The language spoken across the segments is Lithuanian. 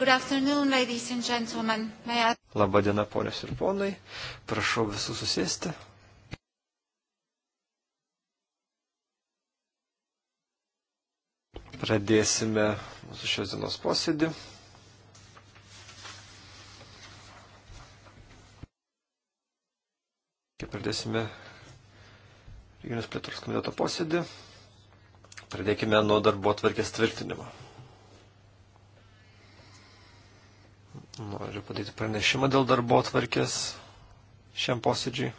I... Labadiena, ponios ir ponai. Prašau visus susėsti. Pradėsime mūsų šios dienos posėdį. Kaip pradėsime Regionės plėtros komiteto posėdį, pradėkime nuo darbo atvarkės tvirtinimo. Noriu padaryti pranešimą dėl darbo tvarkės šiam posėdžiui.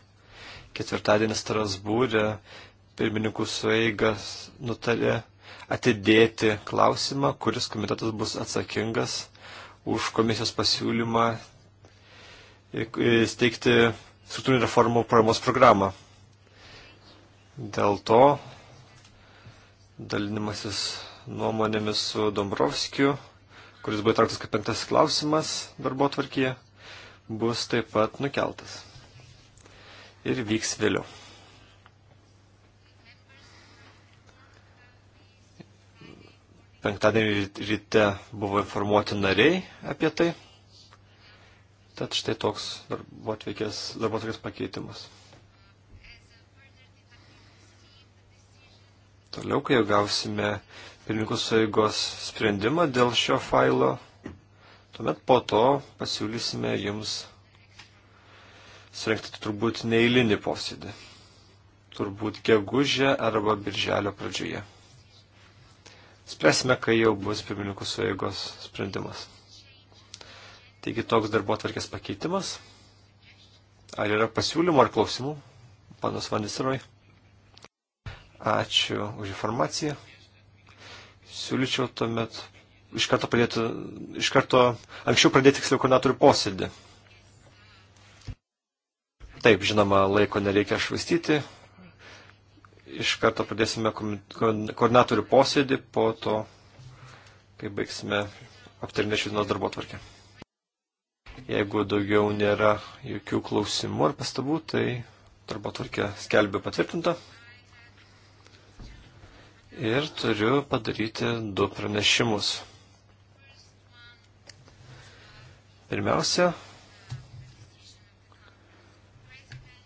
Ketvirtadienį Strasbūrė pirmininkų sueigas nutarė atidėti klausimą, kuris komitetas bus atsakingas už komisijos pasiūlymą steigti struktūrinį reformų paramos programą. Dėl to dalinimasis nuomonėmis su Dombrovskiu kuris buvo įtrauktas kaip penktas klausimas darbo tvarkyje, bus taip pat nukeltas. Ir vyks vėliau. Penktadienį ryte buvo informuoti nariai apie tai. Tad štai toks darbo atvykės pakeitimas. Toliau, kai jau gausime pirmininkų saigos sprendimą dėl šio failo. Tuomet po to pasiūlysime jums surinkti turbūt neįlinį posėdį. Turbūt gegužė arba birželio pradžioje. Spręsime, kai jau bus pirmininkų sueigos sprendimas. Taigi toks darbo atvarkės pakeitimas. Ar yra pasiūlymų ar klausimų? Panas Vandisaroj. Ačiū už informaciją siūlyčiau tuomet iš karto, pradėti, iš karto anksčiau pradėti tiksliau koordinatorių posėdį. Taip, žinoma, laiko nereikia švaistyti. Iš karto pradėsime koordinatorių posėdį po to, kai baigsime aptarinę šiandienos darbo tvarkę. Jeigu daugiau nėra jokių klausimų ar pastabų, tai darbo tvarkė skelbė patvirtinta ir turiu padaryti du pranešimus. Pirmiausia,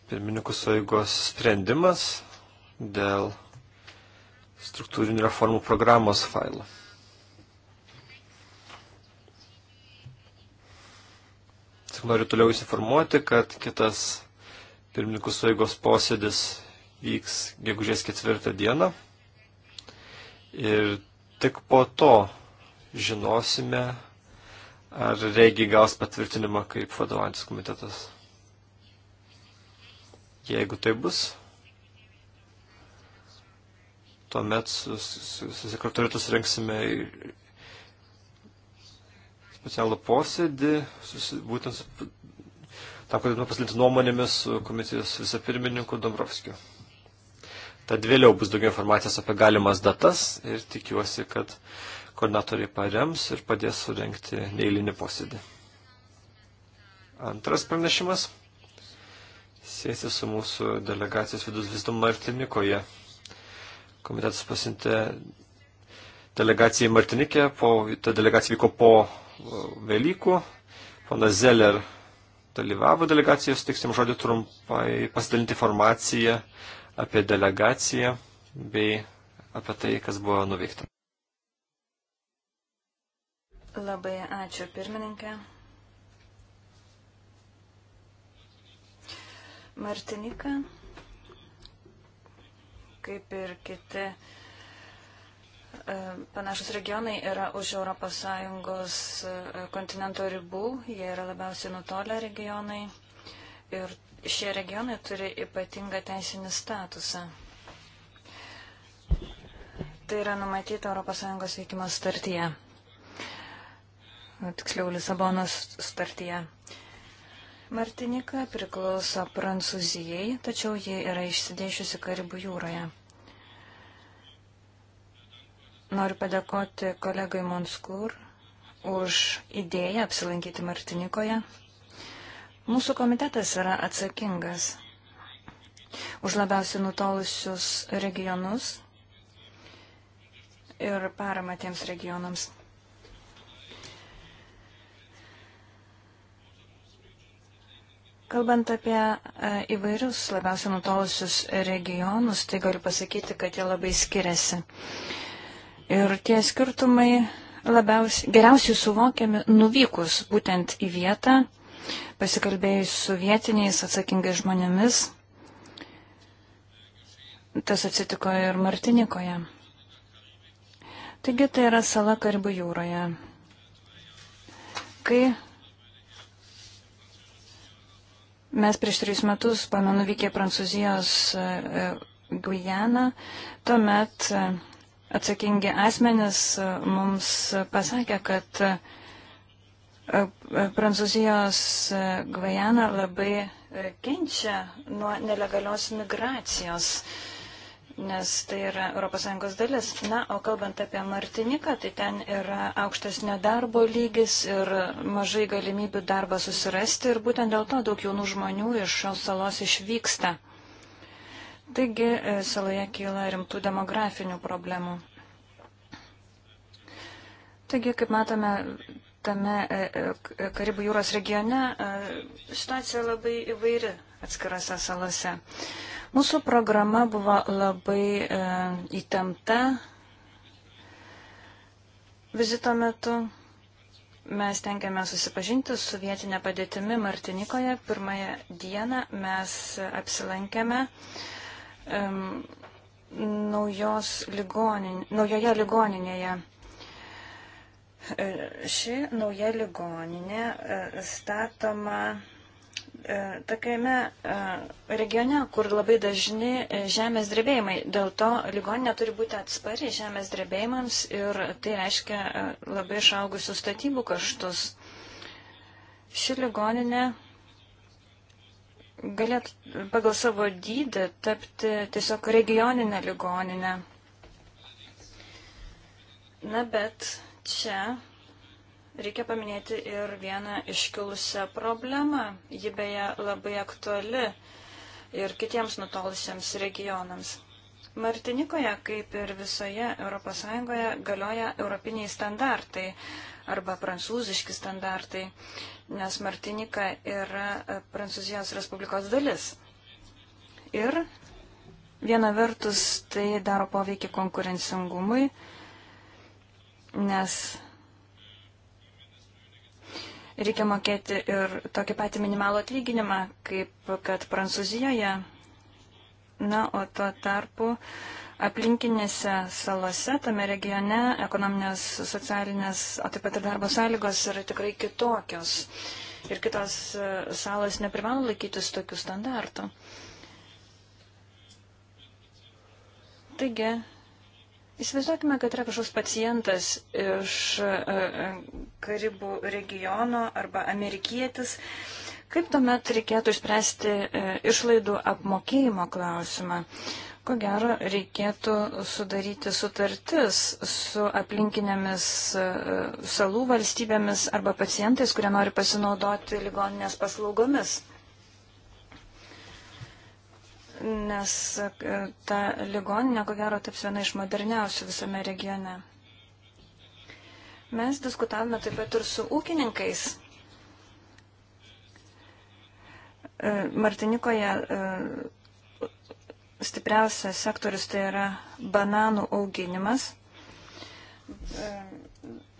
pirmininkų sąjungos sprendimas dėl struktūrinių reformų programos failą. Tik noriu toliau įsiformuoti, kad kitas pirmininkų sąjungos posėdis vyks gegužės ketvirtą dieną ir tik po to žinosime, ar regi gaus patvirtinimą kaip vadovantis komitetas. Jeigu tai bus, tuomet susikartorėtus renksime specialų posėdį, susi, būtent tam, kad pasidalinti nuomonėmis su komisijos visapirmininku Dombrovskiu. Tad vėliau bus daugiau informacijos apie galimas datas ir tikiuosi, kad koordinatoriai parems ir padės surenkti neįlinį posėdį. Antras pranešimas sėsi su mūsų delegacijos vidus vis dom Martinikoje. Komitetas pasintė delegaciją į Martinikę, po, ta delegacija vyko po Velykų, pana Zeller dalyvavo delegacijos, tiksim žodį trumpai pasidalinti informaciją apie delegaciją bei apie tai, kas buvo nuveikta. Labai ačiū pirmininkė. Martinika, kaip ir kiti e, panašus regionai yra už ES e, kontinento ribų, jie yra labiausiai nutolę regionai ir šie regionai turi ypatingą teisinį statusą. Tai yra numatyta ES veikimo startyje, nu, tiksliau Lisabonos startyje. Martinika priklauso Prancūzijai, tačiau ji yra išsidėšiusi Karibų jūroje. Noriu padėkoti kolegai Monskur už idėją apsilankyti Martinikoje. Mūsų komitetas yra atsakingas už labiausiai nutolusius regionus ir paramą tiems regionams. Kalbant apie e, įvairius labiausiai nutolusius regionus, tai galiu pasakyti, kad jie labai skiriasi. Ir tie skirtumai labiausiai, geriausiai suvokiami nuvykus būtent į vietą, Pasikalbėjus su vietiniais atsakingais žmonėmis, tas atsitiko ir Martinikoje. Taigi tai yra sala Karibų jūroje. Kai mes prieš tris metus, pamenu, vykė Prancūzijos e, e, Gujaną, tuomet e, atsakingi asmenys mums pasakė, kad Prancūzijos Gvajana labai kenčia nuo nelegalios migracijos, nes tai yra ES dalis. Na, o kalbant apie Martiniką, tai ten yra aukštas nedarbo lygis ir mažai galimybių darbą susirasti ir būtent dėl to daug jaunų žmonių iš šios salos išvyksta. Taigi e, saloje kyla rimtų demografinių problemų. Taigi, kaip matome, tame e, e, e, Karibų jūros regione situacija labai įvairi atskirose salose. Mūsų programa buvo labai įtempta vizito metu. Mes tenkėme susipažinti su vietinė padėtimi Martinikoje. Pirmąją dieną mes apsilankėme um, naujos ligonin, naujoje ligoninėje. Ši nauja ligoninė e, statoma e, tokiame e, regione, kur labai dažni žemės drebėjimai. Dėl to ligoninė turi būti atspari žemės drebėjimams ir tai reiškia labai išaugusius statybų kaštus. Ši ligoninė galėtų pagal savo dydį tapti tiesiog regioninę ligoninę. Na bet Čia reikia paminėti ir vieną iškilusią problemą. Ji beje labai aktuali ir kitiems nutolusiems regionams. Martinikoje, kaip ir visoje ES, galioja europiniai standartai arba prancūziški standartai, nes Martinika yra e, Prancūzijos Respublikos dalis. Ir viena vertus tai daro poveikį konkurencingumui, nes reikia mokėti ir tokį patį minimalų atlyginimą, kaip kad Prancūzijoje. Na, o tuo tarpu aplinkinėse salose, tame regione, ekonominės, socialinės, o taip pat ir darbo sąlygos yra tikrai kitokios. Ir kitos e, salos neprivalo laikytis tokių standartų. Taigi, Įsivaizduokime, kad yra kažkoks pacientas iš e, e, Karibų regiono arba amerikietis. Kaip tuomet reikėtų išspręsti e, išlaidų apmokėjimo klausimą? Ko gero, reikėtų sudaryti sutartis su aplinkinėmis salų valstybėmis arba pacientais, kurie nori pasinaudoti ligoninės paslaugomis nes e, ta ligoninė, ko gero, taps viena iš moderniausių visame regione. Mes diskutavome taip pat ir su ūkininkais. E, Martinikoje e, stipriausias sektorius tai yra bananų auginimas.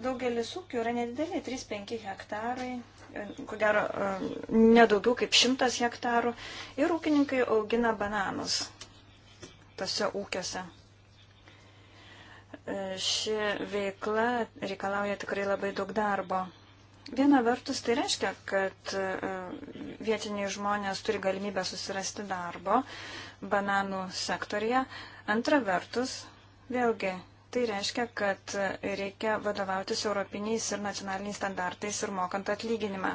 Daugelis ūkių yra nedideliai, 3-5 hektarai ko gero, e, nedaugiau kaip šimtas hektarų ir ūkininkai augina bananus tose ūkiuose. E, ši veikla reikalauja tikrai labai daug darbo. Viena vertus tai reiškia, kad e, vietiniai žmonės turi galimybę susirasti darbo bananų sektorija. Antra vertus, vėlgi Tai reiškia, kad reikia vadovautis europiniais ir nacionaliniais standartais ir mokant atlyginimą.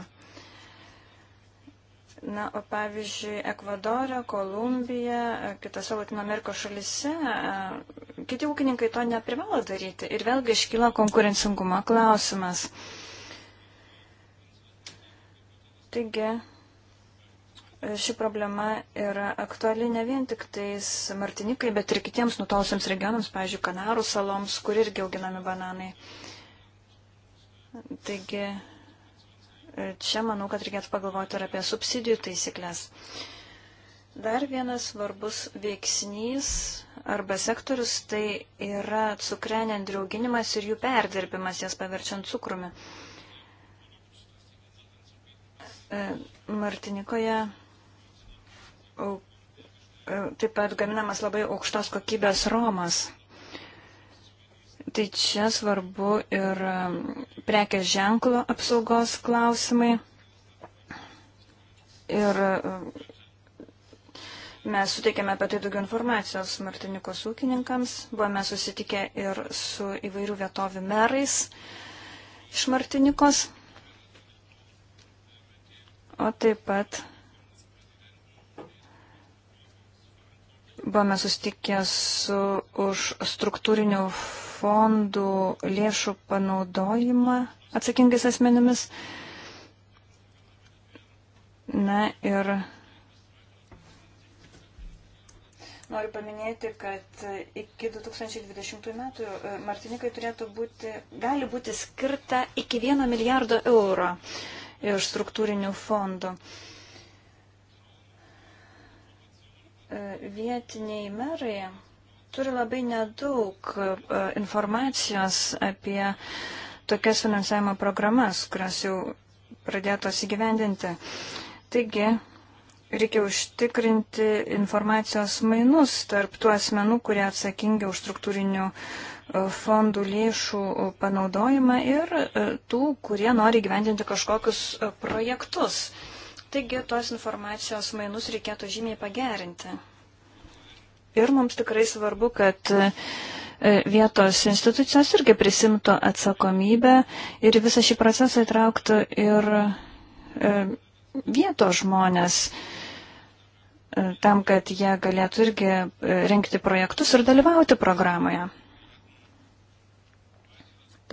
Na, o pavyzdžiui, Ekvadorė, Kolumbija, kitose Latino Amerikos šalise, e, kiti ūkininkai to neprivalo daryti. Ir vėlgi iškyla konkurencingumo klausimas. Taigi, ši problema yra aktuali ne vien tik tais Martinikai, bet ir kitiems nutolusiems regionams, pavyzdžiui, Kanarų saloms, kur irgi auginami bananai. Taigi čia manau, kad reikėtų pagalvoti ir apie subsidijų taisyklės. Dar vienas svarbus veiksnys arba sektorius tai yra cukrenendrių auginimas ir jų perdirbimas, jas paverčiant cukrumi. E, Martinikoje E, taip pat gaminamas labai aukštos kokybės romas. Tai čia svarbu ir e, prekės ženklo apsaugos klausimai. Ir e, mes suteikėme apie tai daugiau informacijos Martinikos ūkininkams. Buvome susitikę ir su įvairių vietovių merais iš Martinikos. O taip pat Buvome susitikę su už struktūrinių fondų lėšų panaudojimą atsakingais asmenimis. Na ir noriu paminėti, kad iki 2020 metų e, Martinikai turėtų būti, gali būti skirta iki 1 milijardo euro iš struktūrinių fondų. Uh, vietiniai merai turi labai nedaug e, informacijos apie tokias finansavimo programas, kurios jau pradėtos įgyvendinti. Taigi, reikia užtikrinti informacijos mainus tarp tų asmenų, kurie atsakingi už struktūrinių e, fondų lėšų e, panaudojimą ir tų, kurie nori gyventinti kažkokius projektus. Taigi tos informacijos mainus reikėtų žymiai pagerinti. Ir mums tikrai svarbu, kad e, vietos institucijos irgi prisimtų atsakomybę ir visą šį procesą įtrauktų ir e, vietos žmonės e, tam, kad jie galėtų irgi rinkti projektus ir dalyvauti programoje.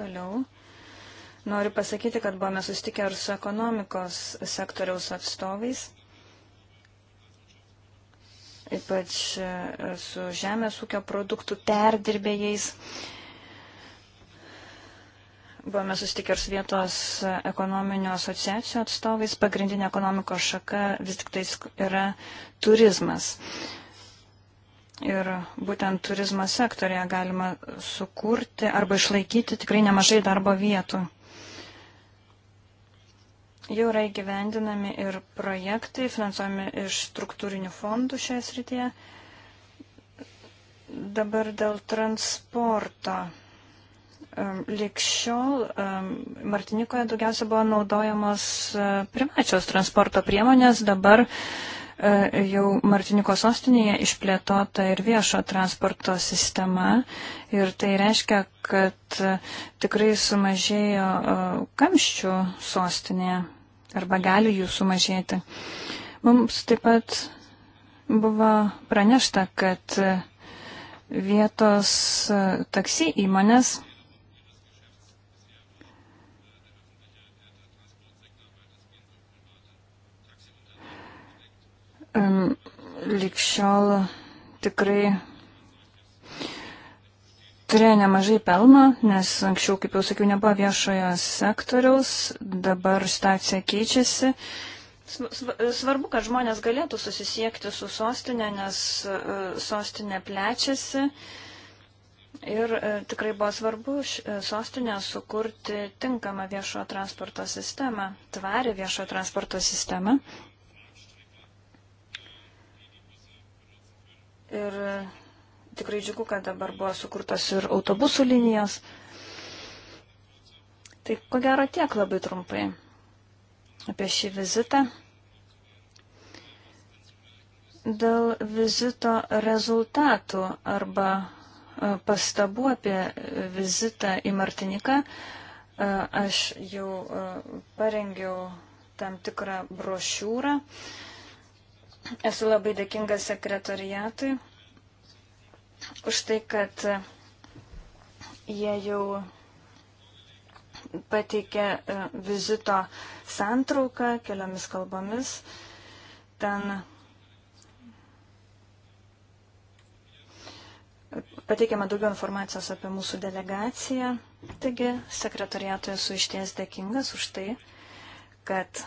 Toliau. Noriu pasakyti, kad buvome sustikę ir su ekonomikos sektoriaus atstovais, ypač e, su žemės ūkio produktų perdirbėjais. Buvome sustikę ir su vietos ekonominio asociacijų atstovais. Pagrindinė ekonomikos šaka vis tik tai yra turizmas. Ir būtent turizmo sektorėje galima sukurti arba išlaikyti tikrai nemažai darbo vietų. Jau yra įgyvendinami ir projektai, finansuojami iš struktūrinių fondų šioje srityje. Dabar dėl transporto. Likščiol Martinikoje daugiausia buvo naudojamos e, privačios transporto priemonės, dabar e, jau Martiniko sostinėje išplėtota ir viešo transporto sistema ir tai reiškia, kad e, tikrai sumažėjo kamščių sostinėje arba gali jų sumažėti. Mums taip pat buvo pranešta, kad vietos taksi įmonės likščiol tikrai turėjo nemažai pelno, nes anksčiau, kaip jau sakiau, nebuvo viešojo sektoriaus, dabar situacija keičiasi. Svarbu, kad žmonės galėtų susisiekti su sostinė, nes e, sostinė plečiasi. Ir e, tikrai buvo svarbu e, sostinė sukurti tinkamą viešojo transporto sistemą, tvarį viešojo transporto sistemą. Ir Tikrai džiugu, kad dabar buvo sukurtos ir autobusų linijos. Tai ko gero tiek labai trumpai apie šį vizitą. Dėl vizito rezultatų arba e, pastabų apie vizitą į Martiniką e, aš jau e, parengiau tam tikrą brošiūrą. Esu labai dėkinga sekretoriatui už tai, kad jie jau pateikė e, vizito santrauką keliomis kalbomis. Ten pateikiama daugiau informacijos apie mūsų delegaciją. Taigi, sekretoriatui esu išties dėkingas už tai, kad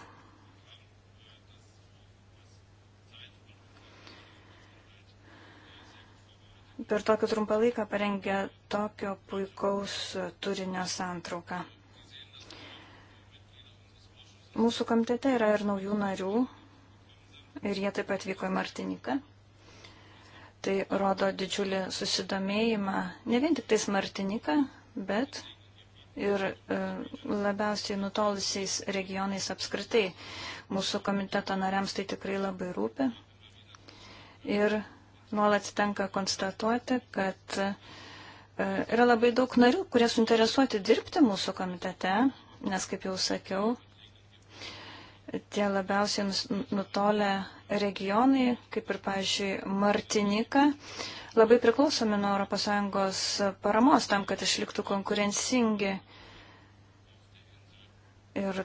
per tokį trumpą laiką parengė tokio puikaus turinio santrauką. Mūsų komitete yra ir naujų narių, ir jie taip pat vyko į Martiniką. Tai rodo didžiulį susidomėjimą ne vien tik tais Martiniką, bet ir e, labiausiai nutolusiais regionais apskritai. Mūsų komiteto nariams tai tikrai labai rūpi. Ir nuolat tenka konstatuoti, kad e, yra labai daug narių, kurie suinteresuoti dirbti mūsų komitete, nes, kaip jau sakiau, tie labiausiai nutolę regionai, kaip ir, pavyzdžiui, Martinika, labai priklausomi nuo ES paramos tam, kad išliktų konkurencingi. Ir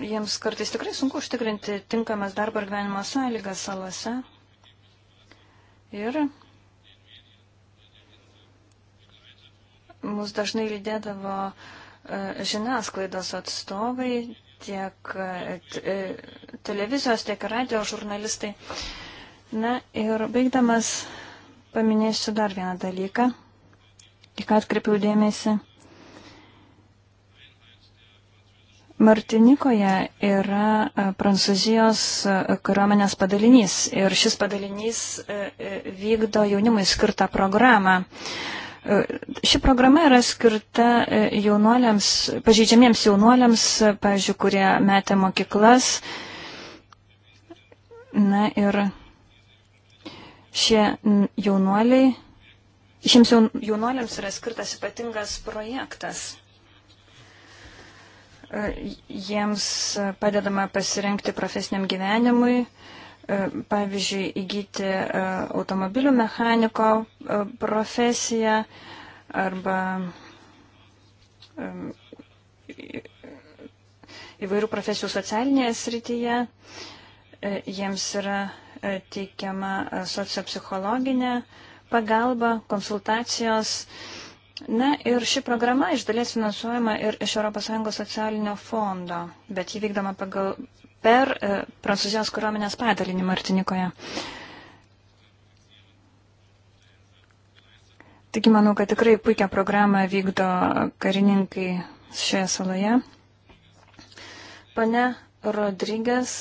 jiems kartais tikrai sunku užtikrinti tinkamas darbo ir gyvenimo sąlygas salose. Ir mus dažnai lydėdavo e, žiniasklaidos atstovai, tiek e, e, televizijos, tiek radio žurnalistai. Na ir baigdamas paminėsiu dar vieną dalyką, į ką atkreipiau dėmesį. Martinikoje yra e, Prancūzijos e, kariuomenės padalinys ir šis padalinys e, vykdo jaunimui skirtą programą. Ši programa yra skirta jaunuoliams, pažeidžiamiems jaunuoliams, pažiūrėjau, kurie metė mokyklas. Na ir šie jaunuoliai, šiems jaunuoliams yra skirtas ypatingas projektas. E, jiems padedama pasirinkti profesiniam gyvenimui, e, pavyzdžiui, įgyti e, automobilių mechaniko profesiją arba įvairių profesijų socialinėje srityje. Jiems yra teikiama sociopsichologinė pagalba, konsultacijos. Na ir ši programa iš dalies finansuojama ir iš ES socialinio fondo, bet jį vykdoma pagal, per e, Prancūzijos kariuomenės padalinį Martinikoje. Taigi manau, kad tikrai puikią programą vykdo karininkai šioje saloje. Pane Rodrygės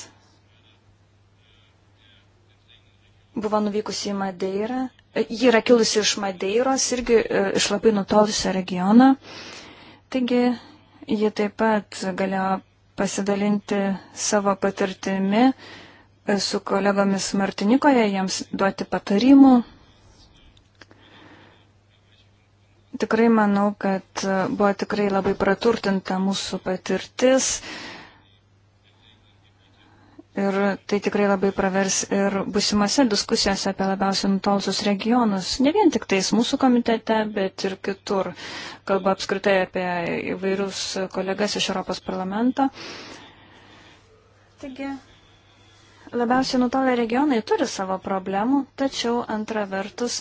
buvo nuvykusi į Madeirą Ji yra kilusi iš Madeiros, irgi e, iš labai nutolusią regioną. Taigi ji taip pat galėjo pasidalinti savo patirtimi e, su kolegomis Martinikoje, jiems duoti patarimų. Tikrai manau, kad e, buvo tikrai labai praturtinta mūsų patirtis. Uh, Ir tai tikrai labai pravers ir busimose diskusijose apie labiausiai nutolusius regionus, ne vien tik tais mūsų komitete, bet ir kitur. Kalba apskritai apie įvairius kolegas iš Europos parlamento. Taigi, labiausiai nutolę regionai turi savo problemų, tačiau antra vertus,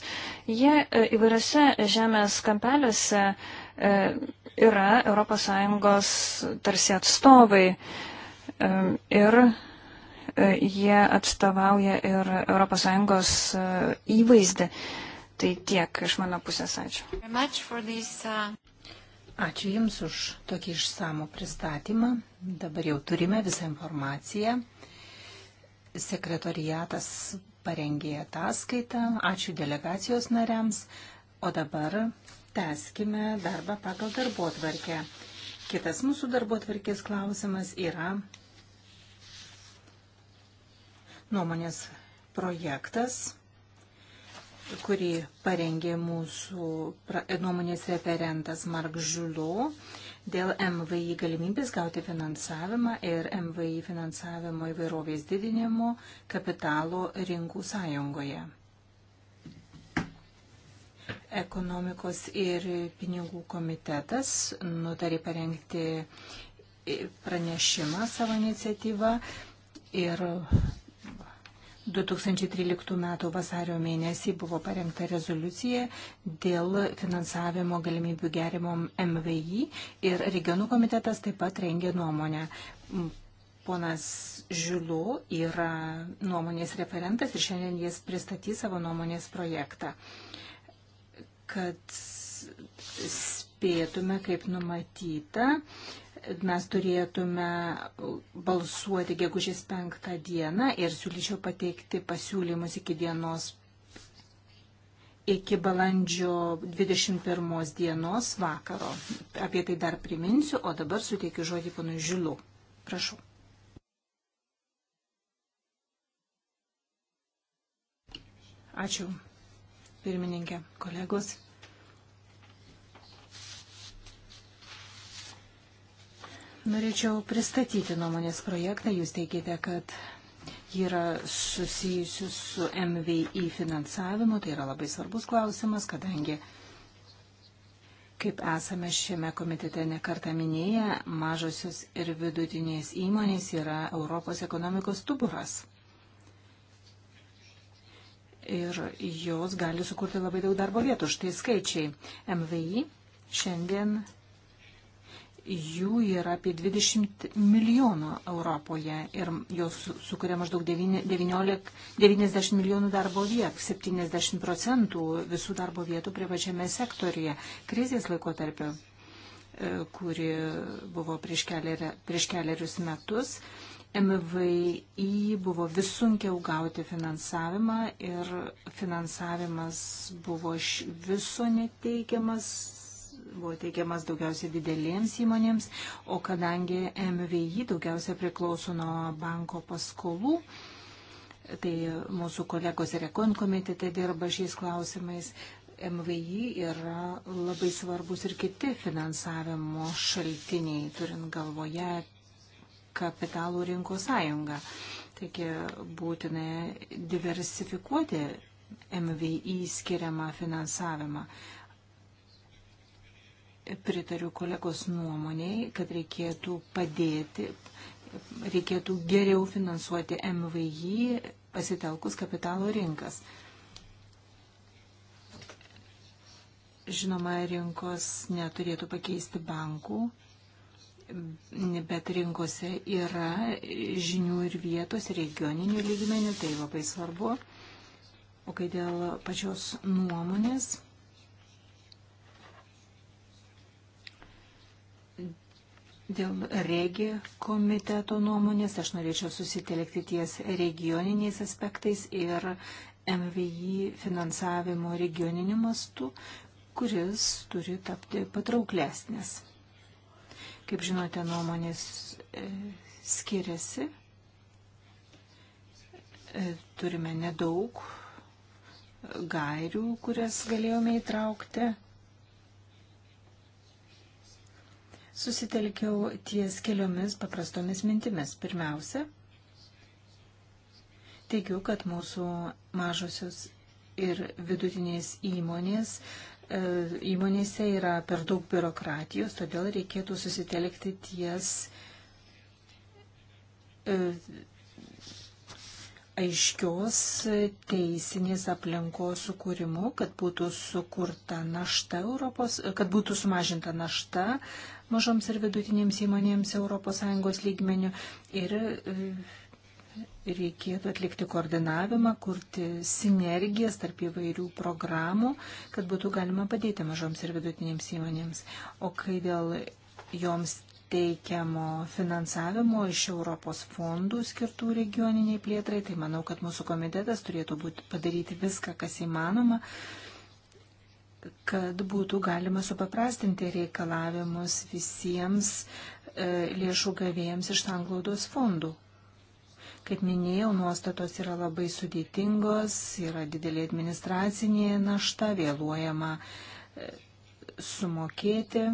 jie e, įvairiose žemės kampeliuose e, yra ES tarsi atstovai. E, ir E, jie atstovauja ir ES e, įvaizdį. Tai tiek iš mano pusės ačiū. Uh, ačiū Jums už tokį išsamų pristatymą. Dabar jau turime visą informaciją. Sekretorijatas parengė ataskaitą. Ačiū delegacijos nariams. O dabar tęskime darbą pagal darbo tvarkę. Kitas mūsų darbo tvarkės klausimas yra nuomonės projektas, kurį parengė mūsų nuomonės referentas Mark Žiulo dėl MVI galimybės gauti finansavimą ir MVI finansavimo įvairovės didinimo kapitalo rinkų sąjungoje. Ekonomikos ir pinigų komitetas nutarė parengti pranešimą savo iniciatyvą ir 2013 m. vasario mėnesį buvo parengta rezoliucija dėl finansavimo galimybių gerimo MVI ir regionų komitetas taip pat rengė nuomonę. Ponas Žiulu yra nuomonės referentas ir šiandien jis pristatys savo nuomonės projektą. Kad spėtume, kaip numatyta, mes turėtume balsuoti gegužės penktą dieną ir siūlyčiau pateikti pasiūlymus iki dienos, iki balandžio 21 dienos vakaro. Apie tai dar priminsiu, o dabar suteikiu žodį ponui Žilu. Prašau. Ačiū, pirmininkė, kolegos. Norėčiau pristatyti nuomonės projektą. Jūs teikite, kad yra susijusi su MVI finansavimu. Tai yra labai svarbus klausimas, kadangi, kaip esame šiame komitete nekartą minėję, mažosios ir vidutinės įmonės yra Europos ekonomikos stuburas. Ir jos gali sukurti labai daug darbo vietų. Štai skaičiai. MVI šiandien jų yra apie 20 milijonų Europoje ir jos sukuria maždaug 19, 90 milijonų darbo vietų, 70 procentų visų darbo vietų privačiame sektorija krizės laikotarpio, e, kuri buvo prieš, keleri, prieš keliarius metus. MVI buvo vis sunkiau gauti finansavimą ir finansavimas buvo iš viso neteikiamas buvo teikiamas daugiausia didelėms įmonėms, o kadangi MVI daugiausia priklauso nuo banko paskolų, tai mūsų kolegos ir ekon komitete dirba šiais klausimais. MVI yra labai svarbus ir kiti finansavimo šaltiniai, turint galvoje kapitalų rinkų sąjungą. Taigi būtina diversifikuoti MVI skiriamą finansavimą. Pritariu kolegos nuomoniai, kad reikėtų padėti, reikėtų geriau finansuoti MVI pasitelkus kapitalo rinkas. Žinoma, rinkos neturėtų pakeisti bankų, bet rinkose yra žinių ir vietos regioninių lygmenių, tai labai svarbu. O kai dėl pačios nuomonės, Dėl regi komiteto nuomonės aš norėčiau susitelkti ties regioniniais aspektais ir MVI finansavimo regioniniu mastu, kuris turi tapti patrauklesnis. Kaip žinote, nuomonės e, skiriasi. E, turime nedaug gairių, kurias galėjome įtraukti susitelkiau ties keliomis paprastomis mintimis. Pirmiausia, teigiu, kad mūsų mažosios ir vidutinės įmonės e, įmonėse yra per daug biurokratijos, todėl reikėtų susitelkti ties e, aiškios teisinės aplinkos sukūrimu, kad būtų sukurta našta Europos, kad būtų sumažinta našta mažoms ir vidutinėms įmonėms ES lygmenių ir e, reikėtų atlikti koordinavimą, kurti sinergijas tarp įvairių programų, kad būtų galima padėti mažoms ir vidutinėms įmonėms. O kai dėl joms teikiamo finansavimo iš Europos fondų skirtų regioniniai plėtrai, tai manau, kad mūsų komitetas turėtų būti padaryti viską, kas įmanoma, kad būtų galima supaprastinti reikalavimus visiems e, lėšų gavėjams iš sanglaudos fondų. Kaip minėjau, nuostatos yra labai sudėtingos, yra didelė administracinė našta, vėluojama e, sumokėti.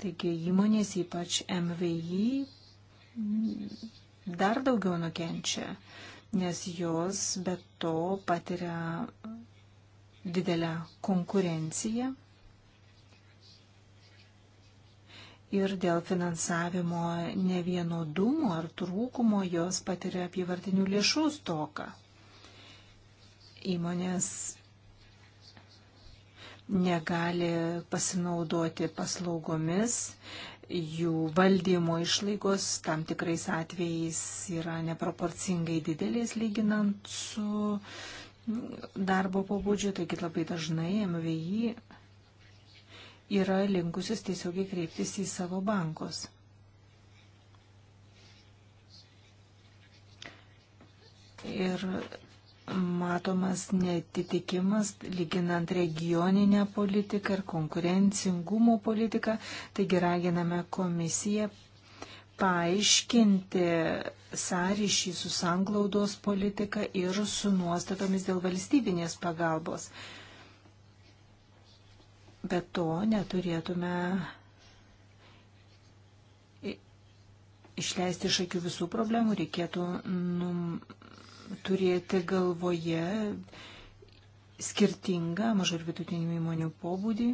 Taigi įmonės, ypač MVI, dar daugiau nukenčia, nes jos be to patiria didelę konkurenciją ir dėl finansavimo nevienodumo ar trūkumo jos patiria apyvartinių lėšų stoką. Įmonės negali pasinaudoti paslaugomis, jų valdymo išlaigos tam tikrais atvejais yra neproporcingai didelės lyginant su darbo pobūdžio, taigi labai dažnai MVI yra linkusius tiesiogiai kreiptis į savo bankus. Ir matomas netitikimas, lyginant regioninę politiką ir konkurencingumo politiką, taigi raginame komisiją paaiškinti sąryšį su sanglaudos politika ir su nuostatomis dėl valstybinės pagalbos. Bet to neturėtume išleisti iš akių visų problemų, reikėtų num, turėti galvoje skirtingą mažų ir vidutinių įmonių pobūdį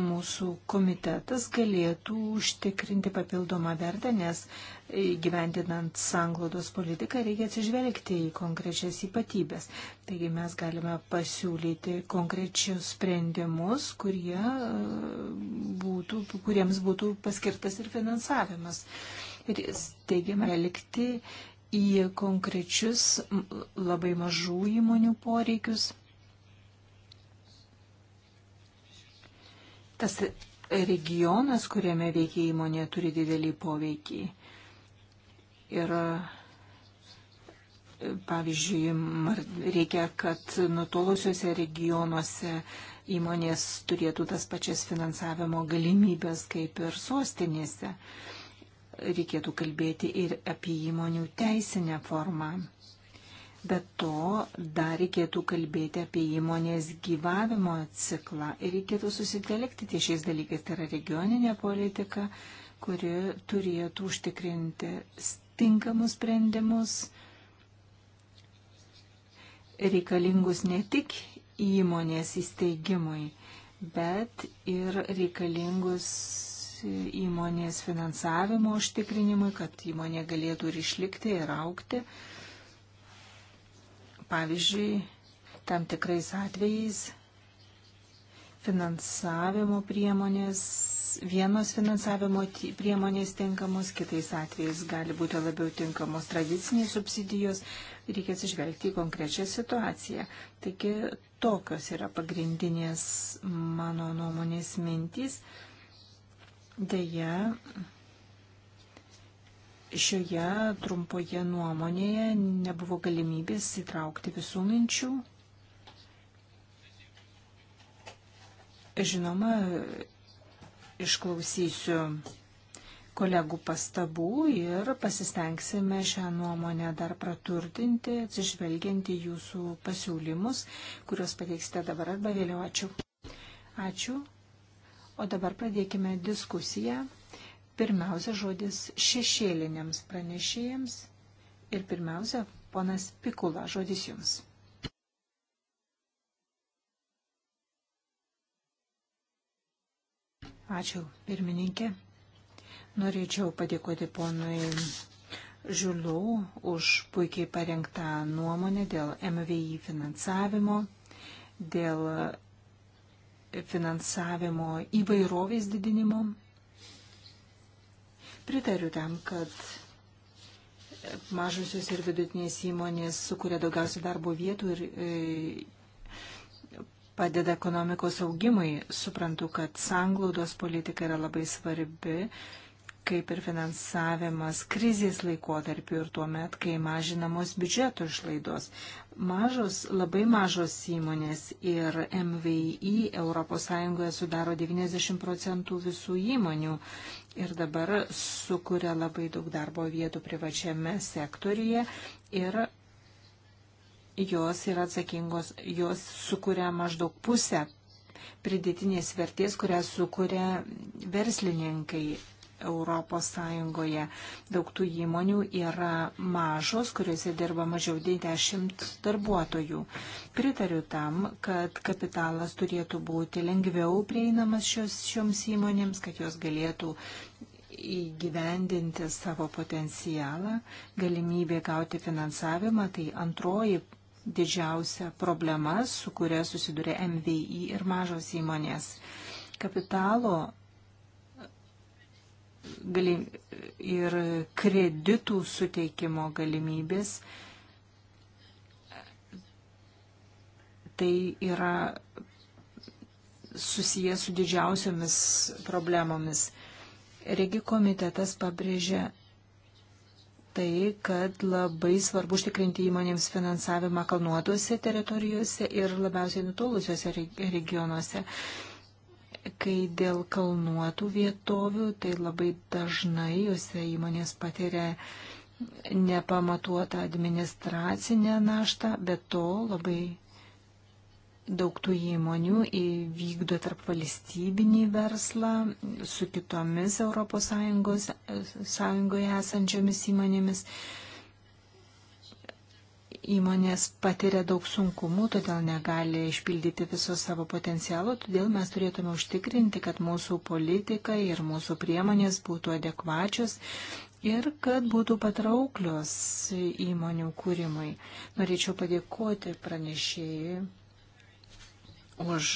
mūsų komitetas galėtų užtikrinti papildomą vertę, nes gyvendinant sanglodos politiką reikia atsižvelgti į konkrečias ypatybės. Taigi mes galime pasiūlyti konkrečius sprendimus, kurie e, būtų, kuriems būtų paskirtas ir finansavimas. Ir teigiame likti į konkrečius labai mažų įmonių poreikius Tas regionas, kuriame veikia įmonė, turi didelį poveikį. Ir pavyzdžiui, reikia, kad nutolusiuose regionuose įmonės turėtų tas pačias finansavimo galimybės kaip ir sostinėse. Reikėtų kalbėti ir apie įmonių teisinę formą. Bet to dar reikėtų kalbėti apie įmonės gyvavimo ciklą ir reikėtų susitelkti ties šiais dalykais. Tai yra regioninė politika, kuri turėtų užtikrinti tinkamus sprendimus reikalingus ne tik įmonės įsteigimui, bet ir reikalingus įmonės finansavimo užtikrinimui, kad įmonė galėtų ir išlikti ir aukti. Uh, Pavyzdžiui, tam tikrais atvejais finansavimo priemonės, vienos finansavimo priemonės tinkamos, kitais atvejais gali būti labiau tinkamos tradicinės subsidijos, reikia atsižvelgti į konkrečią situaciją. Taigi tokios yra pagrindinės mano nuomonės mintys. Deja, šioje trumpoje nuomonėje nebuvo galimybės įtraukti visų minčių. Žinoma, išklausysiu kolegų pastabų ir pasistengsime šią nuomonę dar praturtinti, atsižvelgianti jūsų pasiūlymus, kuriuos pateiksite dabar arba vėliau. Ačiū. Ačiū. O dabar pradėkime diskusiją. Pirmiausia žodis šešėliniams pranešėjams ir pirmiausia ponas Pikula žodis jums. Ačiū, pirmininkė. Norėčiau padėkoti ponui Žiuliau už puikiai parengtą nuomonę dėl MVI finansavimo, dėl finansavimo įvairovės didinimo pritariu tam, kad mažusios ir vidutinės įmonės sukuria daugiausiai darbo vietų ir e, padeda ekonomikos augimui. Suprantu, kad sanglaudos politika yra labai svarbi, kaip ir finansavimas krizės laikotarpiu ir tuo met, kai mažinamos biudžeto išlaidos. Mažos, labai mažos įmonės ir MVI ES sudaro 90 procentų visų įmonių ir dabar sukuria labai daug darbo vietų privačiame sektorije ir jos yra atsakingos, jos sukuria maždaug pusę pridėtinės vertės, kurią sukuria verslininkai Europos Sąjungoje. Daug tų įmonių yra mažos, kuriuose dirba mažiau nei 10 darbuotojų. Pritariu tam, kad kapitalas turėtų būti lengviau prieinamas šios, šioms įmonėms, kad jos galėtų įgyvendinti savo potencialą, galimybė gauti finansavimą, tai antroji didžiausia problema, su kuria susiduria MVI ir mažos įmonės. Kapitalo galim, ir kreditų suteikimo galimybės. Tai yra susijęs su didžiausiamis problemomis. Regi komitetas pabrėžė tai, kad labai svarbu užtikrinti įmonėms finansavimą kalnuotose teritorijose ir labiausiai nutolusiuose regionuose. Uh, kai dėl kalnuotų vietovių, tai labai dažnai juose įmonės patiria nepamatuotą administracinę naštą, bet to labai daug tų įmonių įvykdo tarp valstybinį verslą su kitomis ES esančiomis įmonėmis įmonės patiria daug sunkumų, todėl negali išpildyti viso savo potencialo, todėl mes turėtume užtikrinti, kad mūsų politika ir mūsų priemonės būtų adekvačios ir kad būtų patrauklios įmonių kūrimui. Norėčiau padėkoti pranešėjai už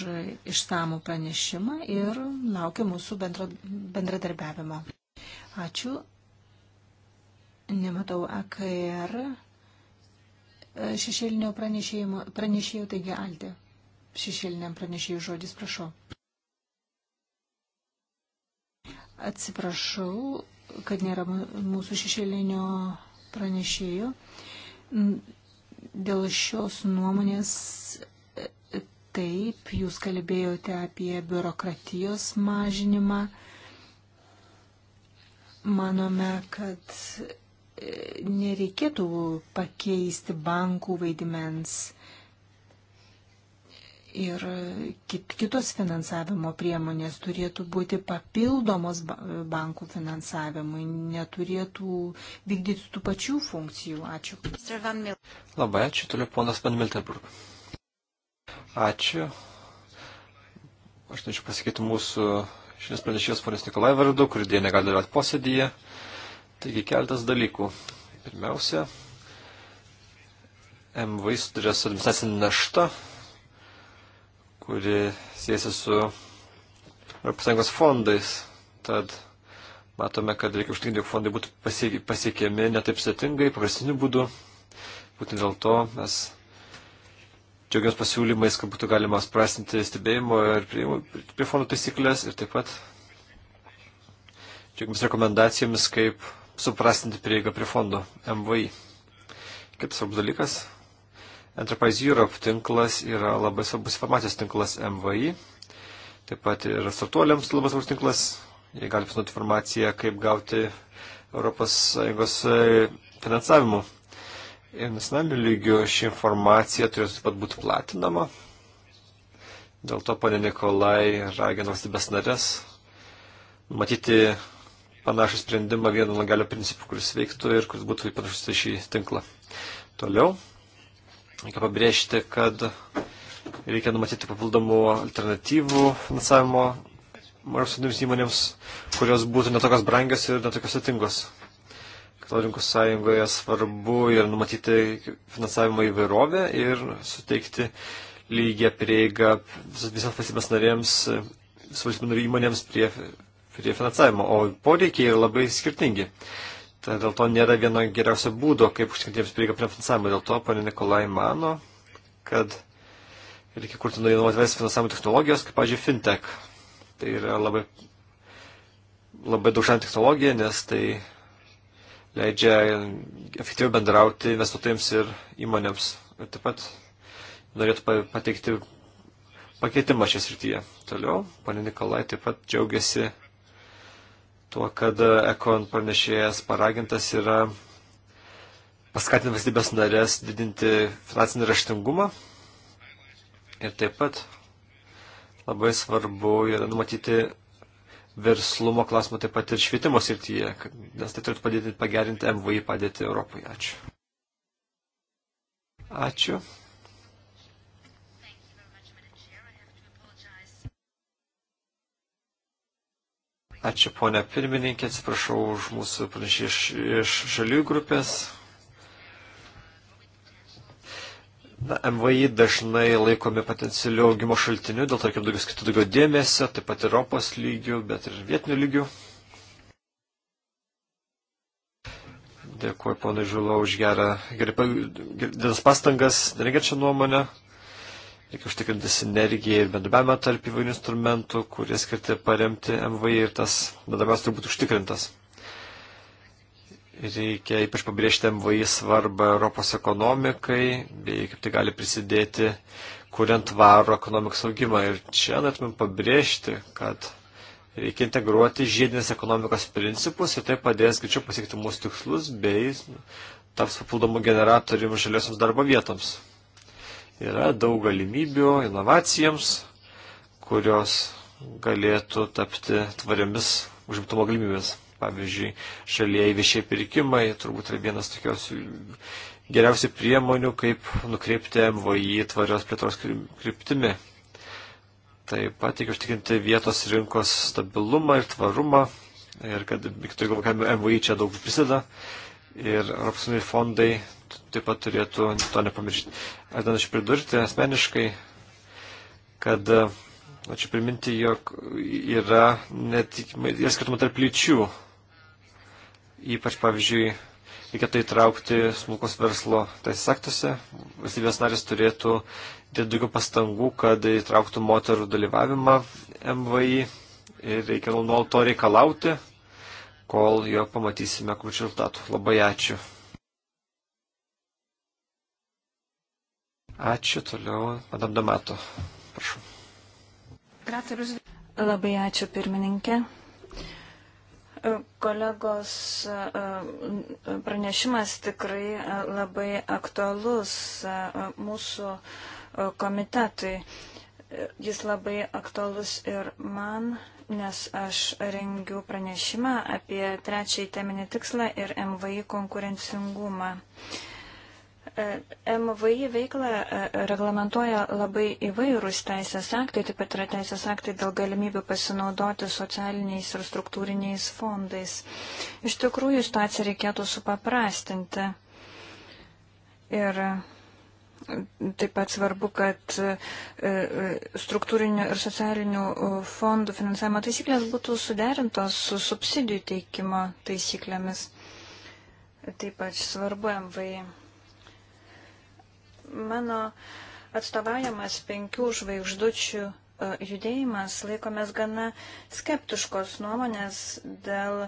išsamų pranešimą ir laukiu mūsų bendro, bendradarbiavimo. Ačiū. Nematau AKR šešėlinio pranešėjo, taigi Altė. Šešėliniam pranešėjų žodis, prašau. Atsiprašau, kad nėra mūsų šešėlinio pranešėjo. Dėl šios nuomonės e, taip, jūs kalbėjote apie biurokratijos mažinimą. Manome, kad nereikėtų pakeisti bankų vaidmens ir kitos finansavimo priemonės turėtų būti papildomos bankų finansavimui, neturėtų vykdyti tų pačių funkcijų. Ačiū. Labai ačiū, toliau ponas Van Miltenburg. Ačiū. Aš norėčiau pasakyti mūsų šiandien pranešėjos ponas Nikolai vardu, kuri dėja negali dalyvauti posėdyje. Taigi keltas dalykų. Pirmiausia, MVI sudarė su administracinė našta, kuri siejasi su ES fondais. Tad matome, kad reikia užtikrinti, jog fondai būtų pasiekiami netaip sėtingai, paprastiniu būdu. Būtent dėl to mes džiaugiamės pasiūlymais, kad būtų galima sprasinti stebėjimo ir prie fondų taisyklės ir taip pat džiaugiamės rekomendacijomis, kaip suprastinti prieigą prie fondo MVI. Kitas svarbus dalykas. Enterprise Europe tinklas yra labai svarbus informacijos tinklas MVI. Taip pat ir startuoliams labai svarbus tinklas. Jie gali pasinauti informaciją, kaip gauti ES e, finansavimu. Ir nacionaliniu lygiu ši informacija turės taip pat būti platinama. Dėl to panė Nikolai ragino valstybės narės matyti panašų sprendimą vieno langelio principų, kuris veiktų ir kuris būtų panašus į šį tinklą. Toliau, reikia pabrėžti, kad reikia numatyti papildomų alternatyvų finansavimo mažosioms įmonėms, kurios būtų netokios brangios ir netokios atingos. Kad rinkos sąjungoje svarbu ir numatyti finansavimo įvairovę ir suteikti lygią prieigą visos valstybės narėms, visos valstybės narėms įmonėms prie prie finansavimo, o poreikiai yra labai skirtingi. Tai dėl to nėra vieno geriausio būdo, kaip užtikrintiems prieigą prie finansavimo. Dėl to ponė Nikolai mano, kad reikia kurti nuo inovatyvės finansavimo technologijos, kaip, pavyzdžiui, fintech. Tai yra labai, labai daugžan technologija, nes tai leidžia efektyviau bendrauti investuotojams ir įmonėms. Ir taip pat norėtų pateikti pakeitimą šią srityje. Toliau, ponė Nikolai taip pat džiaugiasi tuo, kad ekon pranešėjas paragintas yra paskatinti valstybės narės didinti finansinį raštingumą. Ir taip pat labai svarbu yra numatyti verslumo klausimą taip pat ir švietimo srityje, nes tai turėtų padėti pagerinti MVI padėti Europai. Ačiū. Ačiū. Ačiū ponia pirmininkė, atsiprašau už mūsų pranešį iš, iš žalių grupės. Na, MVI dažnai laikomi potencialių augimo šaltinių, dėl to reikia daugiau skirti daugiau dėmesio, taip pat ir Europos lygių, bet ir vietinių lygių. Dėkuoju ponai Žulo už gerą, gerai, geras pastangas, negerčią nuomonę reikia užtikrinti sinergiją ir bendrabiavimą tarp įvairių instrumentų, kurie skirti paremti MVI ir tas bendrabiavimas turi būti užtikrintas. Reikia ypač pabrėžti MVI svarbą Europos ekonomikai, bei kaip tai gali prisidėti, kuriant varų ekonomikos augimą. Ir čia norėtumėm pabrėžti, kad reikia integruoti žiedinės ekonomikos principus ir tai padės greičiau pasiekti mūsų tikslus, bei taps papildomų generatoriumi žaliosioms darbo vietoms. Yra daug galimybių inovacijams, kurios galėtų tapti tvariomis užimtumo galimybės. Pavyzdžiui, šalyje viešiai pirkimai turbūt yra vienas tokios geriausių priemonių, kaip nukreipti MVI tvarios plėtros kryptimi. Taip pat reikia užtikrinti vietos rinkos stabilumą ir tvarumą ir kad, kaip galvoju, MVI čia daug prisideda. Uh, ir Europsiniai fondai taip pat turėtų to nepamiršti. Aš dar noriu pridurti asmeniškai, kad e, noriu priminti, jog yra netikimai skirtumai tarp lyčių. Ypač, pavyzdžiui, reikia tai traukti smulkos verslo teisės aktuose. Valstybės narės turėtų dėti daugiau pastangų, kad įtrauktų moterų dalyvavimą MVI ir reikia nuolat to reikalauti kol jo pamatysime konkrečių rezultatų. Labai ačiū. Ačiū toliau, madam Damato. Prašau. Labai ačiū pirmininkė. E, kolegos e, pranešimas tikrai e, labai aktualus mūsų komitetui. Jis labai aktualus ir man, nes aš rengiu pranešimą apie trečiąjį teminį tikslą ir MVI konkurencingumą. E, MVI veiklą e, reglamentuoja labai įvairūs teisės aktai, taip pat yra teisės aktai dėl galimybių pasinaudoti socialiniais ir struktūriniais fondais. Iš tikrųjų, situaciją reikėtų supaprastinti. Ir Taip pat svarbu, kad e, e, struktūrinių ir socialinių e, fondų finansavimo taisyklės būtų suderintos su subsidijų teikimo taisyklėmis. Taip pat svarbu MVI. Mano atstovaujamas penkių žvaigždučių judėjimas laikomės gana skeptiškos nuomonės dėl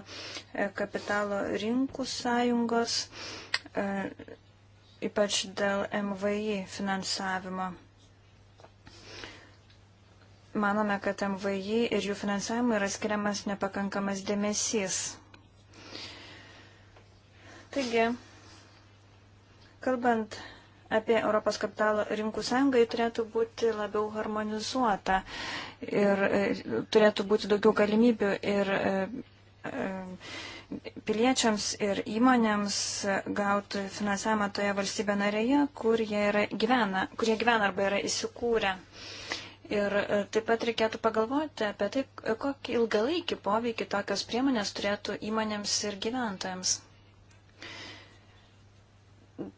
kapitalo rinkų sąjungos ypač dėl MVI finansavimo. Manome, kad MVI ir jų finansavimui yra skiriamas nepakankamas dėmesys. Taigi, kalbant apie Europos kapitalo rinkų sąjungą, ji turėtų būti labiau harmonizuota ir e, turėtų būti daugiau galimybių ir e, e, piliečiams ir įmonėms gauti finansavimą toje valstybė narėje, kur jie, yra, gyvena, kur jie gyvena arba yra įsikūrę. Ir e, taip pat reikėtų pagalvoti apie tai, e, kokį ilgalaikį poveikį tokios priemonės turėtų įmonėms ir gyventojams.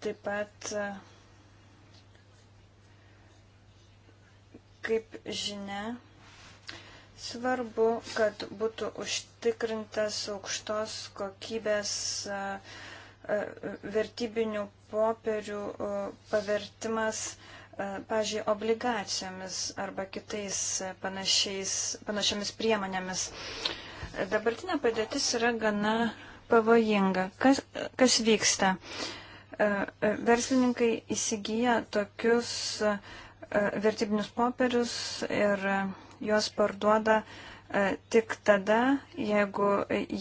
Taip pat, e, kaip žinia, Svarbu, kad būtų užtikrintas aukštos kokybės vertybinių popierių pavertimas, pažiūrėjau, obligacijomis arba kitais panašiais, panašiamis priemonėmis. Dabartinė padėtis yra gana pavojinga. Kas, kas vyksta? Verslininkai įsigyja tokius vertybinius popierius ir juos parduoda e, tik tada, jeigu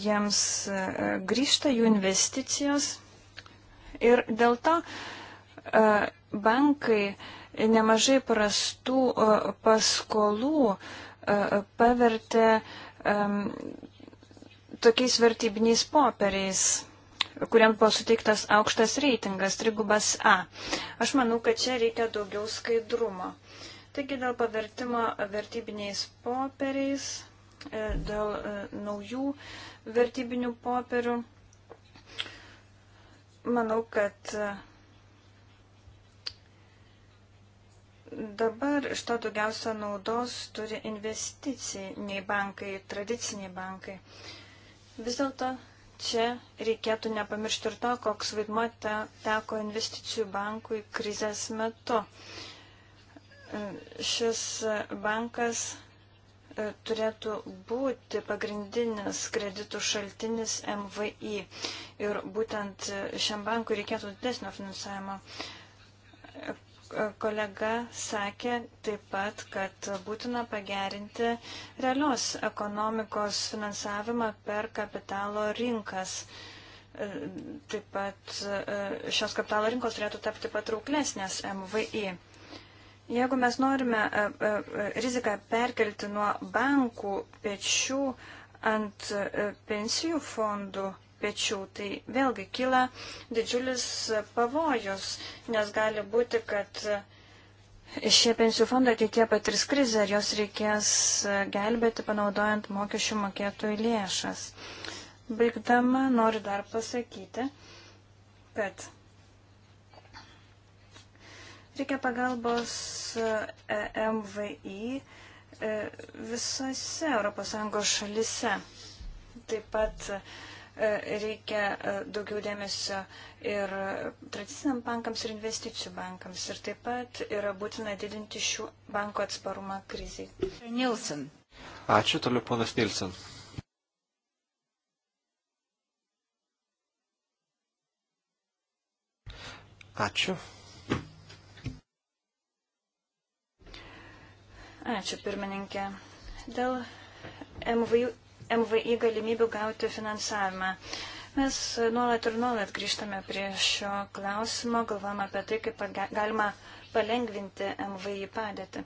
jiems e, grįžta jų investicijos. Ir dėl to e, bankai nemažai prastų paskolų pavertė tokiais vertybiniais popieriais kuriam buvo suteiktas aukštas reitingas, trigubas A. Aš manau, kad čia reikia daugiau skaidrumo. Taigi dėl pavertimo vertybiniais popieriais, e, dėl e, naujų vertybinių popierių, manau, kad e, dabar iš to daugiausia naudos turi investiciniai bankai, tradiciniai bankai. Vis dėlto čia reikėtų nepamiršti ir to, koks vaidmo te, teko investicijų bankui krizės metu. Uh, šis bankas e, turėtų būti pagrindinis kreditų šaltinis MVI ir būtent e, šiam bankui reikėtų didesnio finansavimo. E, kolega sakė taip pat, kad būtina pagerinti realios ekonomikos finansavimą per kapitalo rinkas. Taip pat šios kapitalo rinkos turėtų tapti patrauklesnės MVI. Jeigu mes norime e, e, e, riziką perkelti nuo bankų pečių ant pensijų fondų pečių, tai vėlgi kyla didžiulis pavojus, nes gali būti, kad šie pensijų fondai ateitie patirs krizę ir jos reikės gelbėti panaudojant mokesčių mokėtojų lėšas. Baigdama noriu dar pasakyti, kad Reikia pagalbos e, MVI e, visose ES šalise. Taip pat e, reikia daugiau dėmesio ir tradiciniam bankams ir investicijų bankams. Ir taip pat yra būtina didinti šių bankų atsparumą kriziai. Nilsen. Ačiū, toliau ponas Nilsen. Ačiū. Ačiū, pirmininkė. Dėl MVI, MVI galimybių gauti finansavimą. Mes nuolat ir nuolat grįžtame prie šio klausimo, galvojame apie tai, kaip galima palengvinti MVI padėtį.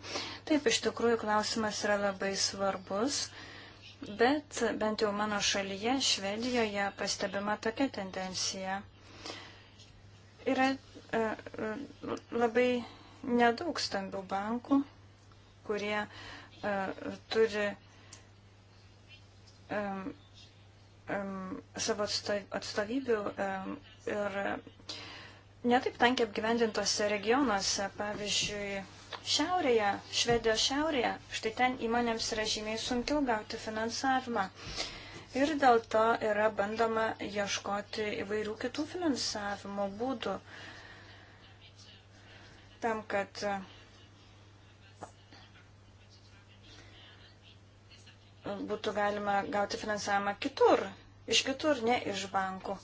Taip, iš tikrųjų, klausimas yra labai svarbus, bet bent jau mano šalyje, Švedijoje, pastebima tokia tendencija. Yra e, e labai nedaug stambių bankų, kurie uh, turi um, um, savo atstovybių um, ir netaip tankiai apgyvendintose regionuose, pavyzdžiui, šiaurėje, Švedijos šiaurėje, štai ten įmonėms yra žymiai sunkiau gauti finansavimą. Ir dėl to yra bandoma ieškoti įvairių kitų finansavimo būdų tam, kad uh, būtų galima gauti finansavimą kitur, iš kitur, ne iš bankų.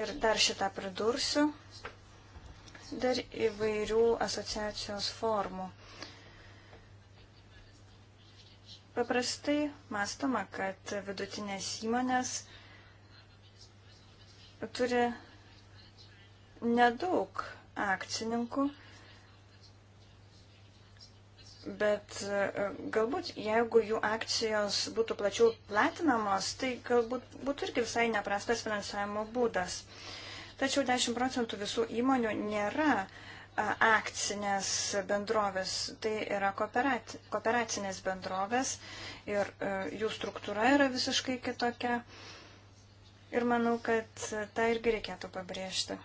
Ir dar šitą pridursiu, dar įvairių asociacijos formų. Paprastai mastoma, kad vidutinės įmonės turi nedaug akcininkų Bet e, galbūt jeigu jų akcijos būtų plačiau platinamos, tai galbūt būtų irgi visai neprastas finansavimo būdas. Tačiau 10 procentų visų įmonių nėra e, akcinės bendrovės, tai yra kooperacinės bendrovės ir e, jų struktūra yra visiškai kitokia. Ir manau, kad tą irgi reikėtų pabrėžti.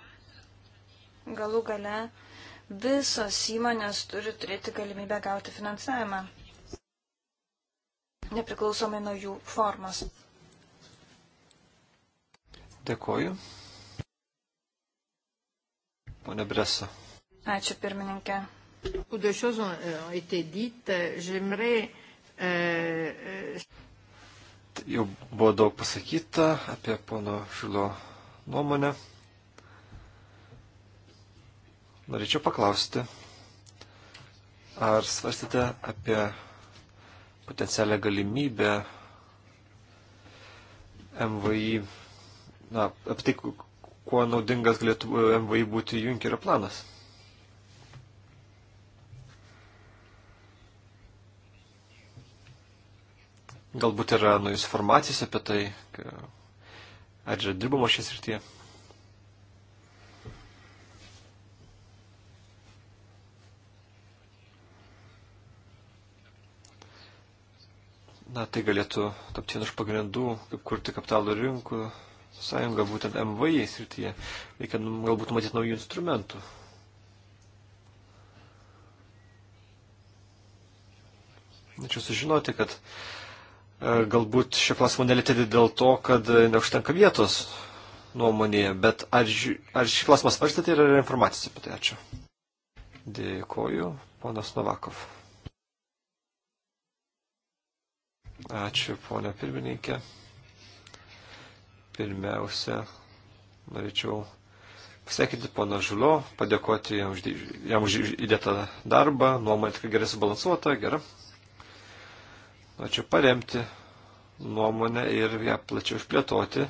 Galų gale. Uh, Visos įmonės turi turėti galimybę gauti finansavimą, nepriklausomai nuo jų formos. Dėkoju. Pone Bresa. Ačiū pirmininkė. Euh, euh, euh, Jau buvo daug pasakyta apie pono Žilo nuomonę. Norėčiau paklausti, ar svarstėte apie potencialią galimybę MVI, na, apie tai, kuo naudingas galėtų MVI būti Junkerio planas? Galbūt yra nu, informacijos apie tai, ar yra dirbama šias rytyje. Na, tai galėtų tapti vienu iš pagrindų, kaip kurti kapitalo rinkų sąjungą būtent MVI srityje. Reikia nu, galbūt matyti naujų instrumentų. Norėčiau sužinoti, kad e, galbūt šio klausimo nelėtėti dėl to, kad neužtenka vietos nuomonėje, bet ar, ar šį klausimą svarstėte ir yra informacijos apie tai? Ačiū. Dėkoju, ponas Novakov. Ačiū, ponia pirmininkė. Pirmiausia, norėčiau pasveikinti poną Žulio, padėkoti jam už, jam už įdėtą darbą, nuomonė tikrai gerai subalansuota, gera. Norėčiau paremti nuomonę ir ją plačiau išplėtoti.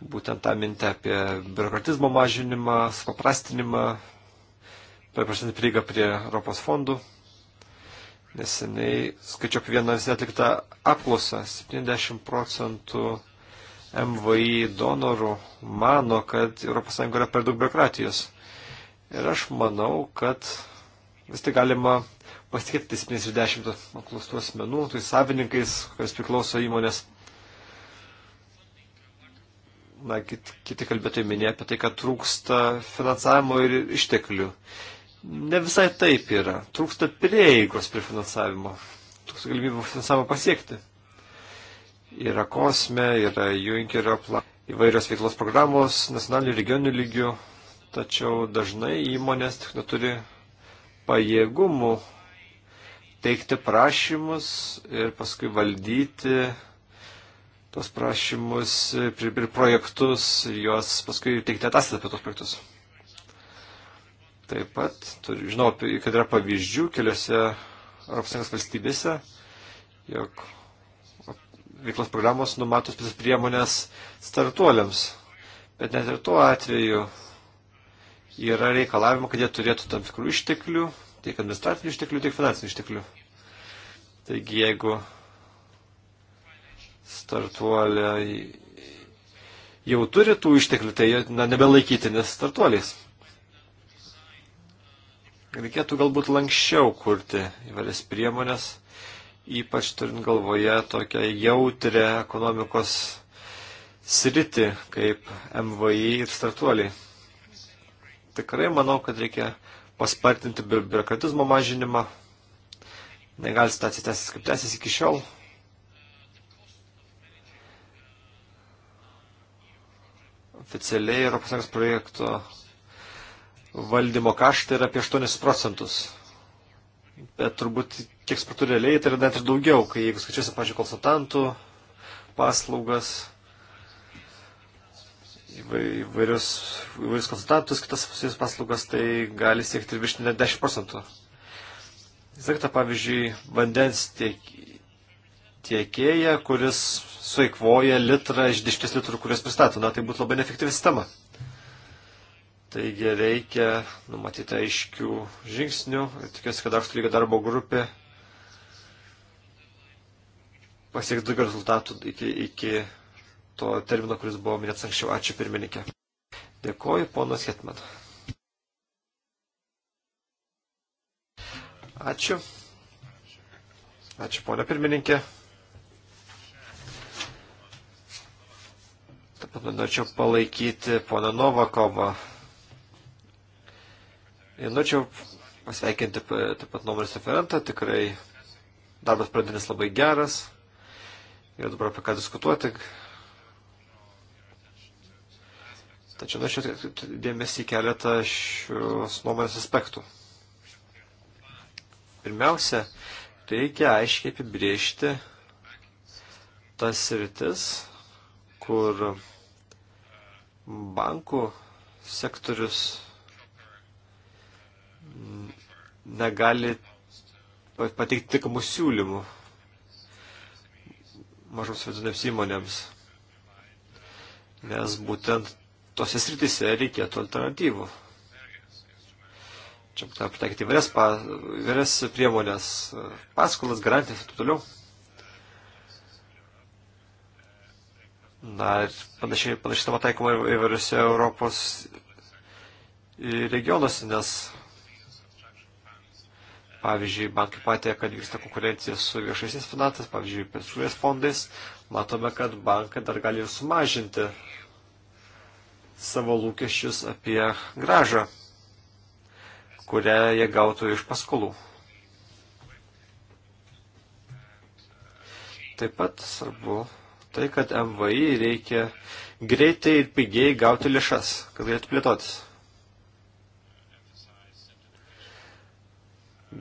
Būtent tą mintę apie biurokratizmo mažinimą, supaprastinimą, paprastinti prieigą prie Europos fondų. Neseniai skaičiau apie vieną atliktą apklausą. 70 procentų MVI donorų mano, kad ES yra per daug biurokratijos. Ir aš manau, kad vis tai galima pasitikėti 70 apklaustų asmenų, tai savininkais, kas priklauso įmonės. Na, kiti kalbėtojai minėjo apie tai, kad trūksta finansavimo ir išteklių. Ne visai taip yra. Trūksta prieigos prie finansavimo. Trūksta galimybių finansavimą pasiekti. Yra kosme, yra Junkerio plan, įvairios veiklos programos, nacionalinių regionių lygių. Tačiau dažnai įmonės tik neturi pajėgumų teikti prašymus ir paskui valdyti tos prašymus ir projektus, juos paskui teikti ataskaitą apie tos projektus. Taip pat, turi, žinau, kad yra pavyzdžių keliose ES valstybėse, jog veiklos programos numatos visas priemonės startuoliams. Bet net ir tuo atveju yra reikalavimo, kad jie turėtų tam tikrų išteklių, tiek administracinių išteklių, tiek finansinių išteklių. Taigi jeigu startuoliai jau turi tų išteklių, tai jie nebelaikyti nes startuoliais. Reikėtų galbūt lankščiau kurti įvairias priemonės, ypač turint galvoje tokią jautrę ekonomikos sritį kaip MVI ir startuoliai. Tikrai manau, kad reikia paspartinti biurokratizmo mažinimą. Negali situacija tęsis kaip tęsis iki šiol. Oficialiai ES projekto valdymo kaštai yra apie 8 procentus. Bet turbūt, kiek spartu realiai, tai yra net ir daugiau, kai jeigu skaičiuosi, pažiūrėjau, konsultantų paslaugas, įvairius, įvairius konsultantus, kitas susijęs paslaugas, tai gali siekti ir virš net 10 procentų. Sakta, pavyzdžiui, vandens tiek, tiekėja, kuris suikvoja litrą iš 10 litrų, kurias pristato. Na, tai būtų labai neefektyvi sistema. Taigi reikia numatyti aiškių žingsnių. Tikiuosi, kad aukšto lygio darbo grupė pasieks daugiau rezultatų iki, iki to termino, kuris buvo minėtas anksčiau. Ačiū pirmininkė. Dėkoju, ponas Hetman. Ačiū. Ačiū, ponia pirmininkė. Taip pat norėčiau palaikyti poną Novakovą. Norėčiau pasveikinti taip pat nuomonės referentą, tikrai darbas pradinis labai geras. Ir dabar apie ką diskutuoti. Tačiau norėčiau dėmesį keletą šios nuomonės aspektų. Pirmiausia, reikia aiškiai apibriežti tas rytis, kur bankų sektorius negali pateikti tikamų siūlymų mažoms vidinėms įmonėms. Nes būtent tose sritise reikėtų alternatyvų. Čia būtent pritaikyti įvairias, pa, įvairias priemonės, paskolas, garantijas ir taip toliau. Na ir panašiai, panašiai tam taikoma įvairiose Europos regionuose, nes Pavyzdžiui, bankai patė, kad vyksta konkurencija su viešaisiais finansais, pavyzdžiui, pensijos fondais. Matome, kad bankai dar gali ir sumažinti savo lūkesčius apie gražą, kurią jie gautų iš paskolų. Taip pat svarbu tai, kad MVI reikia greitai ir pigiai gauti lėšas, kad galėtų plėtotis.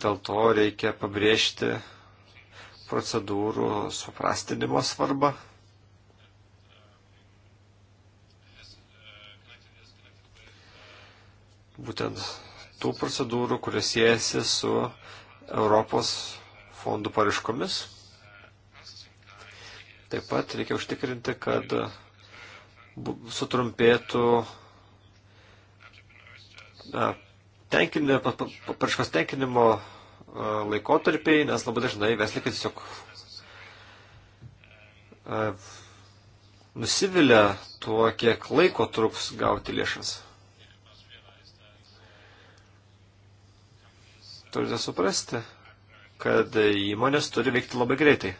Dėl to reikia pabrėžti procedūrų suprastinimo svarbą. Būtent tų procedūrų, kurios siejasi su Europos fondų pariškomis. Taip pat reikia užtikrinti, kad sutrumpėtų na, tenkinimo, paraškos tenkinimo laikotarpiai, nes labai dažnai veslikai tiesiog e, nusivilia tuo, kiek laiko truks gauti lėšas. Turite suprasti, kad įmonės turi veikti labai greitai.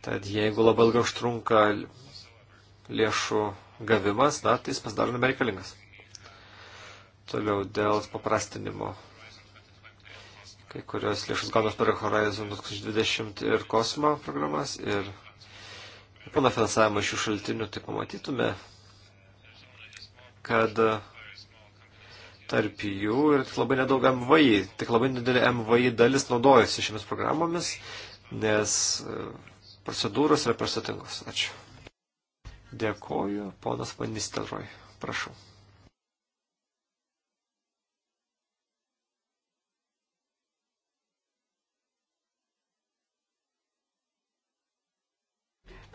Tad jeigu labai ilgai užtrunka lėšų gavimas, na, tai jis pasidaro nebereikalingas. Toliau dėl paprastinimo. Kai kurios lėšos gautos per Horizon 2020 ir Kosmo programas ir pana finansavimo šių šaltinių, tai pamatytume, kad tarp jų ir tik labai nedaug MVI, tik labai nedėlė MVI dalis naudojasi šiomis programomis, nes e, procedūros yra prastatingos. Ačiū. Dėkoju, ponas Vanistelroj. Prašau.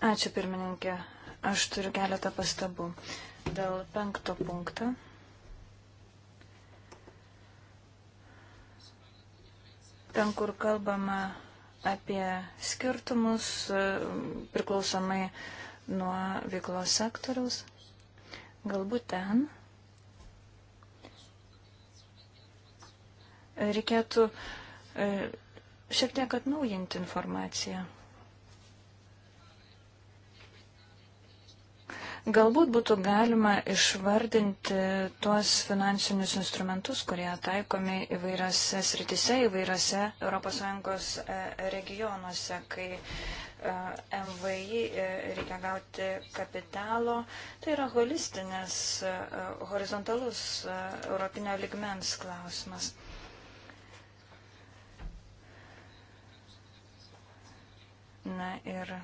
Ačiū pirmininkė. Aš turiu keletą pastabų. Dėl penkto punkto. Ten, kur kalbama apie skirtumus e, priklausomai nuo veiklos sektoriaus, galbūt ten reikėtų e, šiek tiek atnaujinti informaciją. Galbūt būtų galima išvardinti tuos finansinius instrumentus, kurie taikomi įvairiose sritise, įvairiose ES e, regionuose, kai e, MVI e, reikia gauti kapitalo. Tai yra holistinis, horizontalus europinio ligmens klausimas. Na ir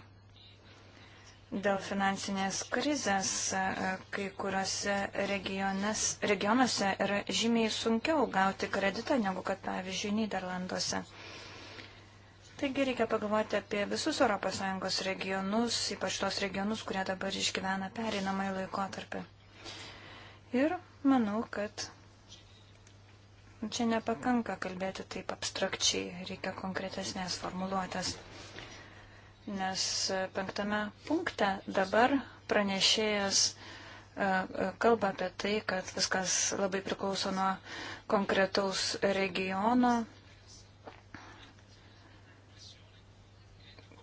dėl finansinės krizės e, kai kuriuose regionuose yra žymiai sunkiau gauti kreditą negu kad, pavyzdžiui, Niderlanduose. Taigi reikia pagalvoti apie visus ES regionus, ypač tos regionus, kurie dabar išgyvena pereinamąjį laikotarpį. Ir manau, kad čia nepakanka kalbėti taip abstrakčiai, reikia konkretesnės formuluotės nes e, penktame punkte dabar pranešėjas e, e, kalba apie tai, kad viskas labai priklauso nuo konkretaus regiono,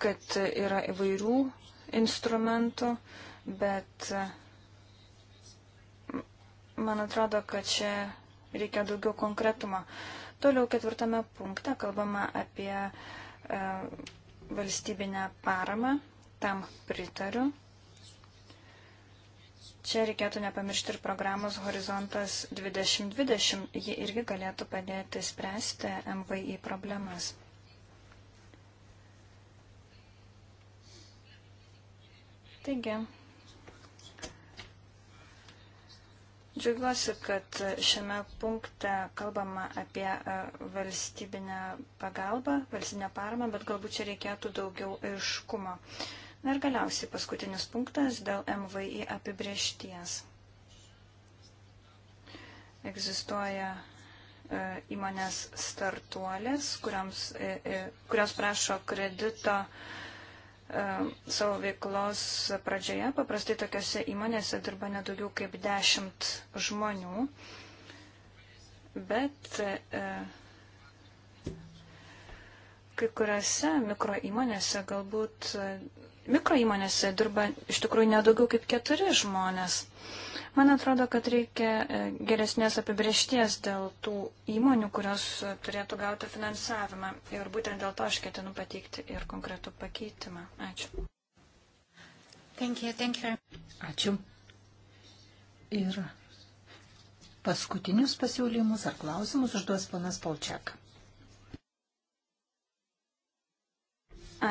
kad yra įvairių instrumentų, bet man atrodo, kad čia reikia daugiau konkretumo. Toliau ketvirtame punkte kalbama apie valstybinę paramą, tam pritariu. Čia reikėtų nepamiršti ir programos Horizontas 2020, ji irgi galėtų padėti spręsti MVI problemas. Taigi, Džiaugiuosi, kad šiame punkte kalbama apie e, valstybinę pagalbą, valstybinę paramą, bet galbūt čia reikėtų daugiau aiškumo. Na ir galiausiai paskutinis punktas dėl MVI apibriešties. Egzistuoja e, įmonės startuolės, e, kurios prašo kredito E, savo veiklos pradžioje paprastai tokiuose įmonėse dirba nedaugiau kaip 10 žmonių, bet e, kai kuriuose mikro įmonėse galbūt mikro įmonėse dirba iš tikrųjų nedaugiau kaip keturi žmonės. Man atrodo, kad reikia e, geresnės apibriešties dėl tų įmonių, kurios turėtų gauti finansavimą. Ir būtent dėl to aš ketinu pateikti ir konkretų pakeitimą. Ačiū. Thank you, thank you. Ačiū. Ir paskutinius pasiūlymus ar klausimus užduos panas Polčiak.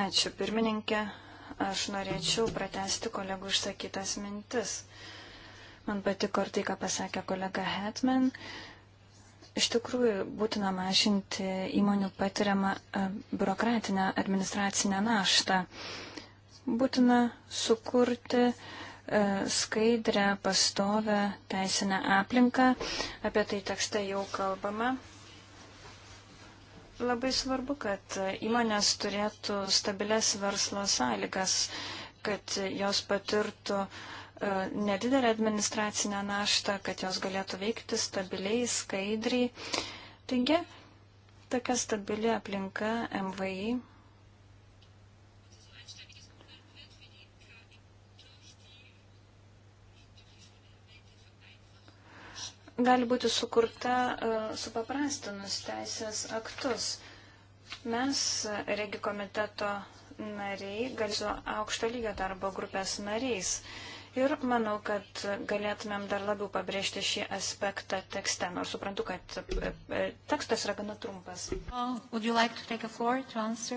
Ačiū, pirmininkė. Aš norėčiau pratesti kolegų išsakytas mintis. Uh, Man patiko ir tai, ką pasakė kolega Hetman. Iš tikrųjų, būtina mažinti įmonių patiriamą e, biurokratinę administracinę naštą. Būtina sukurti e, skaidrę, pastovę teisinę aplinką. Apie tai tekste jau kalbama. Labai svarbu, kad įmonės turėtų stabilės verslo sąlygas, kad jos patirtų uh, E, nedidelę administracinę naštą, kad jos galėtų veikti stabiliai, skaidriai. Taigi, tokia stabili aplinka MVI gali būti sukurta e, supaprastinus teisės aktus. Mes, regi komiteto nariai, galiu aukšto lygio darbo grupės nariais. Ir manau, kad galėtumėm dar labiau pabrėžti šį aspektą tekste, nors suprantu, kad e, e, tekstas yra gana trumpas. Oh, like e,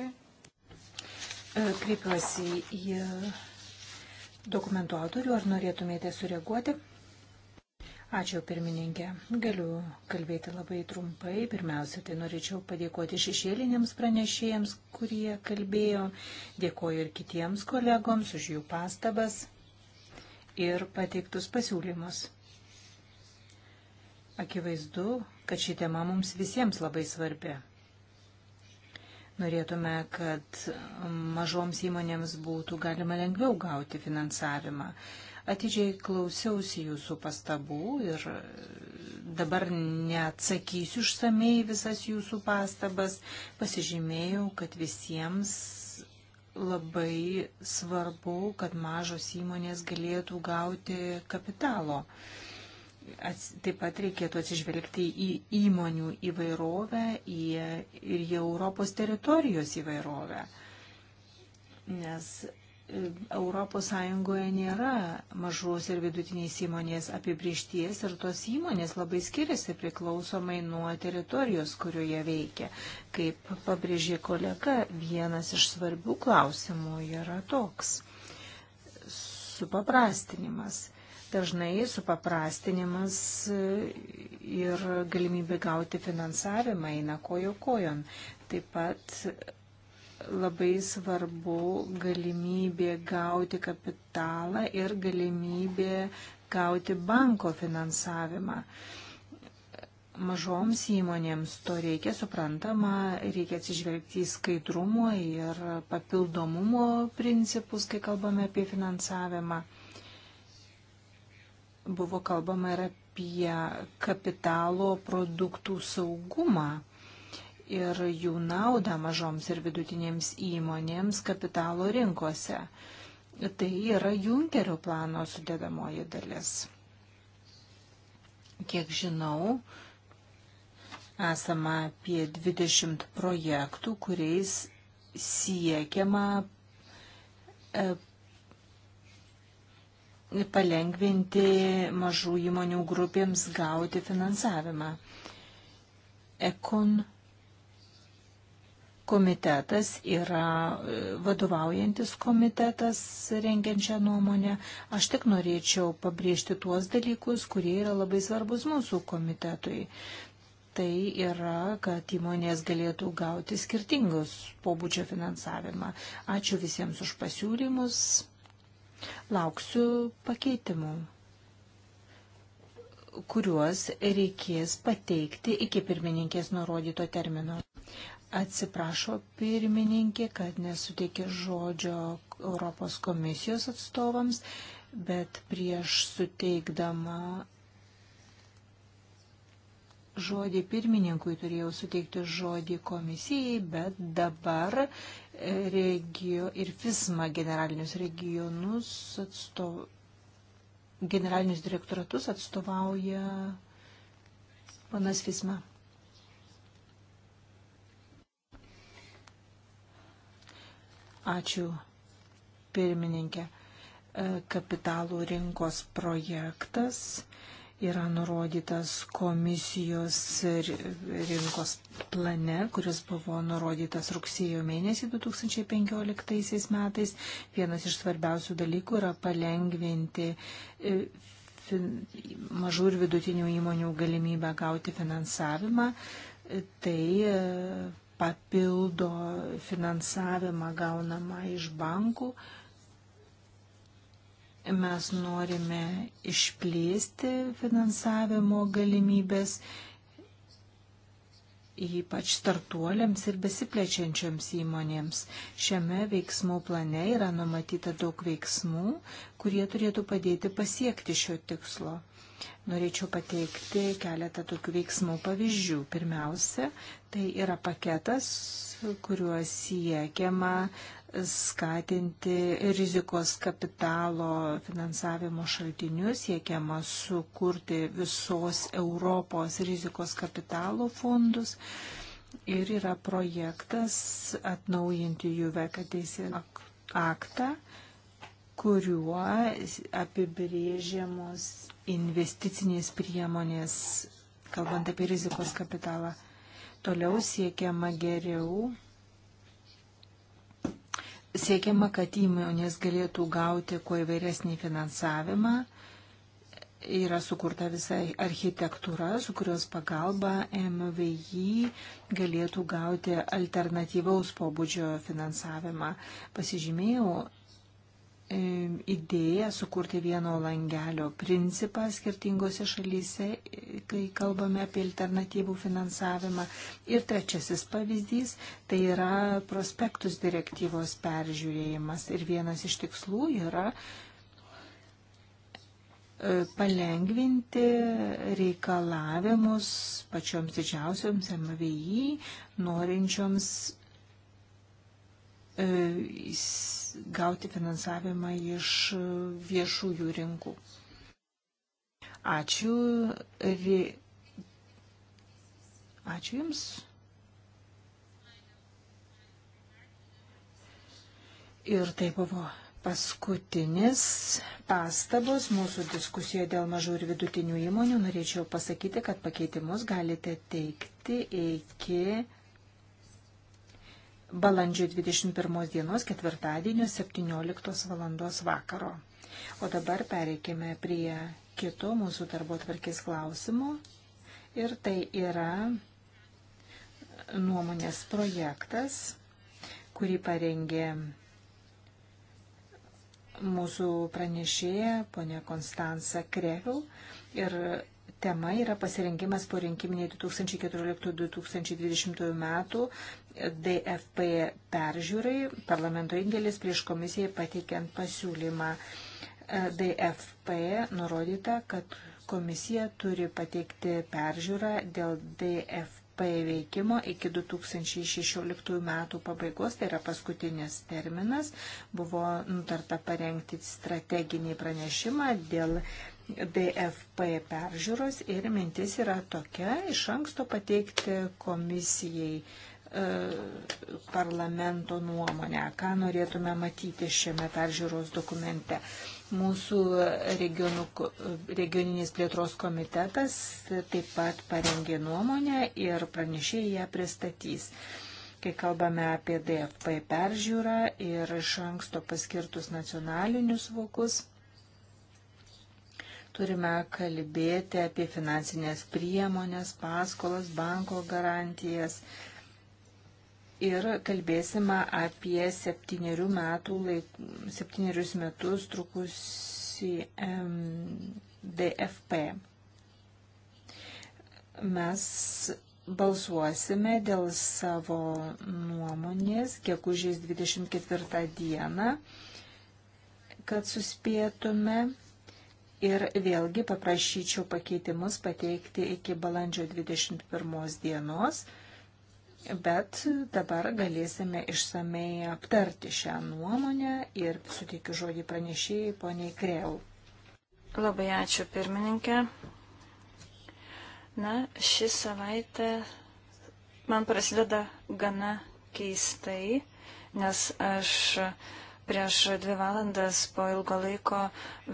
Kreipiuosi į dokumentų autorių, ar norėtumėte sureaguoti? Ačiū, pirmininkė. Galiu kalbėti labai trumpai. Pirmiausia, tai norėčiau padėkoti šešėliniams pranešėjams, kurie kalbėjo. Dėkoju ir kitiems kolegoms už jų pastabas ir pateiktus pasiūlymus. Akivaizdu, kad ši tema mums visiems labai svarbi. Norėtume, kad mažoms įmonėms būtų galima lengviau gauti finansavimą. Atidžiai klausiausi jūsų pastabų ir dabar neatsakysiu išsamei visas jūsų pastabas. Pasižymėjau, kad visiems labai svarbu, kad mažos įmonės galėtų gauti kapitalo. Taip pat reikėtų atsižvelgti į įmonių įvairovę į, ir į Europos teritorijos įvairovę, nes Europos Sąjungoje nėra mažos ir vidutinės įmonės apibriešties ir tos įmonės labai skiriasi priklausomai nuo teritorijos, kurioje veikia. Kaip pabrėžė kolega, vienas iš svarbių klausimų yra toks - supaprastinimas. Dažnai supaprastinimas ir galimybė gauti finansavimą eina kojo kojon. Taip pat labai svarbu galimybė gauti kapitalą ir galimybė gauti banko finansavimą. Mažoms įmonėms to reikia, suprantama, reikia atsižvelgti į skaidrumo ir papildomumo principus, kai kalbame apie finansavimą. Buvo kalbama ir apie kapitalo produktų saugumą ir jų naudą mažoms ir vidutinėms įmonėms kapitalo rinkose. Tai yra Junkerio plano sudėdamoji dalis. Kiek žinau, esama apie 20 projektų, kuriais siekiama e, palengvinti mažų įmonių grupėms gauti finansavimą. Ekon komitetas yra e, vadovaujantis komitetas rengiančią nuomonę. Aš tik norėčiau pabrėžti tuos dalykus, kurie yra labai svarbus mūsų komitetui. Tai yra, kad įmonės galėtų gauti skirtingus pobūdžio finansavimą. Ačiū visiems už pasiūlymus. Lauksiu pakeitimų kuriuos reikės pateikti iki pirmininkės nurodyto termino. Atsiprašo pirmininkė, kad nesuteikė žodžio Europos komisijos atstovams, bet prieš suteikdama žodį pirmininkui turėjau suteikti žodį komisijai, bet dabar regio ir FISMA generalinius regionus atstov... generalinius direktoratus atstovauja panas FISMA. Ačiū, pirmininkė. E, kapitalų rinkos projektas yra nurodytas komisijos rinkos plane, kuris buvo nurodytas rugsėjo mėnesį 2015 metais. Vienas iš svarbiausių dalykų yra palengvinti e, mažų ir vidutinių įmonių galimybę gauti finansavimą. E, tai papildo finansavimą gaunamą iš bankų. Mes norime išplėsti finansavimo galimybės ypač startuoliams ir besiplečiančioms įmonėms. Šiame veiksmų plane yra numatyta daug veiksmų, kurie turėtų padėti pasiekti šio tikslo. Norėčiau pateikti keletą tokių veiksmų pavyzdžių. Pirmiausia, tai yra paketas, kuriuo siekiama skatinti rizikos kapitalo finansavimo šaltinius, siekiama sukurti visos Europos rizikos kapitalo fondus. Ir yra projektas atnaujinti jų veką teisę aktą, kuriuo apibrėžiamos investicinės priemonės, kalbant apie rizikos kapitalą. Toliau siekiama geriau siekiama, kad įmonės galėtų gauti kuo įvairesnį finansavimą. Yra sukurta visa architektūra, su kurios pagalba MVI galėtų gauti alternatyvaus pobūdžio finansavimą. Pasižymėjau E, idėja sukurti vieno langelio principą skirtingose šalyse, e, kai kalbame apie alternatyvų finansavimą. Ir trečiasis pavyzdys - tai yra prospektus direktyvos peržiūrėjimas. Ir vienas iš tikslų yra e, palengvinti reikalavimus pačioms didžiausioms MVI, norinčioms E, gauti finansavimą iš viešųjų rinkų. Ačiū. Ačiū Jums. Ir tai buvo paskutinis pastabos mūsų diskusijoje dėl mažų ir vidutinių įmonių. Norėčiau pasakyti, kad pakeitimus galite teikti iki balandžio 21 dienos ketvirtadienio 17 valandos vakaro. O dabar pereikime prie kito mūsų darbo tvarkės klausimo. Ir tai yra nuomonės projektas, kurį parengė mūsų pranešėja ponė Konstanca Krevil. Ir tema yra pasirengimas po rinkiminiai 2014-2020 metų DFP peržiūrai, parlamento indėlis prieš komisijai pateikiant pasiūlymą e, DFP nurodyta, kad komisija turi pateikti peržiūrą dėl DFP veikimo iki 2016 metų pabaigos, tai yra paskutinis terminas, buvo nutarta parengti strateginį pranešimą dėl DFP peržiūros ir mintis yra tokia iš anksto pateikti komisijai uh, E, parlamento nuomonę, ką norėtume matyti šiame peržiūros dokumente. Mūsų regionų, regioninis plėtros komitetas taip pat parengė nuomonę ir pranešėjai ją pristatys. Kai kalbame apie DFP peržiūrą ir iš anksto paskirtus nacionalinius vokus, turime kalbėti apie finansinės priemonės, paskolas, banko garantijas, ir kalbėsime apie septyniarių metų laik, septyniarius metus trukusi DFP. Mes balsuosime dėl savo nuomonės gegužės 24 dieną, kad suspėtume. Ir vėlgi paprašyčiau pakeitimus pateikti iki balandžio 21 dienos. Bet dabar galėsime išsamei aptarti šią nuomonę ir suteikiu žodį pranešėjai poniai Kreu. Labai ačiū pirmininkė. Na, ši savaitė man prasideda gana keistai, nes aš uh, Prieš dvi valandas po ilgo laiko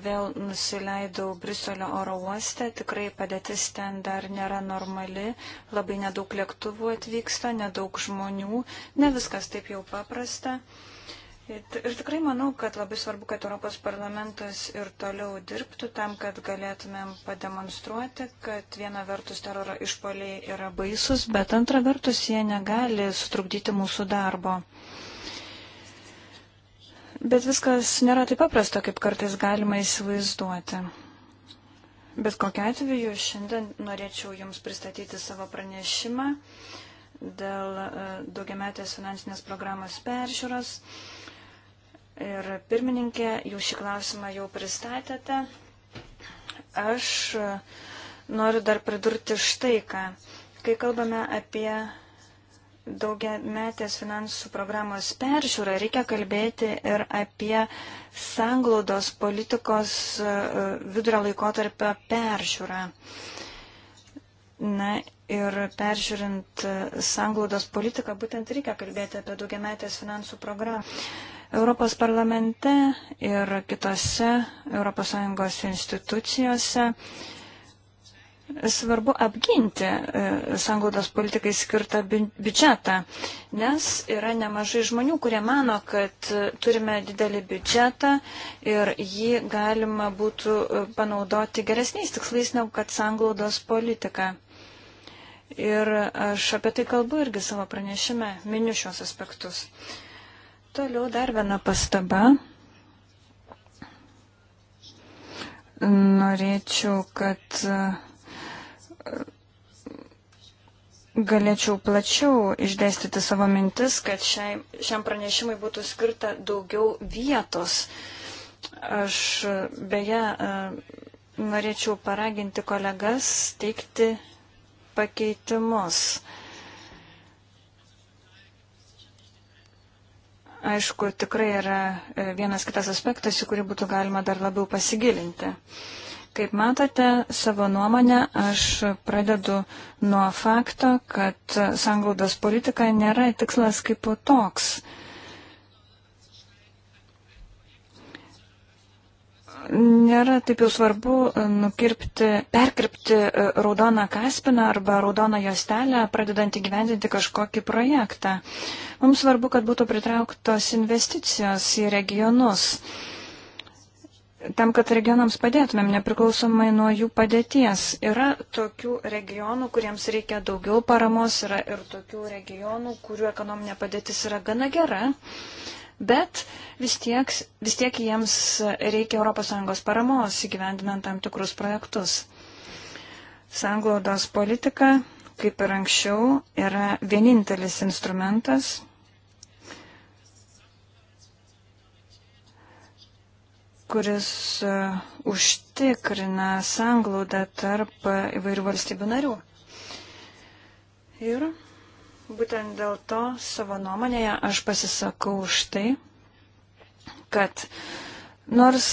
vėl nusileidau Briuselio oro uoste. Tikrai padėtis ten dar nėra normali. Labai nedaug lėktuvų atvyksta, nedaug žmonių. Ne viskas taip jau paprasta. Ir tikrai manau, kad labai svarbu, kad Europos parlamentas ir toliau dirbtų tam, kad galėtumėm pademonstruoti, kad viena vertus teroro išpoliai yra baisus, bet antra vertus jie negali sutrukdyti mūsų darbo. Bet viskas nėra taip paprasta, kaip kartais galima įsivaizduoti. Bet kokia atveju šiandien norėčiau Jums pristatyti savo pranešimą dėl e, daugiametės finansinės programos peržiūros. Ir pirmininkė, jūs šį klausimą jau pristatėte. Aš e, noriu dar pridurti štai ką. Kai kalbame apie daugia metės finansų programos peržiūrą reikia kalbėti ir apie sanglaudos politikos e, vidurio laikotarpio peržiūrą. Na ir peržiūrint e, sanglaudos politiką, būtent reikia kalbėti apie daugia metės finansų programą. Europos parlamente ir kitose ES institucijose uh, svarbu apginti e, sanglaudos politikai skirtą biudžetą, nes yra nemažai žmonių, kurie mano, kad e, turime didelį biudžetą ir jį galima būtų e, panaudoti geresniais tikslais negu kad sanglaudos politika. Ir aš apie tai kalbu irgi savo pranešime, miniu šios aspektus. Toliau dar viena pastaba. Norėčiau, kad uh, galėčiau plačiau išdėstyti savo mintis, kad šiai, šiam pranešimui būtų skirta daugiau vietos. Aš beje e, norėčiau paraginti kolegas teikti pakeitimus. Aišku, tikrai yra e, vienas kitas aspektas, į kurį būtų galima dar labiau pasigilinti. Uh, Kaip matote, savo nuomonę aš pradedu nuo fakto, kad sanglaudos politika nėra tikslas kaip po toks. Nėra taip jau svarbu nukirpti, perkirpti raudoną kaspiną arba raudoną juostelę, pradedant įgyvendinti kažkokį projektą. Mums svarbu, kad būtų pritrauktos investicijos į regionus. Uh, tam, kad regionams padėtumėm, nepriklausomai nuo jų padėties. Yra tokių regionų, kuriems reikia daugiau paramos, yra ir tokių regionų, kurių ekonominė padėtis yra gana gera, bet vis tiek, vis tiek jiems reikia ES paramos įgyvendinant tam tikrus projektus. Sanglaudos politika, kaip ir anksčiau, yra vienintelis instrumentas, kuris e, užtikrina sanglaudą tarp įvairių valstybių narių. Ir būtent dėl to savo nuomonėje aš pasisakau už tai, kad nors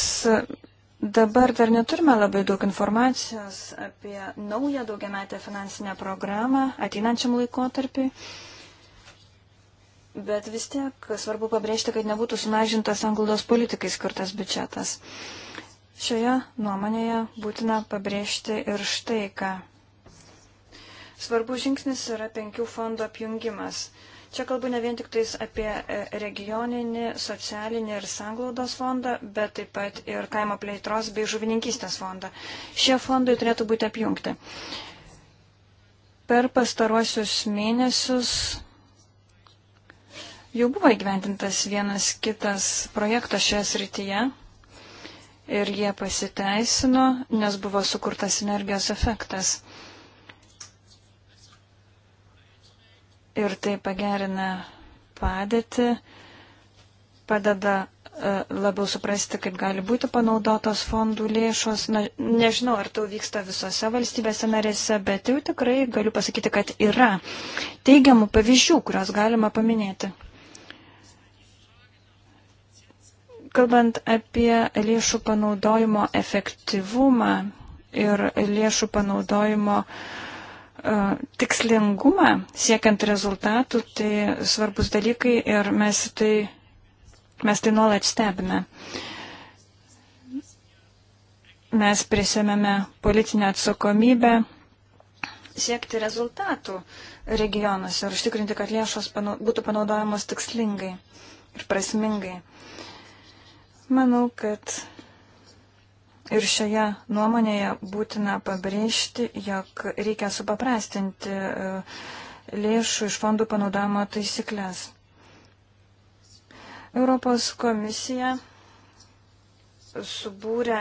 Dabar dar neturime labai daug informacijos apie naują daugiametę finansinę programą ateinančiam laikotarpiu. Bet vis tiek svarbu pabrėžti, kad nebūtų sumažintas anglodos politikai skirtas biudžetas. Šioje nuomonėje būtina pabrėžti ir štai ką. Svarbu žingsnis yra penkių fondų apjungimas. Čia kalbu ne vien tik tais apie e, regioninį, socialinį ir sanglaudos fondą, bet taip pat ir kaimo plėtros bei žuvininkystės fondą. Šie fondai turėtų būti apjungti. Per pastaruosius mėnesius Jau buvo įgyventintas vienas kitas projektas šioje srityje ir jie pasiteisino, nes buvo sukurtas energijos efektas. Ir tai pagerina padėtį, padeda e, labiau suprasti, kaip gali būti panaudotos fondų lėšos. Na, nežinau, ar tai vyksta visose valstybėse narėse, bet jau tikrai galiu pasakyti, kad yra teigiamų pavyzdžių, kuriuos galima paminėti. Kalbant apie lėšų panaudojimo efektyvumą ir lėšų panaudojimo uh, tikslingumą siekiant rezultatų, tai svarbus dalykai ir mes tai, mes tai nuolat stebime. Mes prisėmėme politinę atsakomybę siekti rezultatų regionuose ir užtikrinti, kad lėšos panau, būtų panaudojamos tikslingai ir prasmingai. Manau, kad ir šioje nuomonėje būtina pabrėžti, jog reikia supaprastinti e, lėšų iš fondų panaudojimo taisyklės. Europos komisija subūrė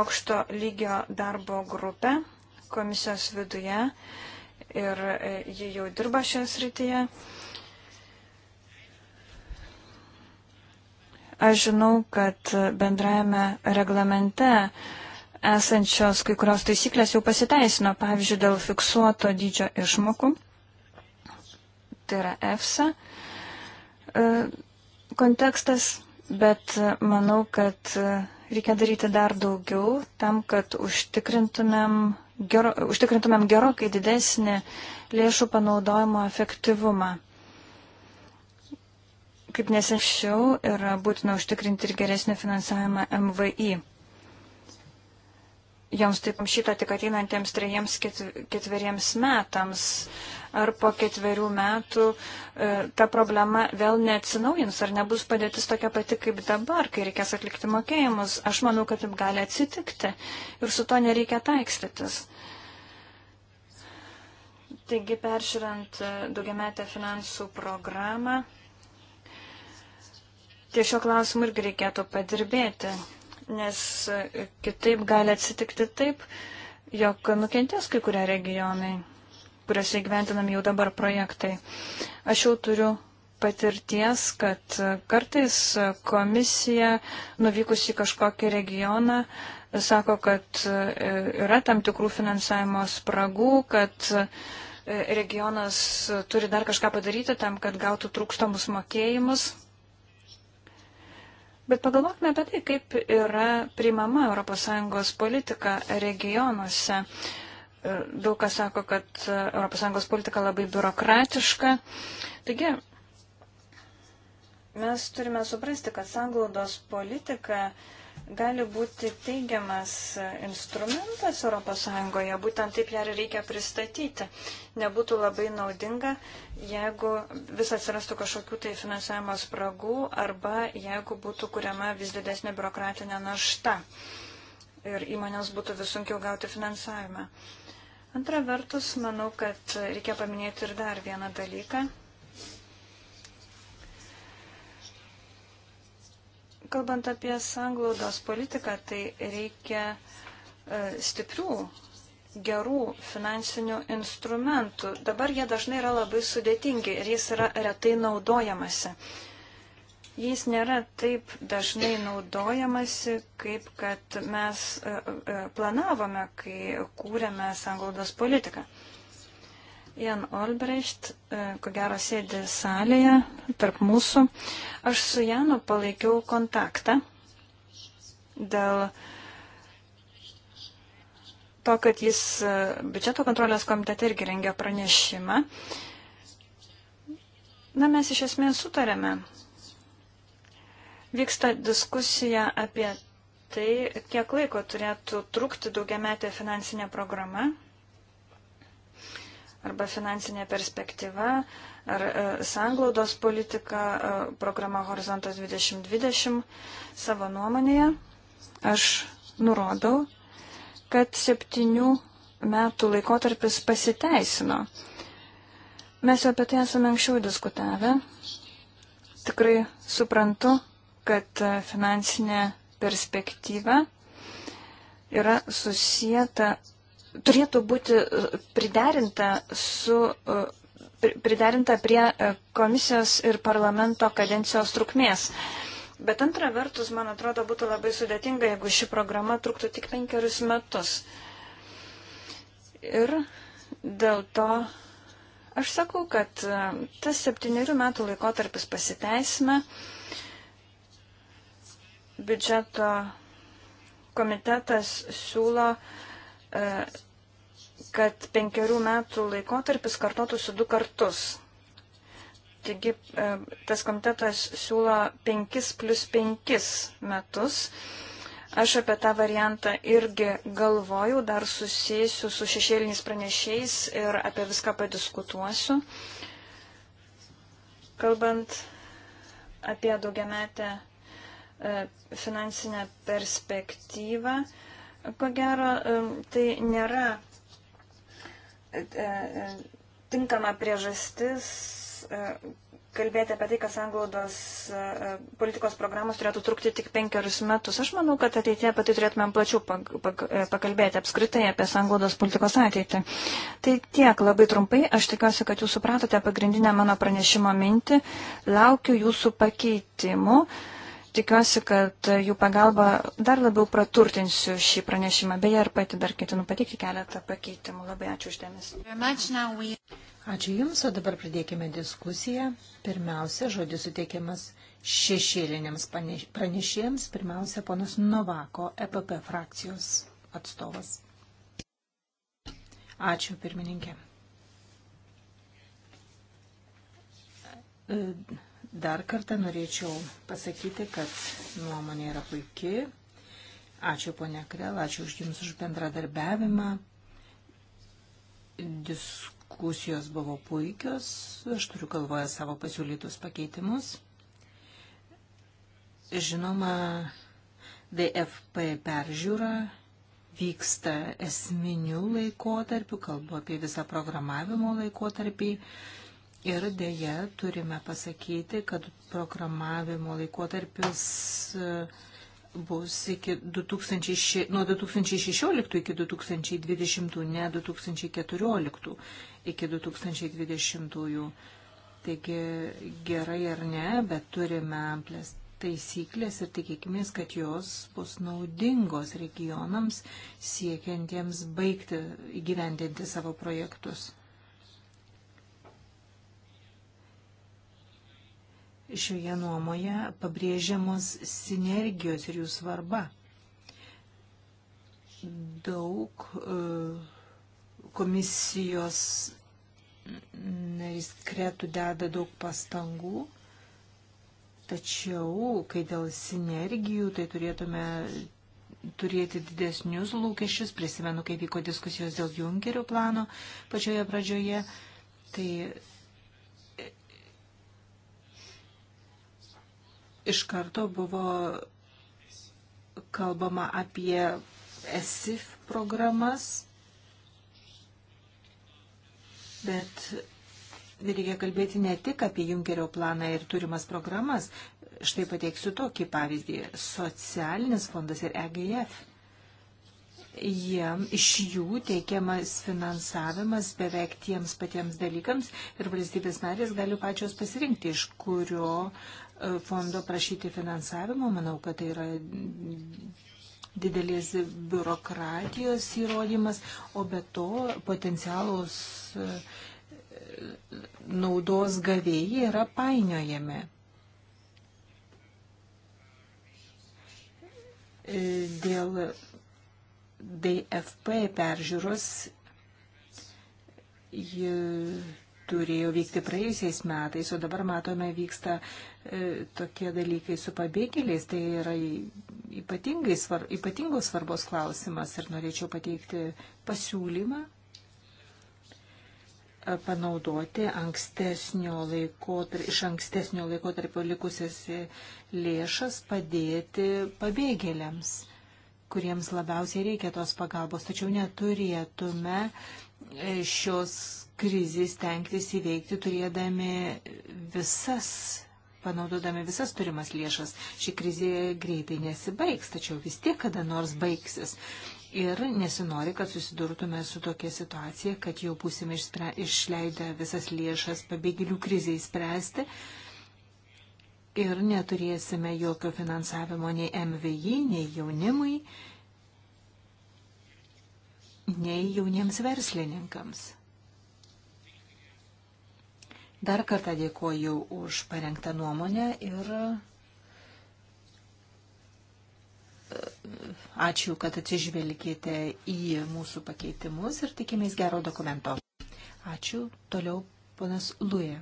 aukšto lygio darbo grupę komisijos viduje ir e, ji jau dirba šios rytyje. Aš žinau, kad bendrajame reglamente esančios kai kurios taisyklės jau pasiteisino, pavyzdžiui, dėl fiksuoto dydžio išmokų, tai yra EFSA e, kontekstas, bet manau, kad reikia daryti dar daugiau tam, kad užtikrintumėm, gero, užtikrintumėm gerokai didesnį lėšų panaudojimo efektyvumą kaip nesanšiau, yra būtina užtikrinti ir geresnį finansavimą MVI. Joms taip šito tik ateinantiems trejiems ketveriems metams ar po ketverių metų e, ta problema vėl neatsinaujins, ar nebus padėtis tokia pati kaip dabar, kai reikės atlikti mokėjimus. Aš manau, kad taip gali atsitikti ir su to nereikia taikstytis. Taigi, peržiūrant e, daugiametę finansų programą, Tie šio klausimu irgi reikėtų padirbėti, nes kitaip gali atsitikti taip, jog nukentės kai kurie regionai, kuriuose įgyventinami jau dabar projektai. Aš jau turiu patirties, kad kartais komisija nuvykus į kažkokį regioną sako, kad yra tam tikrų finansavimo spragų, kad regionas turi dar kažką padaryti tam, kad gautų trūkstamus mokėjimus. Bet pagalvokime apie tai, kaip yra priimama ES politika regionuose. E, daug kas sako, kad ES politika labai biurokratiška. Taigi, mes turime suprasti, kad sanglaudos politika uh, gali būti teigiamas instrumentas ES, būtent taip ją reikia pristatyti. Nebūtų labai naudinga, jeigu vis atsirastų kažkokių tai finansavimo spragų arba jeigu būtų kuriama vis didesnė biurokratinė našta ir įmonės būtų vis sunkiau gauti finansavimą. Antra vertus, manau, kad reikia paminėti ir dar vieną dalyką. Kalbant apie sanglaudos politiką, tai reikia e, stiprių, gerų finansinių instrumentų. Dabar jie dažnai yra labai sudėtingi ir jis yra retai naudojamasi. Jais nėra taip dažnai naudojamasi, kaip kad mes e, e, planavome, kai kūrėme sanglaudos politiką. Jan Olbrecht, e, ko gero sėdi salėje tarp mūsų. Aš su Janu palaikiau kontaktą dėl to, kad jis e, biudžeto kontrolės komitete irgi rengia pranešimą. Na, mes iš esmės sutarėme. Vyksta diskusija apie tai, kiek laiko turėtų trukti daugiametė finansinė programa, arba finansinė perspektyva, ar e, sanglaudos politika, e, programa Horizontas 2020 savo nuomonėje. Aš nurodau, kad septynių metų laikotarpis pasiteisino. Mes jau apie tai esame anksčiau diskutavę. Tikrai suprantu, kad e, finansinė perspektyva yra susijęta turėtų būti e, priderinta su e, priderinta prie e, komisijos ir parlamento kadencijos trukmės. Bet antra vertus, man atrodo, būtų labai sudėtinga, jeigu ši programa truktų tik penkerius metus. Ir dėl to aš sakau, kad tas septyniarių metų laikotarpis pasiteisime. Biudžeto komitetas siūlo uh, E, kad penkerių metų laikotarpis kartotųsi du kartus. Taigi e, tas komitetas siūlo 5 plus 5 metus. Aš apie tą variantą irgi galvojau, dar susijęsiu su šešėliniais pranešiais ir apie viską padiskutuosiu. Kalbant apie daugiametę e, finansinę perspektyvą, Ko gero, tai nėra e, e, tinkama priežastis e, kalbėti apie tai, kas anglaudos politikos programos turėtų trukti tik penkerius metus. Aš manau, kad ateitie apie tai turėtumėm plačiau pakalbėti apskritai apie anglaudos politikos ateitį. Tai tiek labai trumpai. Aš tikiuosi, kad jūs supratote pagrindinę mano pranešimo mintį. Laukiu jūsų pakeitimų. Uh, Tikiuosi, kad jų pagalba dar labiau praturtinsiu šį pranešimą. Beje, ir pati dar ketinu pateikti keletą pakeitimų. Labai ačiū uždėmesi. Ačiū Jums, o dabar pradėkime diskusiją. Pirmiausia, žodis suteikiamas šešėliniams pranešėjams. Pirmiausia, ponas Novako, EPP frakcijos atstovas. Ačiū, pirmininkė. E, Dar kartą norėčiau pasakyti, kad nuomonė yra puikiai. Ačiū ponia Krel, ačiū už Jums už bendradarbiavimą. Diskusijos buvo puikios, aš turiu galvoje savo pasiūlytus pakeitimus. Žinoma, DFP peržiūra vyksta esminių laikotarpių, kalbu apie visą programavimo laikotarpį. Ir dėje turime pasakyti, kad programavimo laikotarpis e, bus iki 2006, nuo 2016 iki 2020, ne 2014 iki 2020. Taigi gerai ar ne, bet turime amplės taisyklės ir tikėkime, kad jos bus naudingos regionams siekiantiems baigti įgyvendinti savo projektus. Šioje nuomoje pabrėžiamos sinergijos ir jų svarba. Daug e, komisijos narys kretų deda daug pastangų, tačiau, kai dėl sinergijų, tai turėtume turėti didesnius lūkesčius. Prisimenu, kai vyko diskusijos dėl Junkerio plano pačioje pradžioje. Tai iš karto buvo kalbama apie ESIF programas, bet reikia kalbėti ne tik apie Junkerio planą ir turimas programas. Štai pateiksiu tokį pavyzdį. Socialinis fondas ir EGF. Jie, iš jų teikiamas finansavimas beveik tiems patiems dalykams ir valstybės narės gali pačios pasirinkti, iš kurio fondo prašyti finansavimo. Manau, kad tai yra didelės biurokratijos įrodymas, o be to potencialus e, naudos gavėjai yra painiojami. E, dėl DFP peržiūros ji turėjo vykti praėjusiais metais, o dabar matome vyksta e, tokie dalykai su pabėgėliais. Tai yra ypatingai svar, ypatingos svarbos klausimas ir norėčiau pateikti pasiūlymą e, panaudoti ankstesnio laiko, iš ankstesnio laiko tarp likusias lėšas padėti pabėgėliams, kuriems labiausiai reikia tos pagalbos. Tačiau neturėtume e, šios krizį stengtis įveikti turėdami visas, panaudodami visas turimas lėšas. Ši krizė greitai nesibaigs, tačiau vis tiek kada nors baigsis. Ir nesinori, kad susidurtume su tokia situacija, kad jau būsime išspre, išleidę visas lėšas pabėgėlių kriziai spręsti ir neturėsime jokio finansavimo nei MVI, nei jaunimui, nei jauniems verslininkams. Dar kartą dėkoju už parengtą nuomonę ir e, ačiū, kad atsižvelgėte į mūsų pakeitimus ir tikimės gero dokumento. Ačiū. Toliau ponas Luje.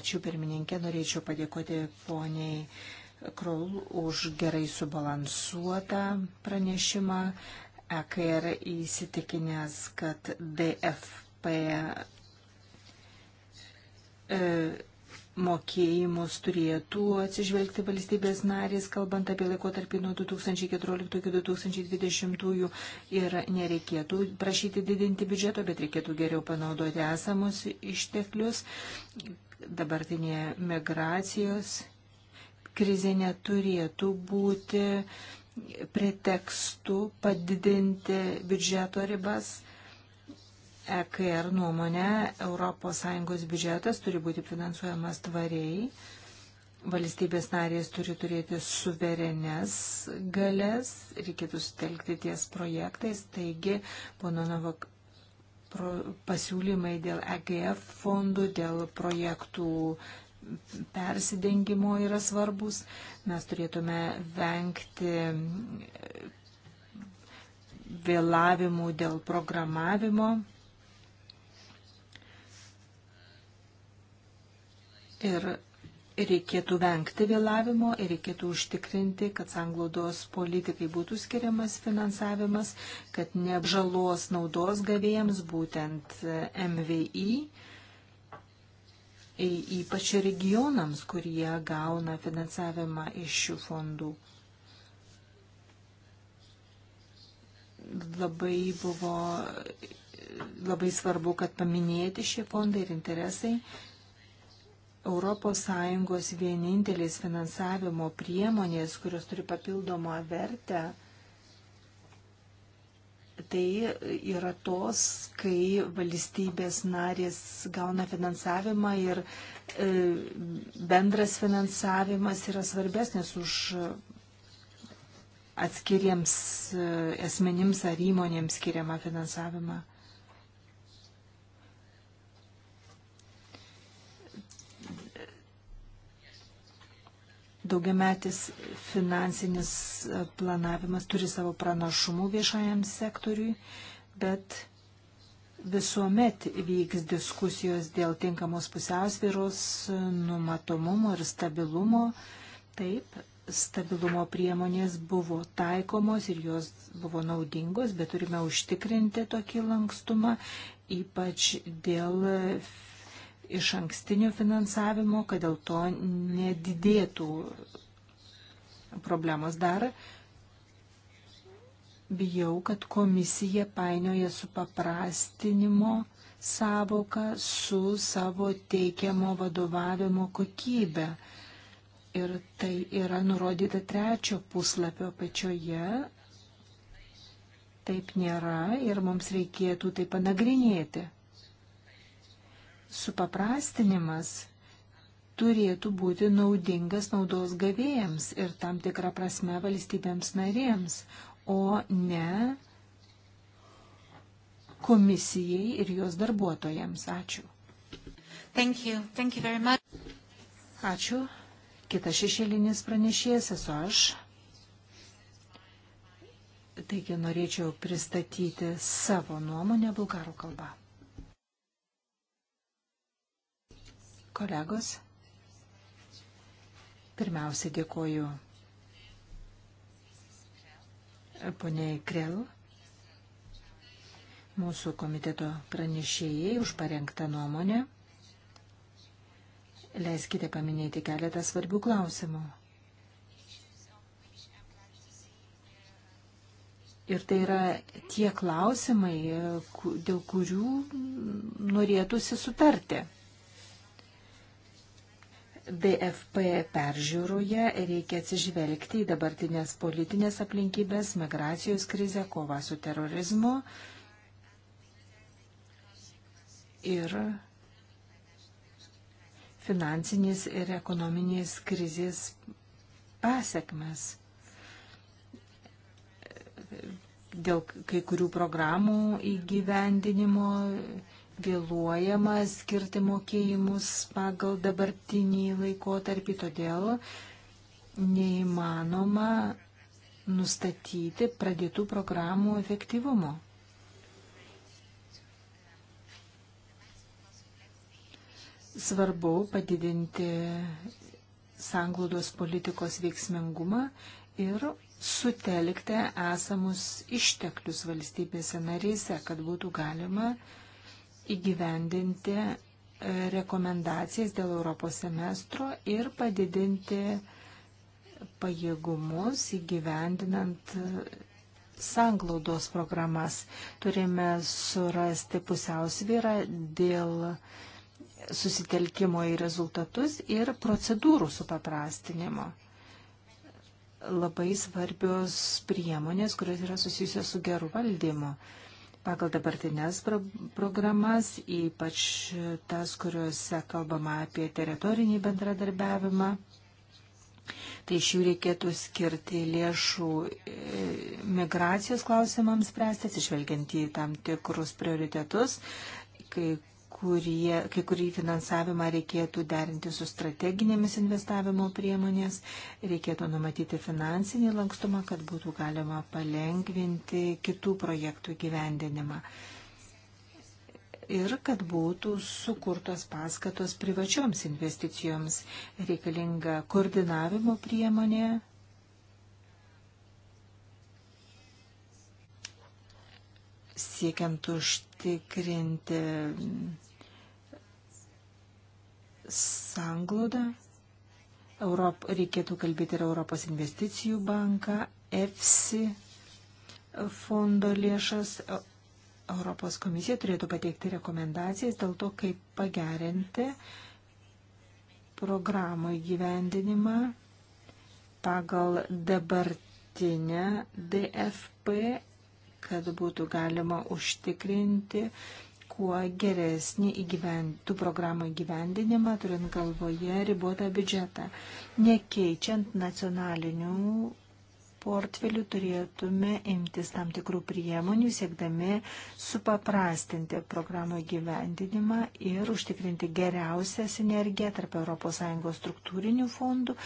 Ačiū pirmininkė, norėčiau padėkoti poniai Krol už gerai subalansuotą pranešimą. EKR įsitikinęs, kad DFP E, mokėjimus turėtų atsižvelgti valstybės narės, kalbant apie laikotarpį nuo 2014 iki 2020 ir nereikėtų prašyti didinti biudžeto, bet reikėtų geriau panaudoti esamus išteklius. Dabartinė migracijos krizė neturėtų būti pretekstu padidinti biudžeto ribas EKR nuomonė, ES biudžetas turi būti finansuojamas tvariai, valstybės narės turi turėti suverenes galės, reikėtų sutelkti ties projektais, taigi pono Novak pasiūlymai dėl EGF fondų, dėl projektų persidengimo yra svarbus. Mes turėtume vengti vėlavimų dėl programavimo Ir reikėtų vengti vėlavimo ir reikėtų užtikrinti, kad sanglaudos politikai būtų skiriamas finansavimas, kad neapžalos naudos gavėjams būtent e, MVI, e, ypač regionams, kurie gauna finansavimą iš šių fondų. Labai buvo e, labai svarbu, kad paminėti šie fondai ir interesai ES vienintelės finansavimo priemonės, kurios turi papildomą vertę, tai yra tos, kai valstybės narės gauna finansavimą ir e, bendras finansavimas yra svarbesnis už atskiriems e, asmenims ar įmonėms skiriamą finansavimą. Daugiametis finansinis e, planavimas turi savo pranašumų viešajam sektoriui, bet visuomet vyks diskusijos dėl tinkamos pusiausvėros, e, numatomumo ir stabilumo. Taip, stabilumo priemonės buvo taikomos ir jos buvo naudingos, bet turime užtikrinti tokį lankstumą, ypač dėl iš ankstinio finansavimo, kad dėl to nedidėtų problemos dar. Bijau, kad komisija painioja su paprastinimo savoka su savo teikiamo vadovavimo kokybė. Ir tai yra nurodyta trečio puslapio pačioje. Taip nėra ir mums reikėtų tai panagrinėti supaprastinimas turėtų būti naudingas naudos gavėjams ir tam tikrą prasme valstybėms narėms, o ne komisijai ir jos darbuotojams. Ačiū. Thank you. Thank you very much. Ačiū. Kitas šešėlinis pranešėjas esu aš. Taigi norėčiau pristatyti savo nuomonę bulgarų kalbą. kolegos. Pirmiausia, dėkoju poniai Krel, mūsų komiteto pranešėjai už parengtą nuomonę. Leiskite paminėti keletą svarbių klausimų. Ir tai yra tie klausimai, dėl kurių norėtųsi sutarti. DFP peržiūroje reikia atsižvelgti į dabartinės politinės aplinkybės, migracijos krizę, kovą su terorizmu ir finansinės ir ekonominės krizės pasiekmes. Dėl kai kurių programų įgyvendinimo vėluojama skirti mokėjimus pagal dabartinį laikotarpį, todėl neįmanoma nustatyti pradėtų programų efektyvumo. Svarbu padidinti sanglaudos politikos veiksmingumą ir sutelkti esamus išteklius valstybėse narėse, kad būtų galima uh, įgyvendinti e, rekomendacijas dėl Europos semestro ir padidinti pajėgumus įgyvendinant sanglaudos programas. Turime surasti pusiausvyrą dėl susitelkimo į rezultatus ir procedūrų supaprastinimo. Labai svarbios priemonės, kurios yra susijusios su geru valdymu pagal dabartinės pro programas, ypač tas, kuriuose kalbama apie teritorinį bendradarbiavimą. Tai iš jų reikėtų skirti lėšų e, migracijos klausimams spręsti, atsižvelgiant į tam tikrus prioritetus, kai kurie, kai kurį finansavimą reikėtų derinti su strateginėmis investavimo priemonės, reikėtų numatyti finansinį lankstumą, kad būtų galima palengvinti kitų projektų gyvendinimą. Ir kad būtų sukurtos paskatos privačioms investicijoms reikalinga koordinavimo priemonė siekiant užtikrinti sanglaudą. Europ, reikėtų kalbėti ir Europos investicijų banką, EFSI fondo lėšas. Europos komisija turėtų pateikti rekomendacijas dėl to, kaip pagerinti programų įgyvendinimą pagal dabartinę DFP, kad būtų galima užtikrinti kuo geresnį įgyvend, tų programų įgyvendinimą, turint galvoje ribotą biudžetą, nekeičiant nacionalinių portfelių turėtume imtis tam tikrų priemonių, siekdami supaprastinti programų gyvendinimą ir užtikrinti geriausią sinergiją tarp ES struktūrinių fondų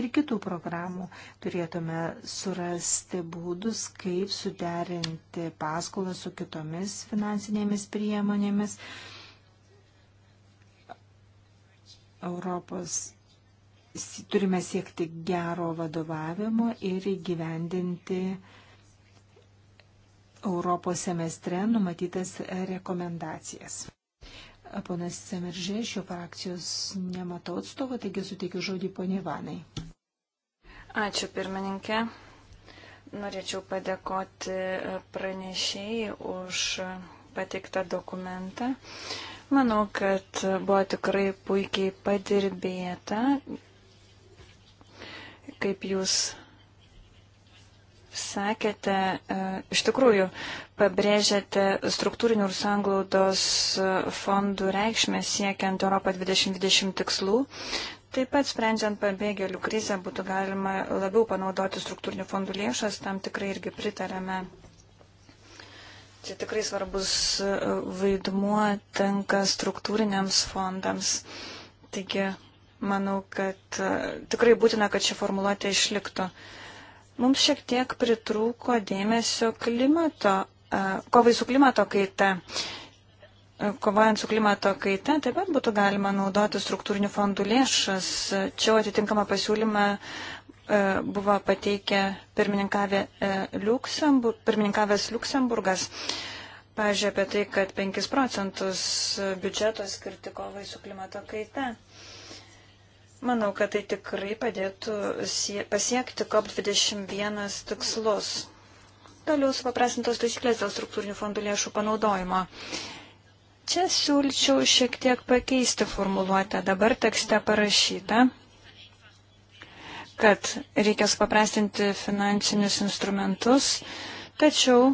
ir kitų programų. Turėtume surasti būdus, kaip suderinti paskolą su kitomis finansinėmis priemonėmis. Europos turime siekti gero vadovavimo ir įgyvendinti Europos semestre numatytas rekomendacijas. Ponas Semeržė, šio frakcijos nematau atstovo, taigi suteikiu žodį poniai Vanai. Ačiū pirmininkė. Norėčiau padėkoti pranešėjai už pateiktą dokumentą. Manau, kad buvo tikrai puikiai padirbėta, Kaip jūs sakėte, e, iš tikrųjų pabrėžėte struktūrinių ir sanglaudos e, fondų reikšmę siekiant Europą 2020 tikslų. Taip pat sprendžiant pabėgėlių krizę būtų galima labiau panaudoti struktūrinių fondų lėšas, tam tikrai irgi pritarėme. Čia tikrai svarbus e, vaidmuo tenka struktūriniams fondams. Taigi Manau, kad e, tikrai būtina, kad ši formuluotė išliktų. Mums šiek tiek pritrūko dėmesio klimato, e, kovai su klimato kaita. E, kovojant su klimato kaita, taip pat būtų galima naudoti struktūrinių fondų lėšas. Čia atitinkamą pasiūlymą buvo pateikę pirmininkavė Liuksemburg, pirmininkavęs Luksemburgas. Pavyzdžiui, apie tai, kad 5 procentus biudžeto skirti kovai su klimato kaita. Manau, kad tai tikrai padėtų pasiekti COP21 tikslus. Toliau supaprasintos taisyklės dėl struktūrinių fondų lėšų panaudojimo. Čia siūlyčiau šiek tiek pakeisti formuluotę. Dabar tekste parašyta, kad reikia supaprastinti finansinius instrumentus, tačiau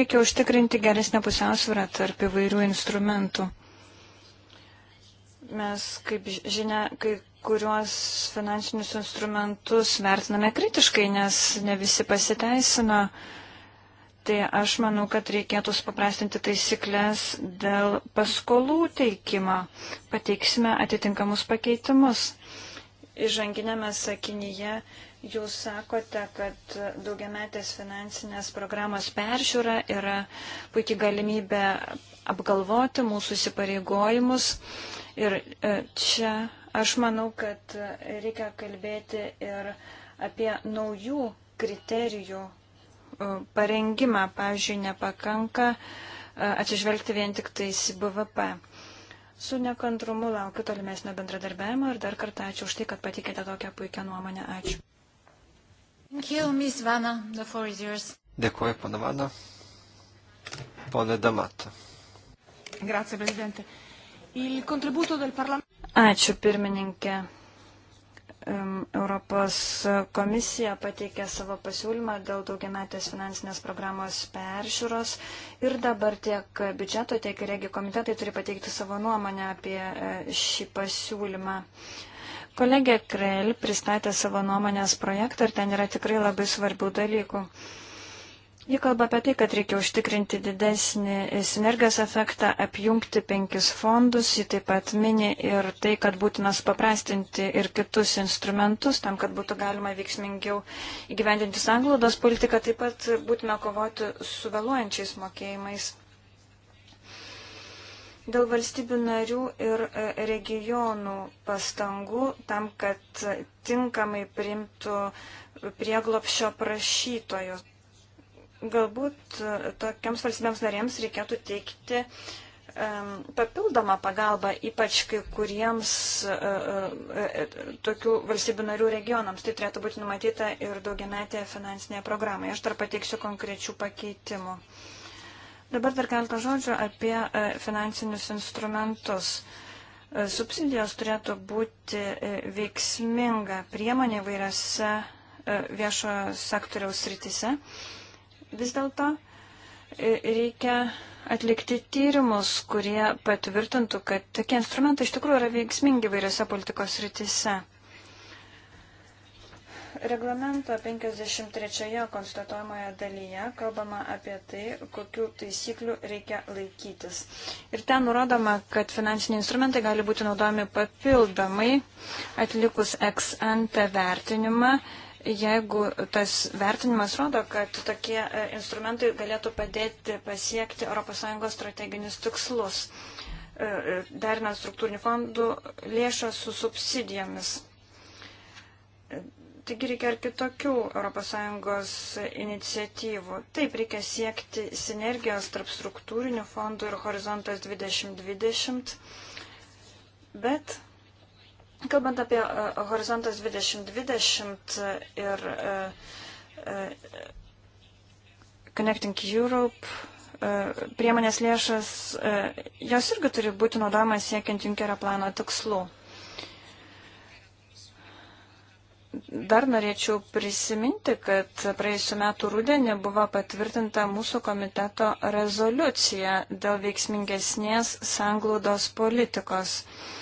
reikia užtikrinti geresnę pusiausvyrą tarp įvairių instrumentų mes, kaip žinia, kai kuriuos finansinius instrumentus vertiname kritiškai, nes ne visi pasiteisina. Tai aš manau, kad reikėtų supaprastinti taisyklės dėl paskolų teikimo. Pateiksime atitinkamus pakeitimus. Įžanginėme sakinyje Jūs sakote, kad daugiametės finansinės programos peržiūra yra puikiai galimybė apgalvoti mūsų įsipareigojimus. Ir e, čia aš manau, kad reikia kalbėti ir apie naujų kriterijų e, parengimą. Pavyzdžiui, nepakanka e, atsižvelgti vien tik tais į BVP. Su nekantrumu laukiu tolimesnio bendradarbiavimo ir dar kartą ačiū už tai, kad patikėte tokią puikią nuomonę. Ačiū. Dėkuoju, pana Vana. Pone Damato. Grazie, prezidente. Ačiū pirmininkė. Europos komisija pateikė savo pasiūlymą dėl daugiametės finansinės programos peržiūros ir dabar tiek biudžeto, tiek ir regi komitetai turi pateikti savo nuomonę apie e, šį pasiūlymą. Kolegė Krell pristatė savo nuomonės projektą ir ten yra tikrai labai svarbių dalykų. Ji kalba apie tai, kad reikia užtikrinti didesnį sinergijos efektą, apjungti penkis fondus, ji taip pat mini ir tai, kad būtina supaprastinti ir kitus instrumentus, tam, kad būtų galima veiksmingiau įgyvendinti sanglaudos politiką, taip pat būtina kovoti su vėluojančiais mokėjimais. Dėl valstybių narių ir e, regionų pastangų tam, kad tinkamai primtų prieglopšio prašytojus Galbūt e, tokiams valstybėms narėms reikėtų teikti papildomą pagalbą, ypač kai kuriems e, e, tokių valstybių narių regionams. Tai turėtų būti numatyta ir daugiametėje finansinėje programoje. Aš dar pateiksiu konkrečių pakeitimų. Dabar dar keletą žodžių apie finansinius instrumentus. Subsidijos turėtų būti veiksminga priemonė vairiose viešojo sektoriaus rytise vis dėlto e, reikia atlikti tyrimus, kurie patvirtintų, kad tokie instrumentai iš tikrųjų yra veiksmingi vairiose politikos rytise. Reglamento 53 konstatuojamoje dalyje kalbama apie tai, kokiu taisykliu reikia laikytis. Ir ten nurodoma, kad finansiniai instrumentai gali būti naudojami papildomai atlikus ex ante vertinimą jeigu tas vertinimas rodo, kad tokie e, instrumentai galėtų padėti pasiekti ES strateginius tikslus, e, e, derinant struktūrinių fondų lėšas su subsidijomis. Taigi reikia ir kitokių ES iniciatyvų. Taip, reikia siekti sinergijos tarp struktūrinių fondų ir horizontas 2020, bet Kalbant apie e, Horizontas 2020 ir e, e, Connecting Europe priemonės lėšas, jos irgi turi būti naudojamas siekiant Junkerio plano tikslų. Dar norėčiau prisiminti, kad praėjusiu metu rudenį buvo patvirtinta mūsų komiteto rezoliucija dėl veiksmingesnės sanglaudos politikos. Uh,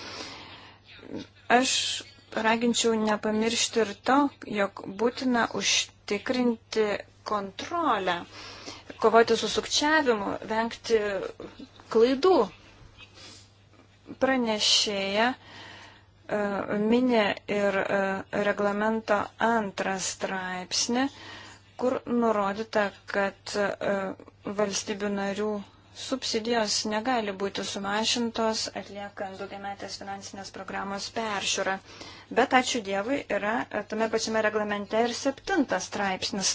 Aš raginčiau nepamiršti ir to, jog būtina užtikrinti kontrolę, kovoti su sukčiavimu, vengti klaidų. Pranešėja e, minė ir e, reglamento antrą straipsnį, kur nurodyta, kad e, valstybių narių Subsidijos negali būti sumažintos atliekant daugiametės finansinės programos peržiūrą. Bet ačiū Dievui yra tame pačiame reglamente ir septintas straipsnis,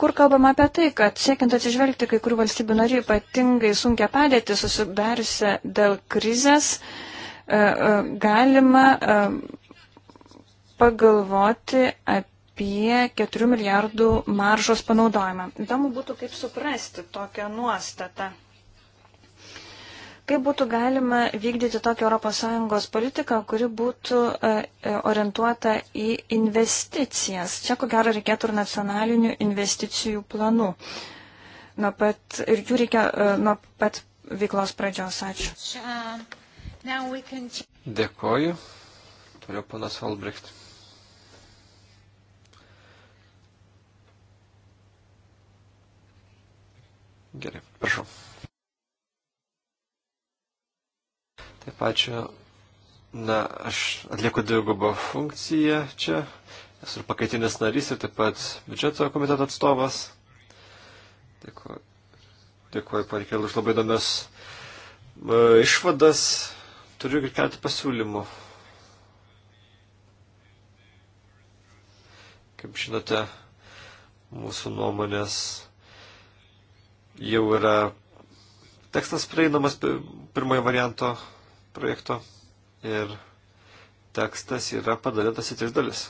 kur kalbama apie tai, kad siekiant atsižvelgti kai kurių valstybių narių ypatingai sunkia padėtį susidariusią dėl krizės, e, e, galima e, pagalvoti apie apie 4 milijardų maržos panaudojimą. Įdomu būtų, kaip suprasti tokią nuostatą. Kaip būtų galima vykdyti tokią ES politiką, kuri būtų e, e, orientuota į investicijas. Čia ko gero reikėtų ir nacionalinių investicijų planų. Nuo pat, ir jų reikia e, nuo pat veiklos pradžios. Ačiū. Dėkoju. Toliau panas Albrecht. Gerai, prašau. Taip ačiū. Na, aš atlieku dvigubą funkciją čia. Esu ir pakaitinis narys ir taip pat biudžeto komiteto atstovas. Dėkuoju, dėkuoju panikėl, už labai įdomias e, išvadas. Turiu ir keletą pasiūlymų. Kaip žinote, mūsų nuomonės jau yra tekstas prieinamas pirmojo varianto projekto ir tekstas yra padalintas į tris dalis.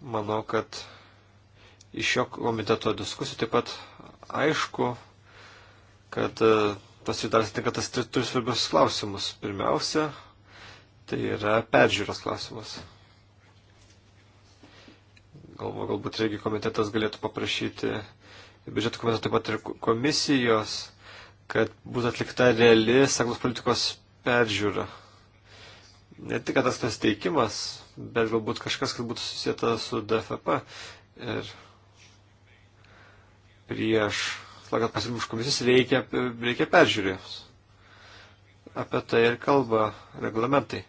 Manau, kad iš šio komiteto diskusijų taip pat aišku, kad tas e, judaras tinka tas tris svarbius klausimus. Pirmiausia, tai yra peržiūros klausimas galvo, galbūt irgi komitetas galėtų paprašyti, biudžeto komiteto taip pat ir komisijos, kad būtų atlikta reali sanglos politikos peržiūra. Ne tik tas tas teikimas, bet galbūt kažkas, kas būtų susijęta su DFP ir prieš, kad pasirimus komisijas reikia, reikia peržiūrės. Apie tai ir kalba reglamentai.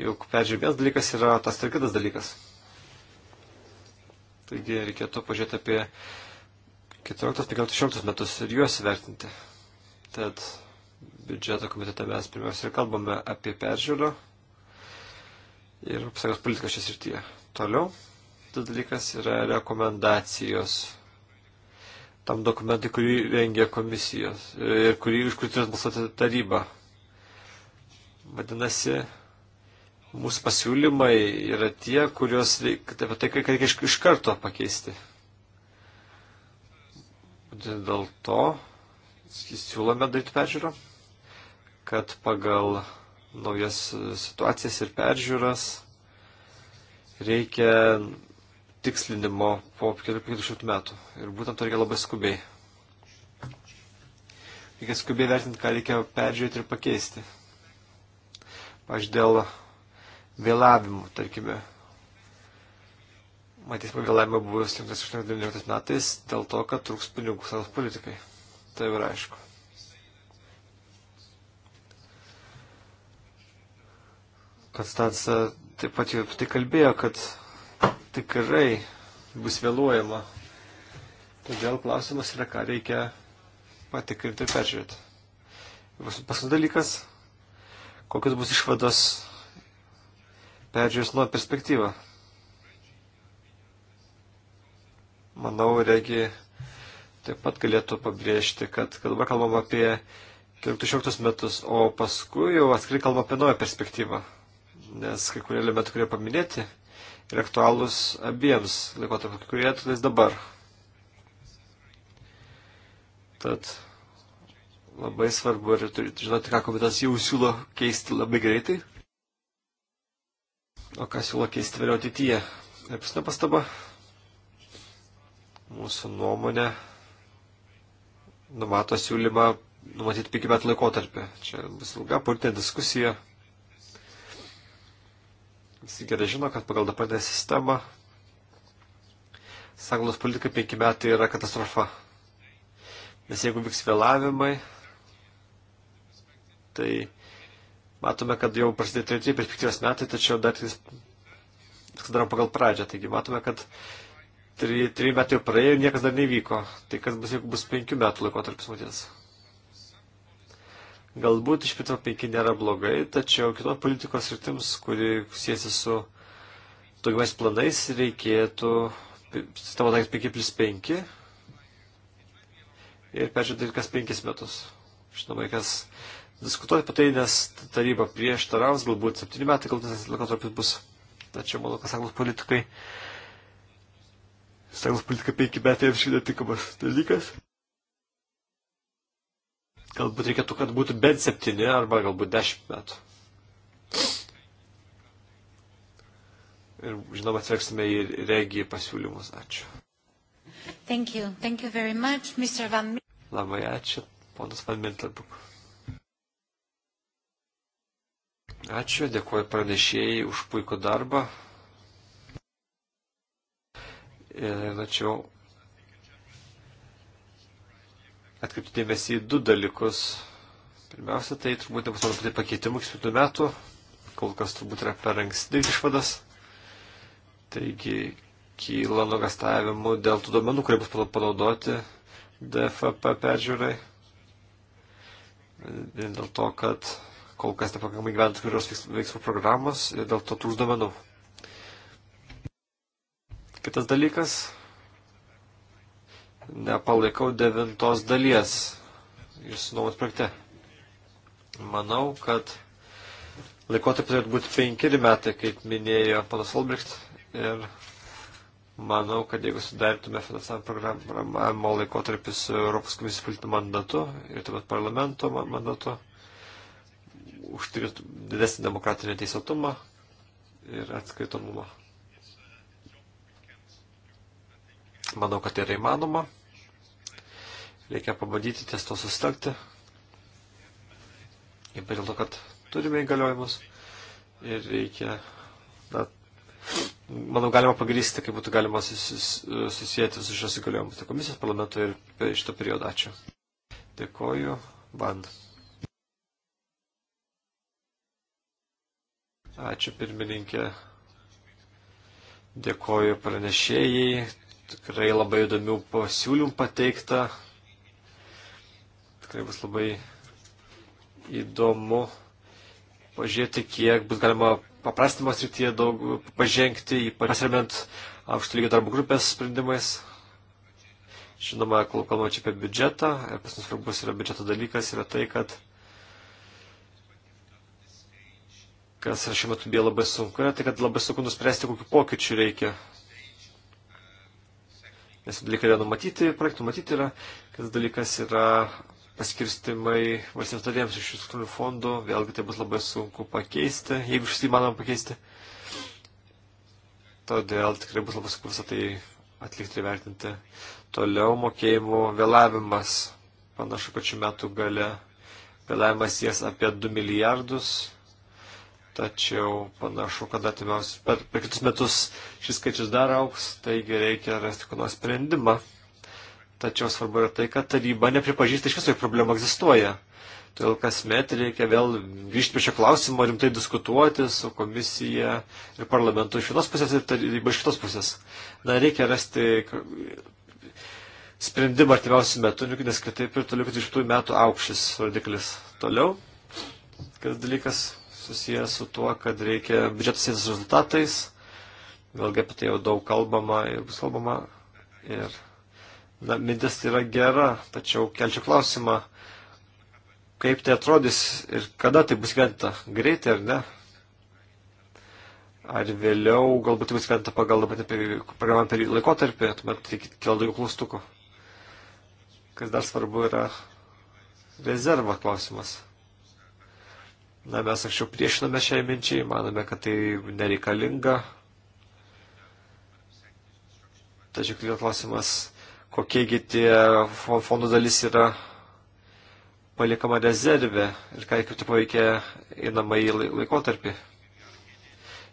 Juk peržiūrės dalykas yra tas ir kitas dalykas. Taigi reikėtų pažiūrėti apie 14-15 metus ir juos vertinti. Tad biudžeto komitete mes pirmiausia ir kalbame apie peržiūrą ir apsaugos politiką šią srityje. Toliau, tas dalykas yra rekomendacijos tam dokumentui, kurį rengia komisijos ir kurį už kurį turės balsuoti taryba. Vadinasi, Mūsų pasiūlymai yra tie, kuriuos reikia, apie tai, tai reikia iš, iš karto pakeisti. Dėl to siūlome daryti peržiūrą, kad pagal naujas situacijas ir peržiūras reikia tikslinimo po 400 metų. Ir būtent to reikia labai skubiai. Reikia skubiai vertinti, ką reikia peržiūrėti ir pakeisti. Aš dėl vėlavimų, tarkime. Matys pavėlavimą buvo 118 metais dėl to, kad trūks pinigų savo politikai. Tai yra aišku. Konstanca taip pat jau apie tai kalbėjo, kad tikrai bus vėluojama. Todėl klausimas yra, ką reikia patikrinti ir peržiūrėti. Paskutinis dalykas, kokios bus išvados leidžia žinoti perspektyvą. Manau, regi taip pat galėtų pabrėžti, kad dabar kalbam apie 14 metus, o paskui jau atskirai kalbam apie naują perspektyvą, nes kai kurie elementai, kurie paminėti, yra aktualūs abiems laikotarpiu, kai kurie aktualūs dabar. Tad labai svarbu ir turi žinoti, ką komitetas jau siūlo keisti labai greitai. O ką siūlo keisti vėliau ateityje? Epsinė pastaba. Mūsų nuomonė numato siūlymą numatyti penkių metų laikotarpį. Čia bus ilga politinė diskusija. Visi gerai žino, kad pagal dabartinę sistemą sanglos politika penki metai yra katastrofa. Nes jeigu vyks vėlavimai, tai Matome, kad jau prasidėjo treti perspektyvos metai, tačiau dar viskas darom pagal pradžią. Taigi matome, kad trijų metų jau praėjo ir niekas dar nevyko. Tai kas bus, jeigu bus penkių metų laikotarpis matys? Galbūt iš pietų penki nėra blogai, tačiau kitom politikos rytims, kuri siesi su tokiais planais, reikėtų sistemą taikyti 5 plus 5 ir peržiūrėti kas penkis metus. Žinoma, kas diskutuoti apie tai, nes taryba prieštaraus, galbūt septyni metai galutinis laikotarpis bus. Tačiau manau, kad sąjungos politikai, sąjungos politika penki metai ir šiandien tikamas dalykas. Galbūt reikėtų, kad būtų bent septyni arba galbūt dešimt metų. Ir žinoma, atsveiksime į regijų pasiūlymus. Ačiū. Thank you. Thank you very much, Mr. Van Labai ačiū, ponas Van Miltenbuk. Ačiū, dėkuoju pranešėjai už puikų darbą. Norėčiau atkreipti dėmesį į du dalykus. Pirmiausia, tai turbūt nebus mano pati pakeitimų kitų metų. Kol kas turbūt yra per anksti išvadas. Taigi kyla nugastavimų dėl tų domenų, kurie bus panaudoti DFP peržiūrai. Dėl to, kad kol kas nepakankamai gyvenant kurios veiksmų programos ir dėl to trūks duomenų. Kitas dalykas, nepalaikau devintos dalies jūsų nuomos projekte. Manau, kad laikotarpis turėtų būti penkeri metai, kaip minėjo panas Olbricht. Ir manau, kad jeigu sudarytume finansavimo programavimo laikotarpį su Europos komisijos politiniu mandatu ir taip pat parlamento mandatu, užtikrintų didesnį demokratinį teisėtumą ir atskaitomumą. Manau, kad tai yra įmanoma. Reikia pabandyti ties to susitelkti. Ypač dėl to, kad turime įgaliojimus ir reikia, na, manau, galima pagrysti, kaip būtų galima sus, susijęti visus šios įgaliojimus. Tai komisijos parlamento ir šitą periodą. Ačiū. Dėkoju. Band. Ačiū pirmininkė. Dėkoju pranešėjai. Tikrai labai įdomių pasiūlymų pateikta. Tikrai bus labai įdomu pažiūrėti, kiek bus galima paprastimo srityje daug pažengti, ypač pasiremiant aukšto lygio darbo grupės sprendimais. Žinoma, kalbama čia apie biudžetą ir pas mus svarbus yra biudžeto dalykas, yra tai, kad kas šiuo metu bija labai sunku, yra tai, kad labai sunku nuspręsti, kokiu pokyčiu reikia. Nes dalykai yra numatyti, projektų matyti yra, kitas dalykas yra paskirstimai valstybės narėms iš šių fondų, vėlgi tai bus labai sunku pakeisti, jeigu šis įmanoma pakeisti. Todėl tikrai bus labai sunku visą tai atlikti ir vertinti. Toliau mokėjimų vėlavimas. Panašu, kad šių metų gale vėlavimas jas apie 2 milijardus tačiau panašu, kad atimiausius per, per kitus metus šis skaičius dar auks, taigi reikia rasti kuo nors sprendimą. Tačiau svarbu yra tai, kad taryba nepripažįsta iš viso, jog problema egzistuoja. Todėl kasmet reikia vėl grįžti prie šio klausimo, rimtai diskutuoti su komisija ir parlamentu iš vienos pusės ir taryba iš kitos pusės. Na, reikia rasti sprendimą artimiausių metų, nes kitaip ir toliau 20 metų aukšis rodiklis. Toliau, kitas dalykas, susijęs su tuo, kad reikia biudžetas sėtis rezultatais. Vėlgi apie tai jau daug kalbama ir bus kalbama. Ir na, mintis yra gera, tačiau kelčiu klausimą, kaip tai atrodys ir kada tai bus gyventa. Greitai ar ne? Ar vėliau galbūt tai bus gyventa pagal dabartinį programą per laikotarpį, tuomet kyla daugiau klaustukų. Kas dar svarbu yra rezervo klausimas. Na, mes anksčiau priešiname šiai minčiai, manome, kad tai nereikalinga. Tačiau kyla klausimas, kokiegi tie fondų dalis yra paliekama rezervė ir ką kaip tai paveikia einamą į laikotarpį.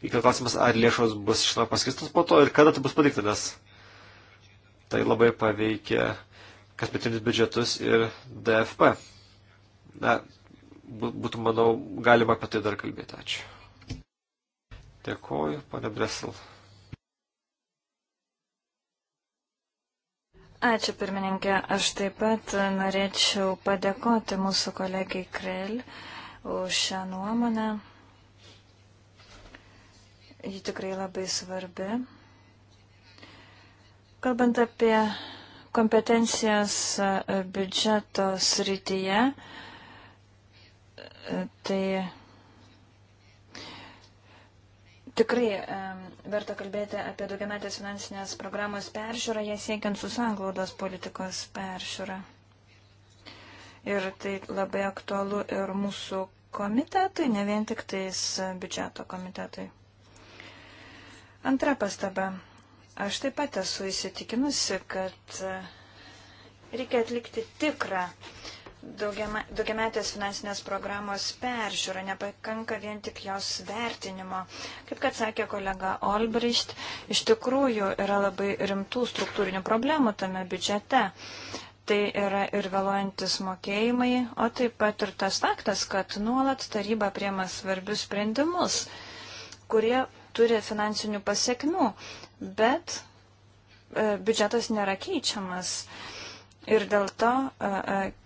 Įkėl klausimas, ar lėšos bus iš naujo paskirtos po to ir kada tai bus padaryta, nes tai labai paveikia kasmetinius biudžetus ir DFP. Na, būtų, manau, galima apie tai dar kalbėti. Ačiū. Dėkoju, pane Bresel. Ačiū, pirmininkė. Aš taip pat norėčiau padėkoti mūsų kolegiai Krell už šią nuomonę. Ji tikrai labai svarbi. Kalbant apie kompetencijas biudžeto srityje, uh, Tai tikrai verta kalbėti apie daugiametės finansinės programos peržiūrą, jie siekiant su sanglaudos politikos peržiūrą. Ir tai labai aktualu ir mūsų komitetui, ne vien tik tais biudžeto komitetui. Antra pastaba. Aš taip pat esu įsitikinusi, kad reikia atlikti tikrą daugiametės finansinės programos peržiūra, nepakanka vien tik jos vertinimo. Kaip kad sakė kolega Olbricht, iš tikrųjų yra labai rimtų struktūrinių problemų tame biudžete. Tai yra ir vėluojantis mokėjimai, o taip pat ir tas faktas, kad nuolat taryba priema svarbius sprendimus, kurie turi finansinių pasiekmių, bet e, biudžetas nėra keičiamas. E, Ir dėl to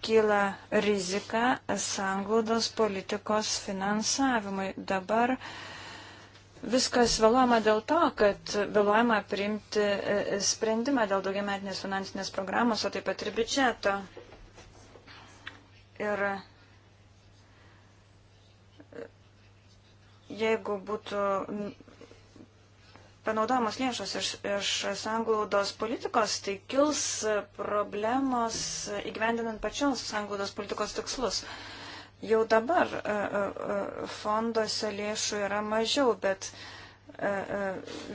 kyla rizika sanglaudos politikos finansavimui. Dabar viskas vėluojama dėl to, kad vėluojama priimti e, e, sprendimą dėl daugiametinės finansinės programos, o taip pat ir biudžeto. Ir e, jeigu būtų panaudojamos lėšos iš, iš sanglaudos politikos, tai kils problemos įgyvendinant pačios sanglaudos politikos tikslus. Jau dabar e, e, e, fonduose lėšų yra mažiau, bet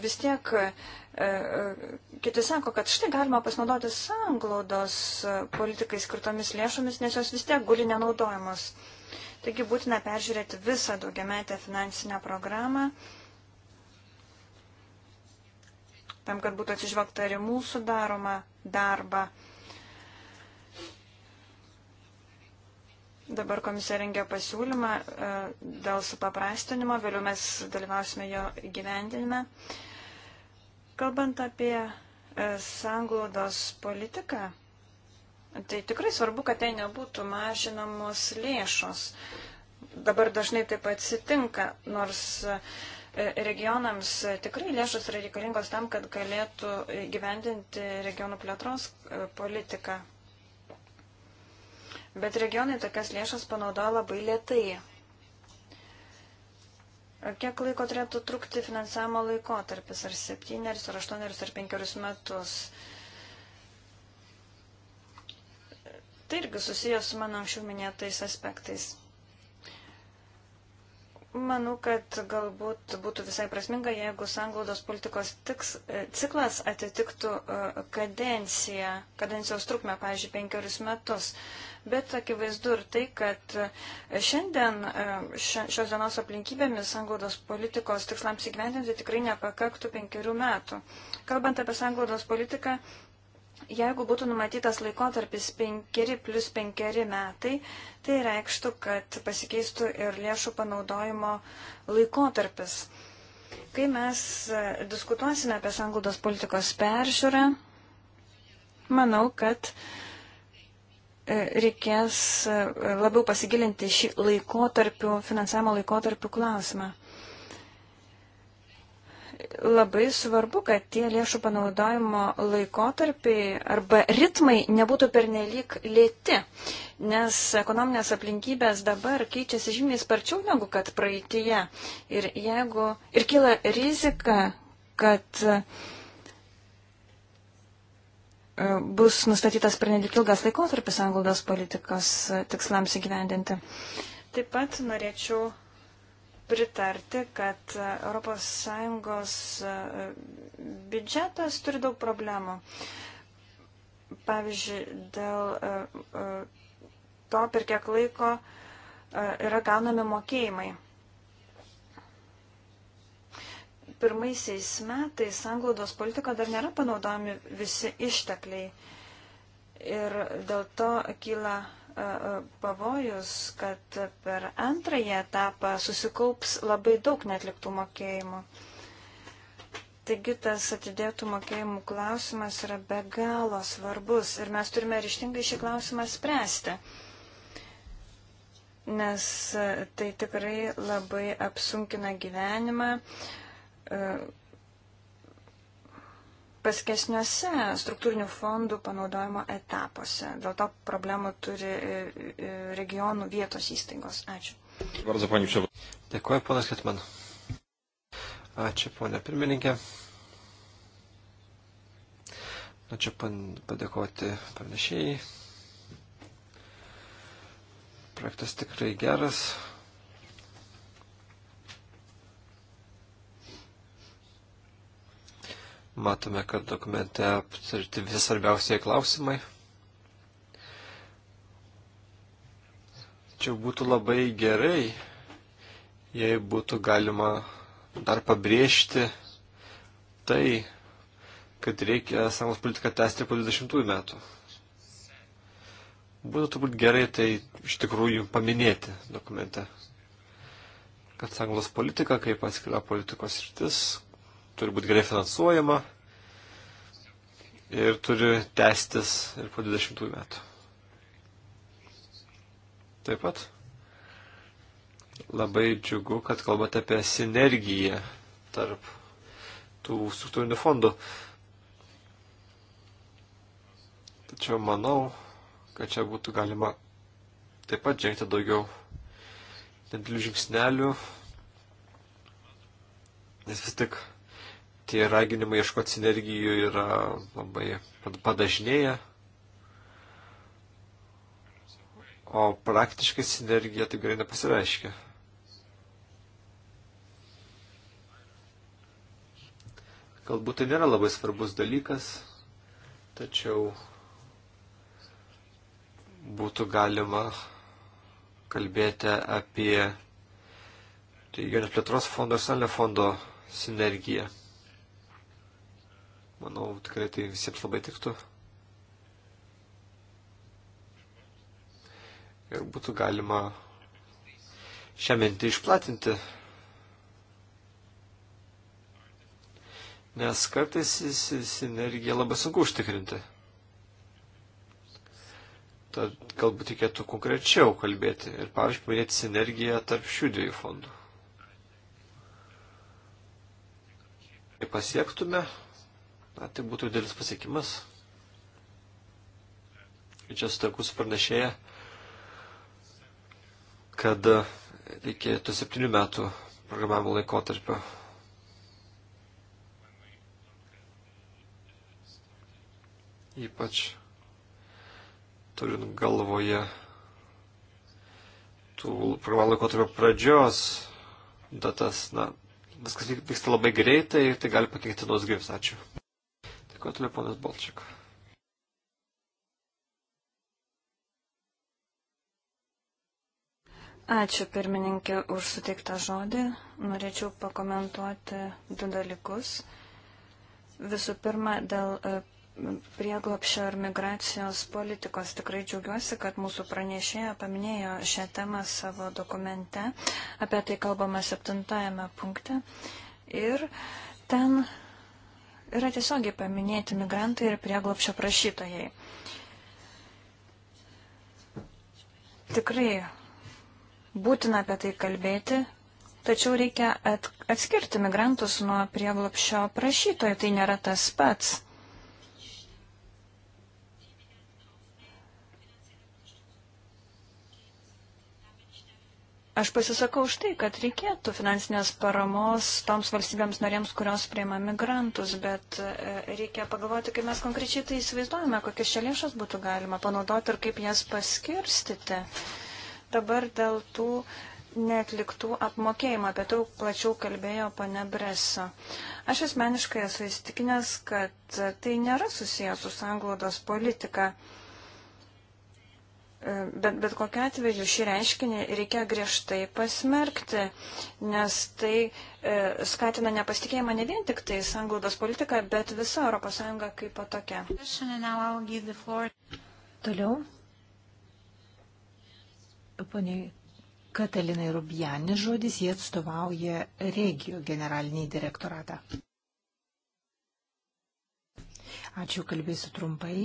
vis tiek kiti sako, kad štai galima pasinaudoti sanglaudos politikai skirtomis lėšomis, nes jos vis tiek guli nenaudojamos. Taigi būtina peržiūrėti visą daugiametę finansinę programą tam, kad būtų atsižvelgta ir mūsų daroma darba. Dabar komisija rengia pasiūlymą e, dėl supaprastinimo, vėliau mes dalyvausime jo gyvendinime. Kalbant apie e, sanglaudos politiką, tai tikrai svarbu, kad tai nebūtų mažinamos lėšos. Dabar dažnai taip atsitinka, nors regionams tikrai lėšos yra reikalingos tam, kad galėtų gyvendinti regionų plėtros e, politiką. Bet regionai tokias lėšas panaudoja labai lietai. E, kiek laiko turėtų trukti finansavimo laikotarpis? Ar septynerius, ar aštuonerius, ar penkerius metus? Tai irgi susijęs su mano anksčiau minėtais aspektais. Manau, kad galbūt būtų visai prasminga, jeigu sanglaudos politikos tiks, e, ciklas atitiktų e, kadenciją, kadencijos trukmę, pavyzdžiui, penkerius metus. Bet akivaizdu ir tai, kad e, šiandien šios dienos aplinkybėmis sanglaudos politikos tikslams įgyvendinti tikrai nepakaktų penkerių metų. Kalbant apie sanglaudos politiką, Jeigu būtų numatytas laikotarpis 5 plus 5 metai, tai reikštų, kad pasikeistų ir lėšų panaudojimo laikotarpis. Kai mes e, diskutuosime apie sanglaudos politikos peržiūrą, manau, kad e, reikės e, labiau pasigilinti šį laikotarpių, finansavimo laikotarpių klausimą labai svarbu, kad tie lėšų panaudojimo laikotarpiai arba ritmai nebūtų pernelyg lėti, nes ekonominės aplinkybės dabar keičiasi žymiai sparčiau negu kad praeitie. Ir, jeigu, ir kyla rizika, kad e, bus nustatytas pernelyg ilgas laikotarpis anglodos politikos tikslams įgyvendinti. Taip pat norėčiau pritarti, kad ES e, biudžetas turi daug problemų. Pavyzdžiui, dėl e, e, to, per kiek laiko yra gaunami mokėjimai. Pirmaisiais metais anglaudos politika dar nėra panaudojami visi ištekliai ir dėl to kyla pavojus, kad per antrąją etapą susikaups labai daug netliktų mokėjimų. Taigi tas atidėtų mokėjimų klausimas yra be galo svarbus ir mes turime ryštingai šį klausimą spręsti, nes tai tikrai labai apsunkina gyvenimą, paskesniuose struktūrinių fondų panaudojimo etapuose. Dėl to problemų turi e, e, regionų vietos įstaigos. Ačiū. Varza, paniu čia. Dėkuoju, ponas Hetman. Ačiū, ponė pirmininkė. Ačiū padėkoti pranešėjai. Projektas tikrai geras. Matome, kad dokumente aptarti visi svarbiausiai klausimai. Tačiau būtų labai gerai, jei būtų galima dar pabrėžti tai, kad reikia sąjungos politiką tęsti po 20 metų. Būtų turbūt gerai tai iš tikrųjų paminėti dokumente. Kad sąjungos politika kaip atskira politikos rytis, turi būti gerai finansuojama ir turi tęstis ir po 20 metų. Taip pat labai džiugu, kad kalbate apie sinergiją tarp tų struktūrinių fondų. Tačiau manau, kad čia būtų galima taip pat žengti daugiau nedėlių žingsnelių, nes vis tik tie raginimai ieškoti sinergijų yra labai padažnėję. O praktiškai sinergija taip gerai nepasireiškia. Galbūt tai nėra labai svarbus dalykas, tačiau būtų galima kalbėti apie regionės plėtros fondo ir salinio fondo sinergiją. Manau, tikrai tai visiems labai tiktų. Ir būtų galima šią mintį išplatinti. Nes kartais sinergiją labai sunku užtikrinti. Tad galbūt reikėtų konkrečiau kalbėti ir, pavyzdžiui, paminėti sinergiją tarp šių dviejų fondų. Kai pasiektume, Na, tai būtų didelis pasiekimas. Ir čia sutaku su pranešėja, kad reikėtų septynių metų programavimo laikotarpio. Ypač turint galvoje tų programavimo laikotarpio pradžios datas, na, viskas vyksta labai greitai ir tai gali pakengti nuosgrims. Ačiū. Dėkuoju toliau, ponas Balčik. Ačiū pirmininkė už suteiktą žodį. Norėčiau pakomentuoti du dalykus. Visų pirma, dėl e, prieglopšio ir migracijos politikos tikrai džiaugiuosi, kad mūsų pranešėja paminėjo šią temą savo dokumente. Apie tai kalbama septintajame punkte. Ir ten yra tiesiogiai paminėti migrantai ir prieglopšio prašytojai. Tikrai būtina apie tai kalbėti, tačiau reikia atskirti migrantus nuo prieglopšio prašytojų, tai nėra tas pats. Aš pasisakau už tai, kad reikėtų finansinės paramos toms valstybėms norėms, kurios prieima migrantus, bet e, reikia pagalvoti, kaip mes konkrečiai tai įsivaizduojame, kokias čia lėšas būtų galima panaudoti ir kaip jas paskirstyti. Dabar dėl tų netliktų apmokėjimų, apie tai plačiau kalbėjo pane Breso. Aš asmeniškai esu įstikinęs, kad tai nėra susijęs su sanglaudos politika. E, bet, bet kokia atveju šį reiškinį reikia griežtai pasmerkti, nes tai e, skatina nepasitikėjimą ne vien tik tai sanglaudos politika, bet visa ES kaip tokia. Toliau. Poniai Katalinai Rubjanis žodis, jie atstovauja regio generalinį direktoratą. Ačiū, kalbėsiu trumpai.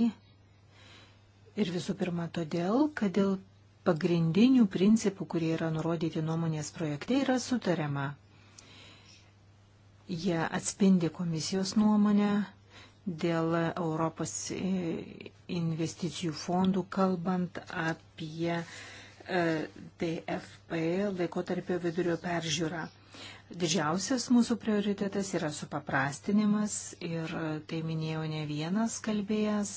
Ir visų pirma todėl, kad dėl pagrindinių principų, kurie yra nurodyti nuomonės projekte, yra sutariama. Jie atspindi komisijos nuomonę dėl Europos e, investicijų fondų, kalbant apie DFP e, laikotarpio vidurio peržiūrą. Didžiausias mūsų prioritetas yra supaprastinimas ir e, tai minėjau ne vienas kalbėjęs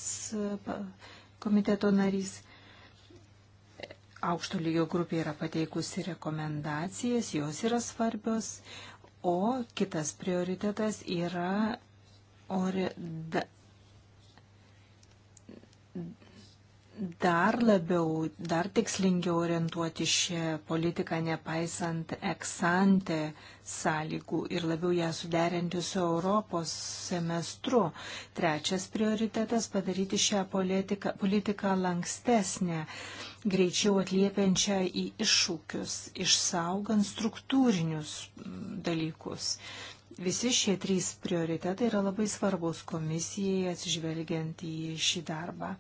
komiteto narys. Aukšto lygio grupė yra pateikusi rekomendacijas, jos yra svarbios, o kitas prioritetas yra ori, da, dar labiau, dar tikslingiau orientuoti šią politiką, nepaisant eksante sąlygų ir labiau ją suderinti su Europos semestru. Trečias prioritetas - padaryti šią politiką, politiką lankstesnę, greičiau atliepiančią į iššūkius, išsaugant struktūrinius mm, dalykus. Visi šie trys prioritetai yra labai svarbus komisijai atsižvelgiant į šį darbą.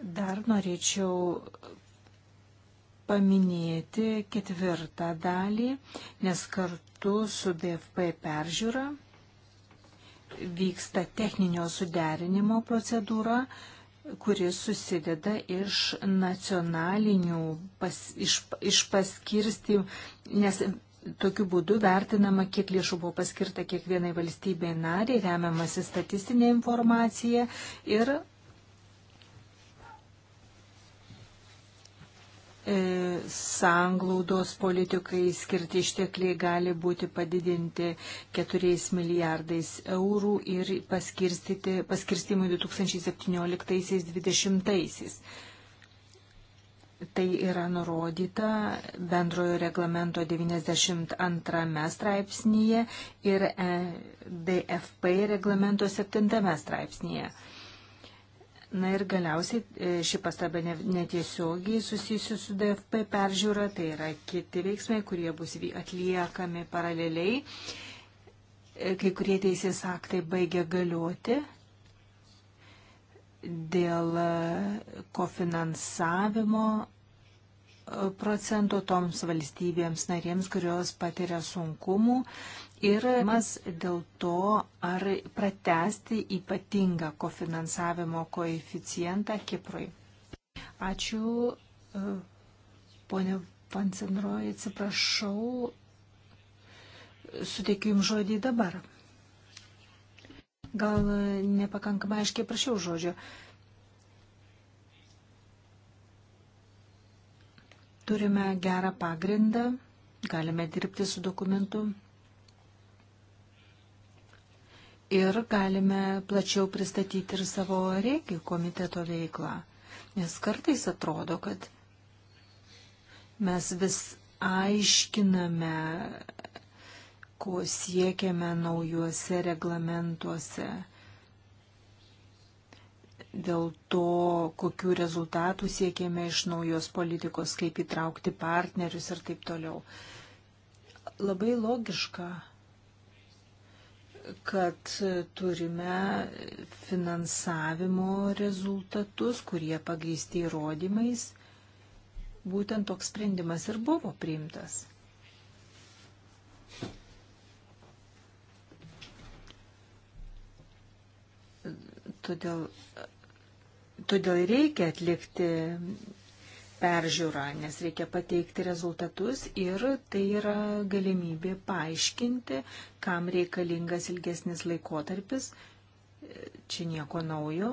Dar norėčiau paminėti ketvirtą dalį, nes kartu su DFP peržiūra vyksta techninio suderinimo procedūra, kuris susideda iš nacionalinių, pas, iš, iš paskirsti, nes tokiu būdu vertinama, kiek lėšų buvo paskirta kiekvienai valstybei nariai, remiamasi statistinė informacija ir E, sanglaudos politikai skirti ištekliai gali būti padidinti 4 milijardais eurų ir paskirstimui 2017-2020. Tai yra nurodyta bendrojo reglamento 92 straipsnėje ir e, DFP reglamento 7 straipsnėje. Na ir galiausiai e, ši pastaba netiesiogiai susijusi su DFP peržiūra, tai yra kiti veiksmai, kurie bus atliekami paraleliai. E, kai kurie teisės aktai baigia galioti dėl e, kofinansavimo procentų toms valstybėms narėms, kurios patiria sunkumų. Ir mas dėl to, ar pratesti ypatingą kofinansavimo koeficientą Kiprui. Ačiū, e, ponė Vansenroji, atsiprašau, suteikiu Jums žodį dabar. Gal nepakankamai aiškiai prašiau žodžio. Turime gerą pagrindą, galime dirbti su dokumentu ir galime plačiau pristatyti ir savo reikį komiteto veiklą. Nes kartais atrodo, kad mes vis aiškiname, ko siekiame naujuose reglamentuose dėl to, kokiu rezultatu siekėme iš naujos politikos, kaip įtraukti partnerius ir taip toliau. Labai logiška kad turime finansavimo rezultatus, kurie pageisti įrodymais. Būtent toks sprendimas ir buvo priimtas. Todėl, todėl reikia atlikti peržiūrą, nes reikia pateikti rezultatus ir tai yra galimybė paaiškinti, kam reikalingas ilgesnis laikotarpis. Čia nieko naujo.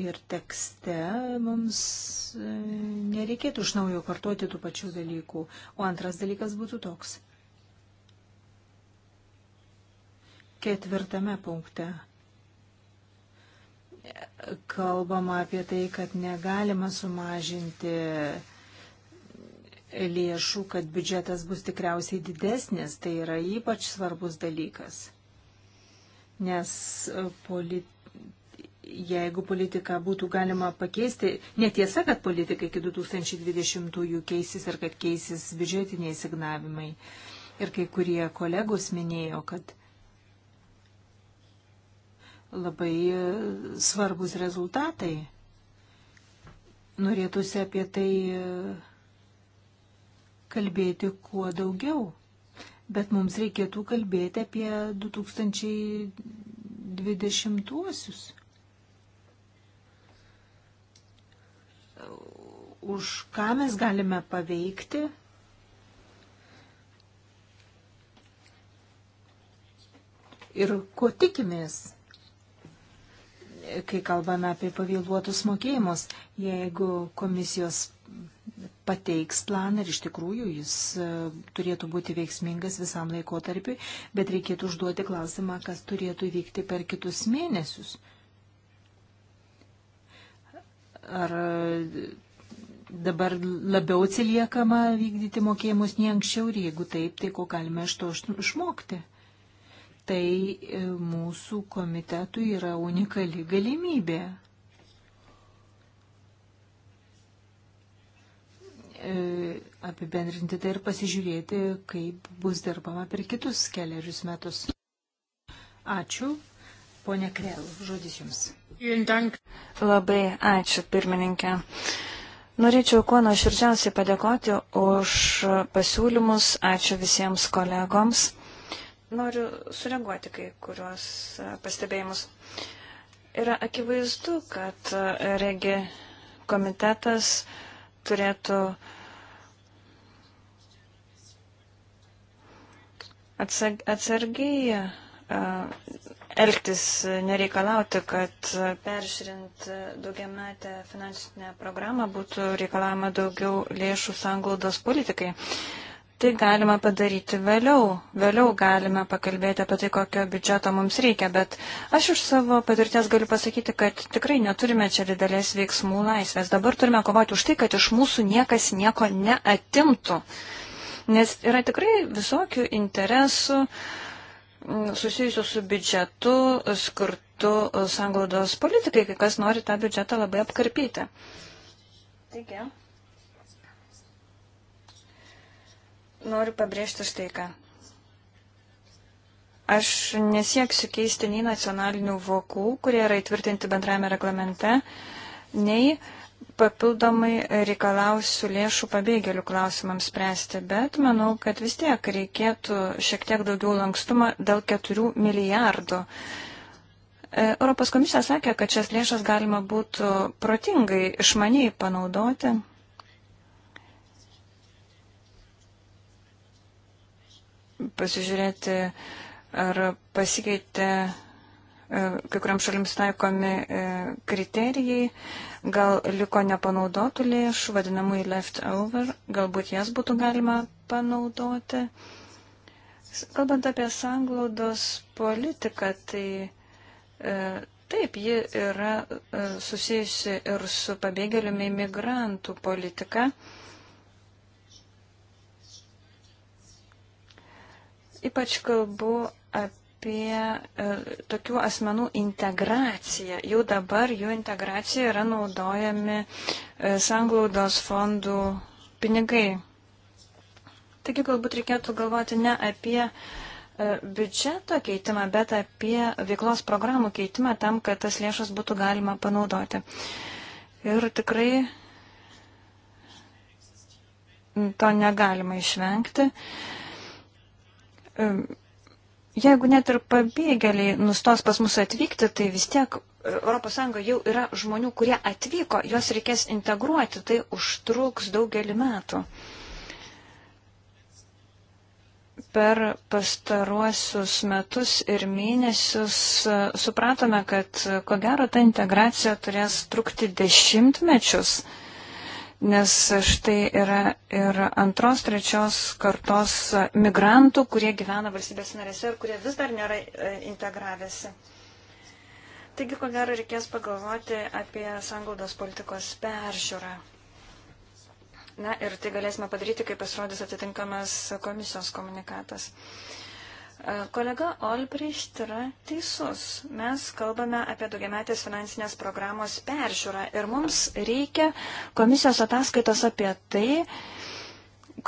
Ir tekste mums e, nereikėtų iš naujo kartuoti tų pačių dalykų. O antras dalykas būtų toks. Ketvirtame punkte kalbama apie tai, kad negalima sumažinti lėšų, kad biudžetas bus tikriausiai didesnis, tai yra ypač svarbus dalykas. Nes polit... jeigu politiką būtų galima pakeisti, netiesa, kad politikai iki 2020-ųjų keisis ir kad keisis biudžetiniai signavimai. Ir kai kurie kolegos minėjo, kad labai e, svarbus rezultatai. Norėtųsi apie tai e, kalbėti kuo daugiau, bet mums reikėtų kalbėti apie 2020-uosius. Už ką mes galime paveikti ir ko tikimės kai kalbame apie pavėluotus mokėjimus, jeigu komisijos pateiks planą ir iš tikrųjų jis e, turėtų būti veiksmingas visam laikotarpiu, bet reikėtų užduoti klausimą, kas turėtų įvykti per kitus mėnesius. Ar e, dabar labiau atsiliekama vykdyti mokėjimus nei anksčiau ir jeigu taip, tai ko galime iš to išmokti? tai e, mūsų komitetui yra unikali galimybė. E, apibendrinti tai ir pasižiūrėti, kaip bus dirbama per kitus keliarius metus. Ačiū. Pone Krel, žodis Jums. Labai ačiū, pirmininkė. Norėčiau kuo nuoširdžiausiai padėkoti už pasiūlymus. Ačiū visiems kolegoms. Noriu sureaguoti kai kuriuos e, pastebėjimus. Yra akivaizdu, kad e, regi komitetas turėtų atsargiai e, elgtis, nereikalauti, kad peržiūrint daugiametę finansinę programą būtų reikalavima daugiau lėšų sanglaudos politikai. Tai galima padaryti vėliau. Vėliau galime pakalbėti apie tai, kokio biudžeto mums reikia, bet aš iš savo patirties galiu pasakyti, kad tikrai neturime čia didelės veiksmų laisvės. Dabar turime kovoti už tai, kad iš mūsų niekas nieko neatimtų. Nes yra tikrai visokių interesų mm, susijusių su biudžetu, skirtu sanglaudos politikai, kai kas nori tą biudžetą labai apkarpyti. Taigi. noriu pabrėžti štai ką. Aš nesieksiu keisti nei nacionalinių vokų, kurie yra įtvirtinti bendrame reglamente, nei papildomai reikalausiu lėšų pabėgėlių klausimams spręsti, bet manau, kad vis tiek reikėtų šiek tiek daugiau lankstumo dėl 4 milijardų. E, Europos komisija sakė, kad šias lėšas galima būtų protingai išmaniai panaudoti. pasižiūrėti, ar pasikeitė e, kai kuriam šalims taikomi e, kriterijai, gal liko nepanaudotų lėšų, vadinamui left over, galbūt jas būtų galima panaudoti. Kalbant apie sanglaudos politiką, tai e, taip, ji yra e, susijusi ir su pabėgėliumi imigrantų politika. E, Ypač kalbu apie e, tokių asmenų integraciją. Jau dabar jų integracija yra naudojami e, sanglaudos fondų pinigai. Taigi galbūt reikėtų galvoti ne apie e, biudžeto keitimą, bet apie veiklos programų keitimą tam, kad tas lėšas būtų galima panaudoti. Ir tikrai to negalima išvengti. Uh, jeigu net ir pabėgėliai nustos pas mus atvykti, tai vis tiek ES jau yra žmonių, kurie atvyko, juos reikės integruoti, tai užtruks daugelį metų. Per pastaruosius metus ir mėnesius e, supratome, kad ko gero ta integracija turės trukti dešimtmečius. mečius nes štai yra ir antros, trečios kartos migrantų, kurie gyvena valstybės narėse ir kurie vis dar nėra e, integravęsi. Taigi, ko gero, reikės pagalvoti apie sanglaudos politikos peržiūrą. Na ir tai galėsime padaryti, kai pasirodys atitinkamas komisijos komunikatas. Uh, E, kolega Olbricht yra teisus. Mes kalbame apie daugiametės finansinės programos peržiūrą ir mums reikia komisijos ataskaitos apie tai,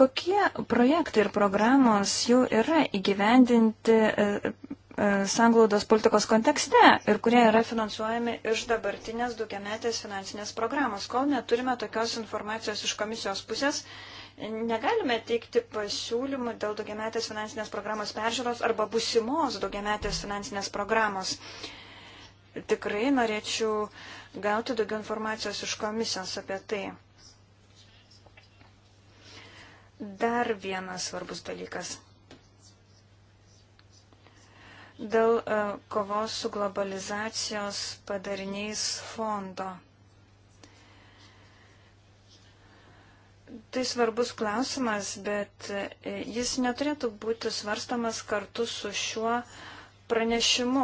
kokie projektai ir programos jau yra įgyvendinti e, e, sanglaudos politikos kontekste ir kurie yra finansuojami iš dabartinės daugiametės finansinės programos. Kol neturime tokios informacijos iš komisijos pusės, Negalime teikti pasiūlymų dėl daugiametės finansinės programos peržiūros arba busimos daugiametės finansinės programos. Tikrai norėčiau gauti daugiau informacijos iš komisijos apie tai. Dar vienas svarbus dalykas. Dėl e, kovos su globalizacijos padariniais fondo. Tai svarbus klausimas, bet e, jis neturėtų būti svarstamas kartu su šiuo pranešimu,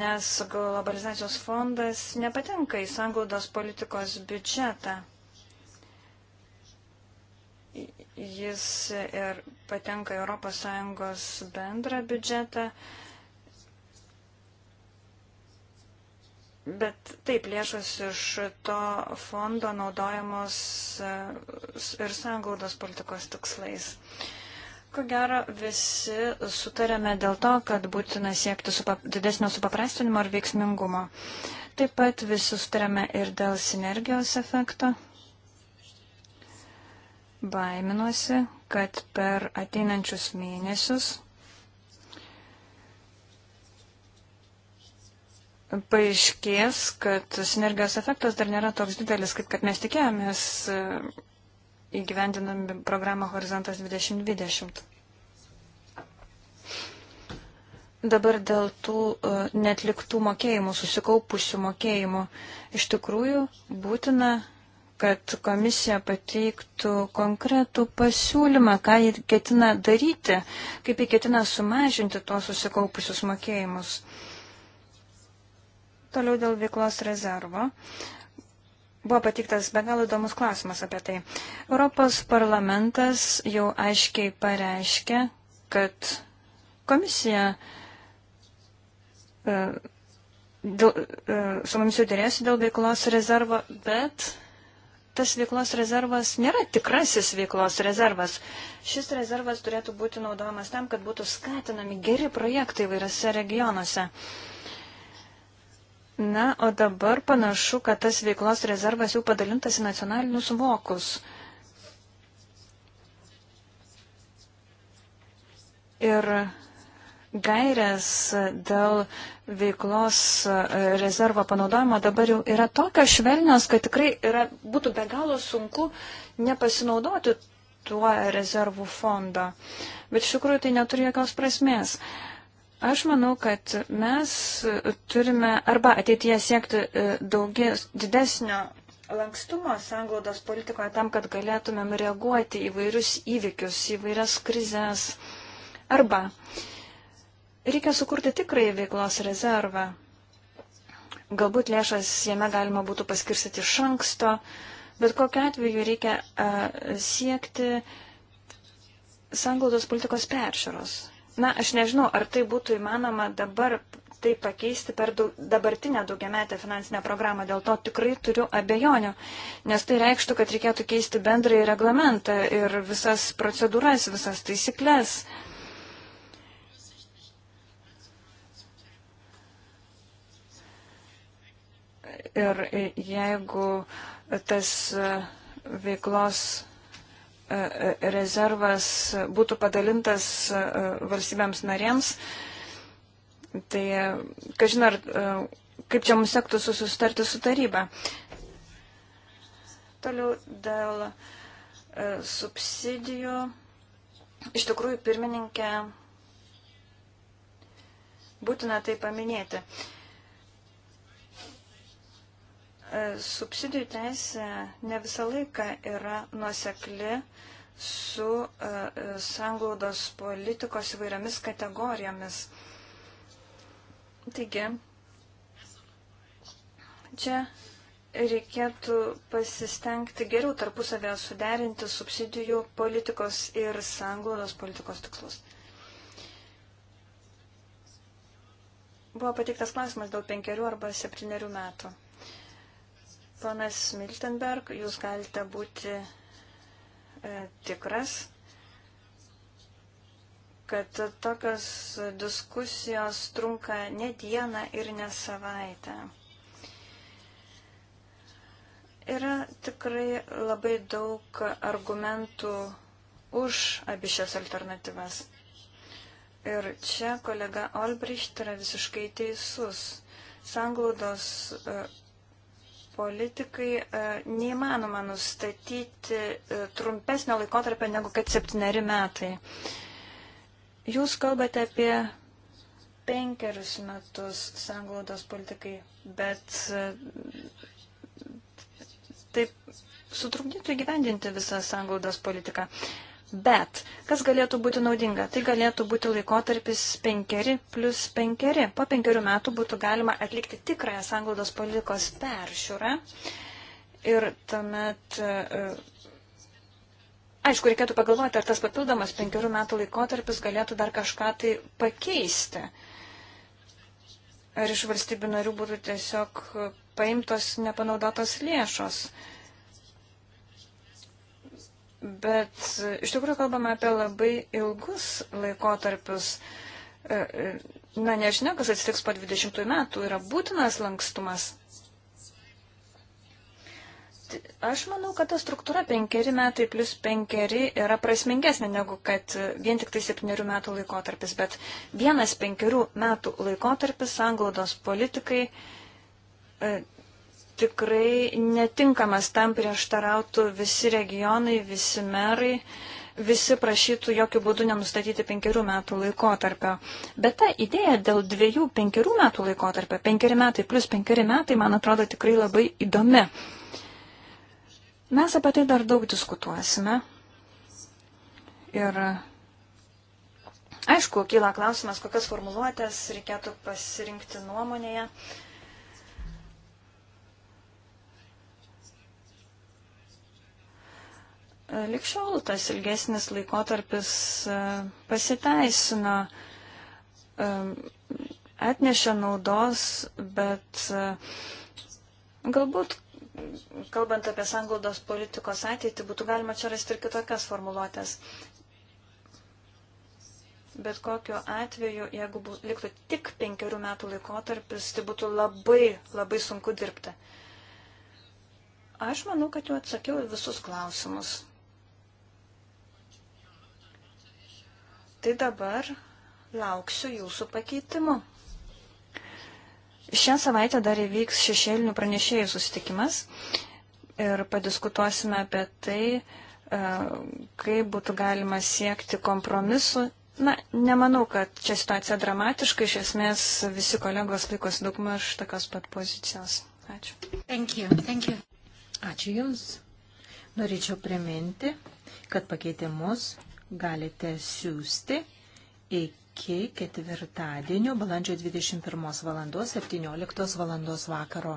nes globalizacijos fondas nepatenka į sanglaudos politikos biudžetą. Jis ir patenka į ES bendrą biudžetą, Bet taip, lėšos iš to fondo naudojamos e, ir sanglaudos politikos tikslais. Ko gero, visi sutarėme dėl to, kad būtina siekti supa, didesnio supaprastinimo ir veiksmingumo. Taip pat visi sutarėme ir dėl sinergijos efekto. Baiminuosi, kad per ateinančius mėnesius paaiškės, kad sinergijos efektas dar nėra toks didelis, kaip kad mes tikėjomės e, įgyvendinami programą Horizontas 2020. Dabar dėl tų e, netliktų mokėjimų, susikaupusių mokėjimų, iš tikrųjų būtina, kad komisija pateiktų konkretų pasiūlymą, ką jie ketina daryti, kaip jie ketina sumažinti tuos susikaupusius mokėjimus. Uh, Toliau dėl veiklos rezervo. Buvo patiktas be galo įdomus klausimas apie tai. Europos parlamentas jau aiškiai pareiškė, kad komisija e, dėl, e, su mumis jau dėrėsi dėl veiklos rezervo, bet tas veiklos rezervas nėra tikrasis veiklos rezervas. Šis rezervas turėtų būti naudojamas tam, kad būtų skatinami geri projektai vairiose regionuose. Uh, Na, o dabar panašu, kad tas veiklos rezervas jau padalintas į nacionalinius mokus. Ir gairės dėl veiklos e, rezervo panaudojimo dabar jau yra tokios švelnios, kad tikrai yra, būtų be galo sunku nepasinaudoti tuo rezervų fondą. Bet iš tikrųjų tai neturi jokios prasmės. Uh, Aš manau, kad mes turime arba ateityje siekti e, daugės didesnio lankstumo sanglaudos politikoje tam, kad galėtumėm reaguoti į vairius įvykius, į vairias krizės. Arba reikia sukurti tikrai veiklos rezervą. Galbūt lėšas jame galima būtų paskirstyti iš anksto, bet kokiu atveju reikia a, e, siekti sanglaudos politikos peršaros. Na, aš nežinau, ar tai būtų įmanoma dabar tai pakeisti per daug, dabartinę daugiametę finansinę programą. Dėl to tikrai turiu abejonių, nes tai reikštų, kad reikėtų keisti bendrąjį reglamentą ir visas procedūras, visas taisyklės. Ir jeigu tas veiklos rezervas būtų padalintas e, valstybėms narėms. Tai, e, kažin ar, e, kaip čia mums sektų susitarti su taryba. Toliau dėl subsidijų. Iš tikrųjų, pirmininkė, būtina tai paminėti. Uh, E, subsidijų teisė ne visą laiką yra nuosekli su e, e, sanglaudos politikos įvairiomis kategorijomis. Taigi, čia reikėtų pasistengti geriau tarpusavėje suderinti subsidijų politikos ir sanglaudos politikos tikslus. Buvo pateiktas klausimas dėl penkerių arba septyniarių metų. Ponas Miltenberg, jūs galite būti e, tikras, kad tokios diskusijos trunka ne dieną ir ne savaitę yra tikrai labai daug argumentų už abi šias alternatyvas. Ir čia kolega Olbricht yra visiškai teisus. Sanglaudos e, politikai e, neįmanoma nustatyti e, trumpesnio laikotarpio negu kad septyneri metai. Jūs kalbate apie penkerius metus sanglaudos politikai, bet e, taip sutrukdytų įgyvendinti visą sanglaudos politiką. Bet kas galėtų būti naudinga? Tai galėtų būti laikotarpis 5 plus 5. Po 5 metų būtų galima atlikti tikrąją sanglaudos politikos peržiūrą. Ir tuomet, e, e, aišku, reikėtų pagalvoti, ar tas papildomas 5 metų laikotarpis galėtų dar kažką tai pakeisti. Ar iš valstybių narių būtų tiesiog paimtos nepanaudotos lėšos. Uh, Bet e, iš tikrųjų kalbame apie labai ilgus laikotarpius. E, e, na, nežinia, kas atsitiks po 20 metų, yra būtinas lankstumas. Aš manau, kad ta struktūra penkeri metai plus penkeri yra prasmingesnė negu kad vien tik tai septyniarių metų laikotarpis, bet vienas penkerių metų laikotarpis anglodos politikai tikrai netinkamas, tam prieštarautų visi regionai, visi merai, visi prašytų jokių būdų nenustatyti penkerių metų laikotarpio. Bet ta idėja dėl dviejų penkerių metų laikotarpio, penkeri metai plus penkeri metai, man atrodo tikrai labai įdomi. Mes apie tai dar daug diskutuosime. Ir aišku, kyla klausimas, kokias formuluotės reikėtų pasirinkti nuomonėje. Uh, likščiol tas ilgesnis laikotarpis e, pasiteisino, e, atnešė naudos, bet e, galbūt, kalbant apie sanglaudos politikos ateitį, būtų galima čia rasti ir kitokias formuluotės. Bet kokiu atveju, jeigu bū, liktų tik penkerių metų laikotarpis, tai būtų labai, labai sunku dirbti. Aš manau, kad jau atsakiau visus klausimus. tai dabar lauksiu jūsų pakeitimu. Šią savaitę dar įvyks šešėlinių pranešėjų susitikimas ir padiskutuosime apie tai, e, kaip būtų galima siekti kompromisu. Na, nemanau, kad čia situacija dramatiška, iš esmės visi kolegos laikosi daugmaž tokios pat pozicijos. Ačiū. Thank you. Thank you. Ačiū Jums. Norėčiau priminti, kad pakeitimus galite siūsti iki ketvirtadienio balandžio 21 valandos 17 valandos vakaro.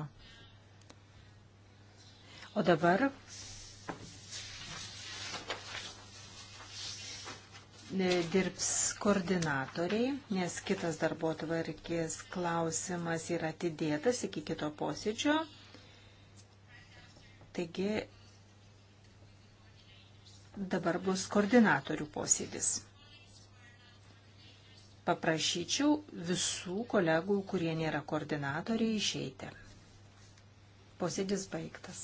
O dabar dirbs koordinatoriai, nes kitas darbo tvarkės klausimas yra atidėtas iki kito posėdžio. Taigi dabar bus koordinatorių posėdis. Paprašyčiau visų kolegų, kurie nėra koordinatoriai, išeiti. Posėdis baigtas.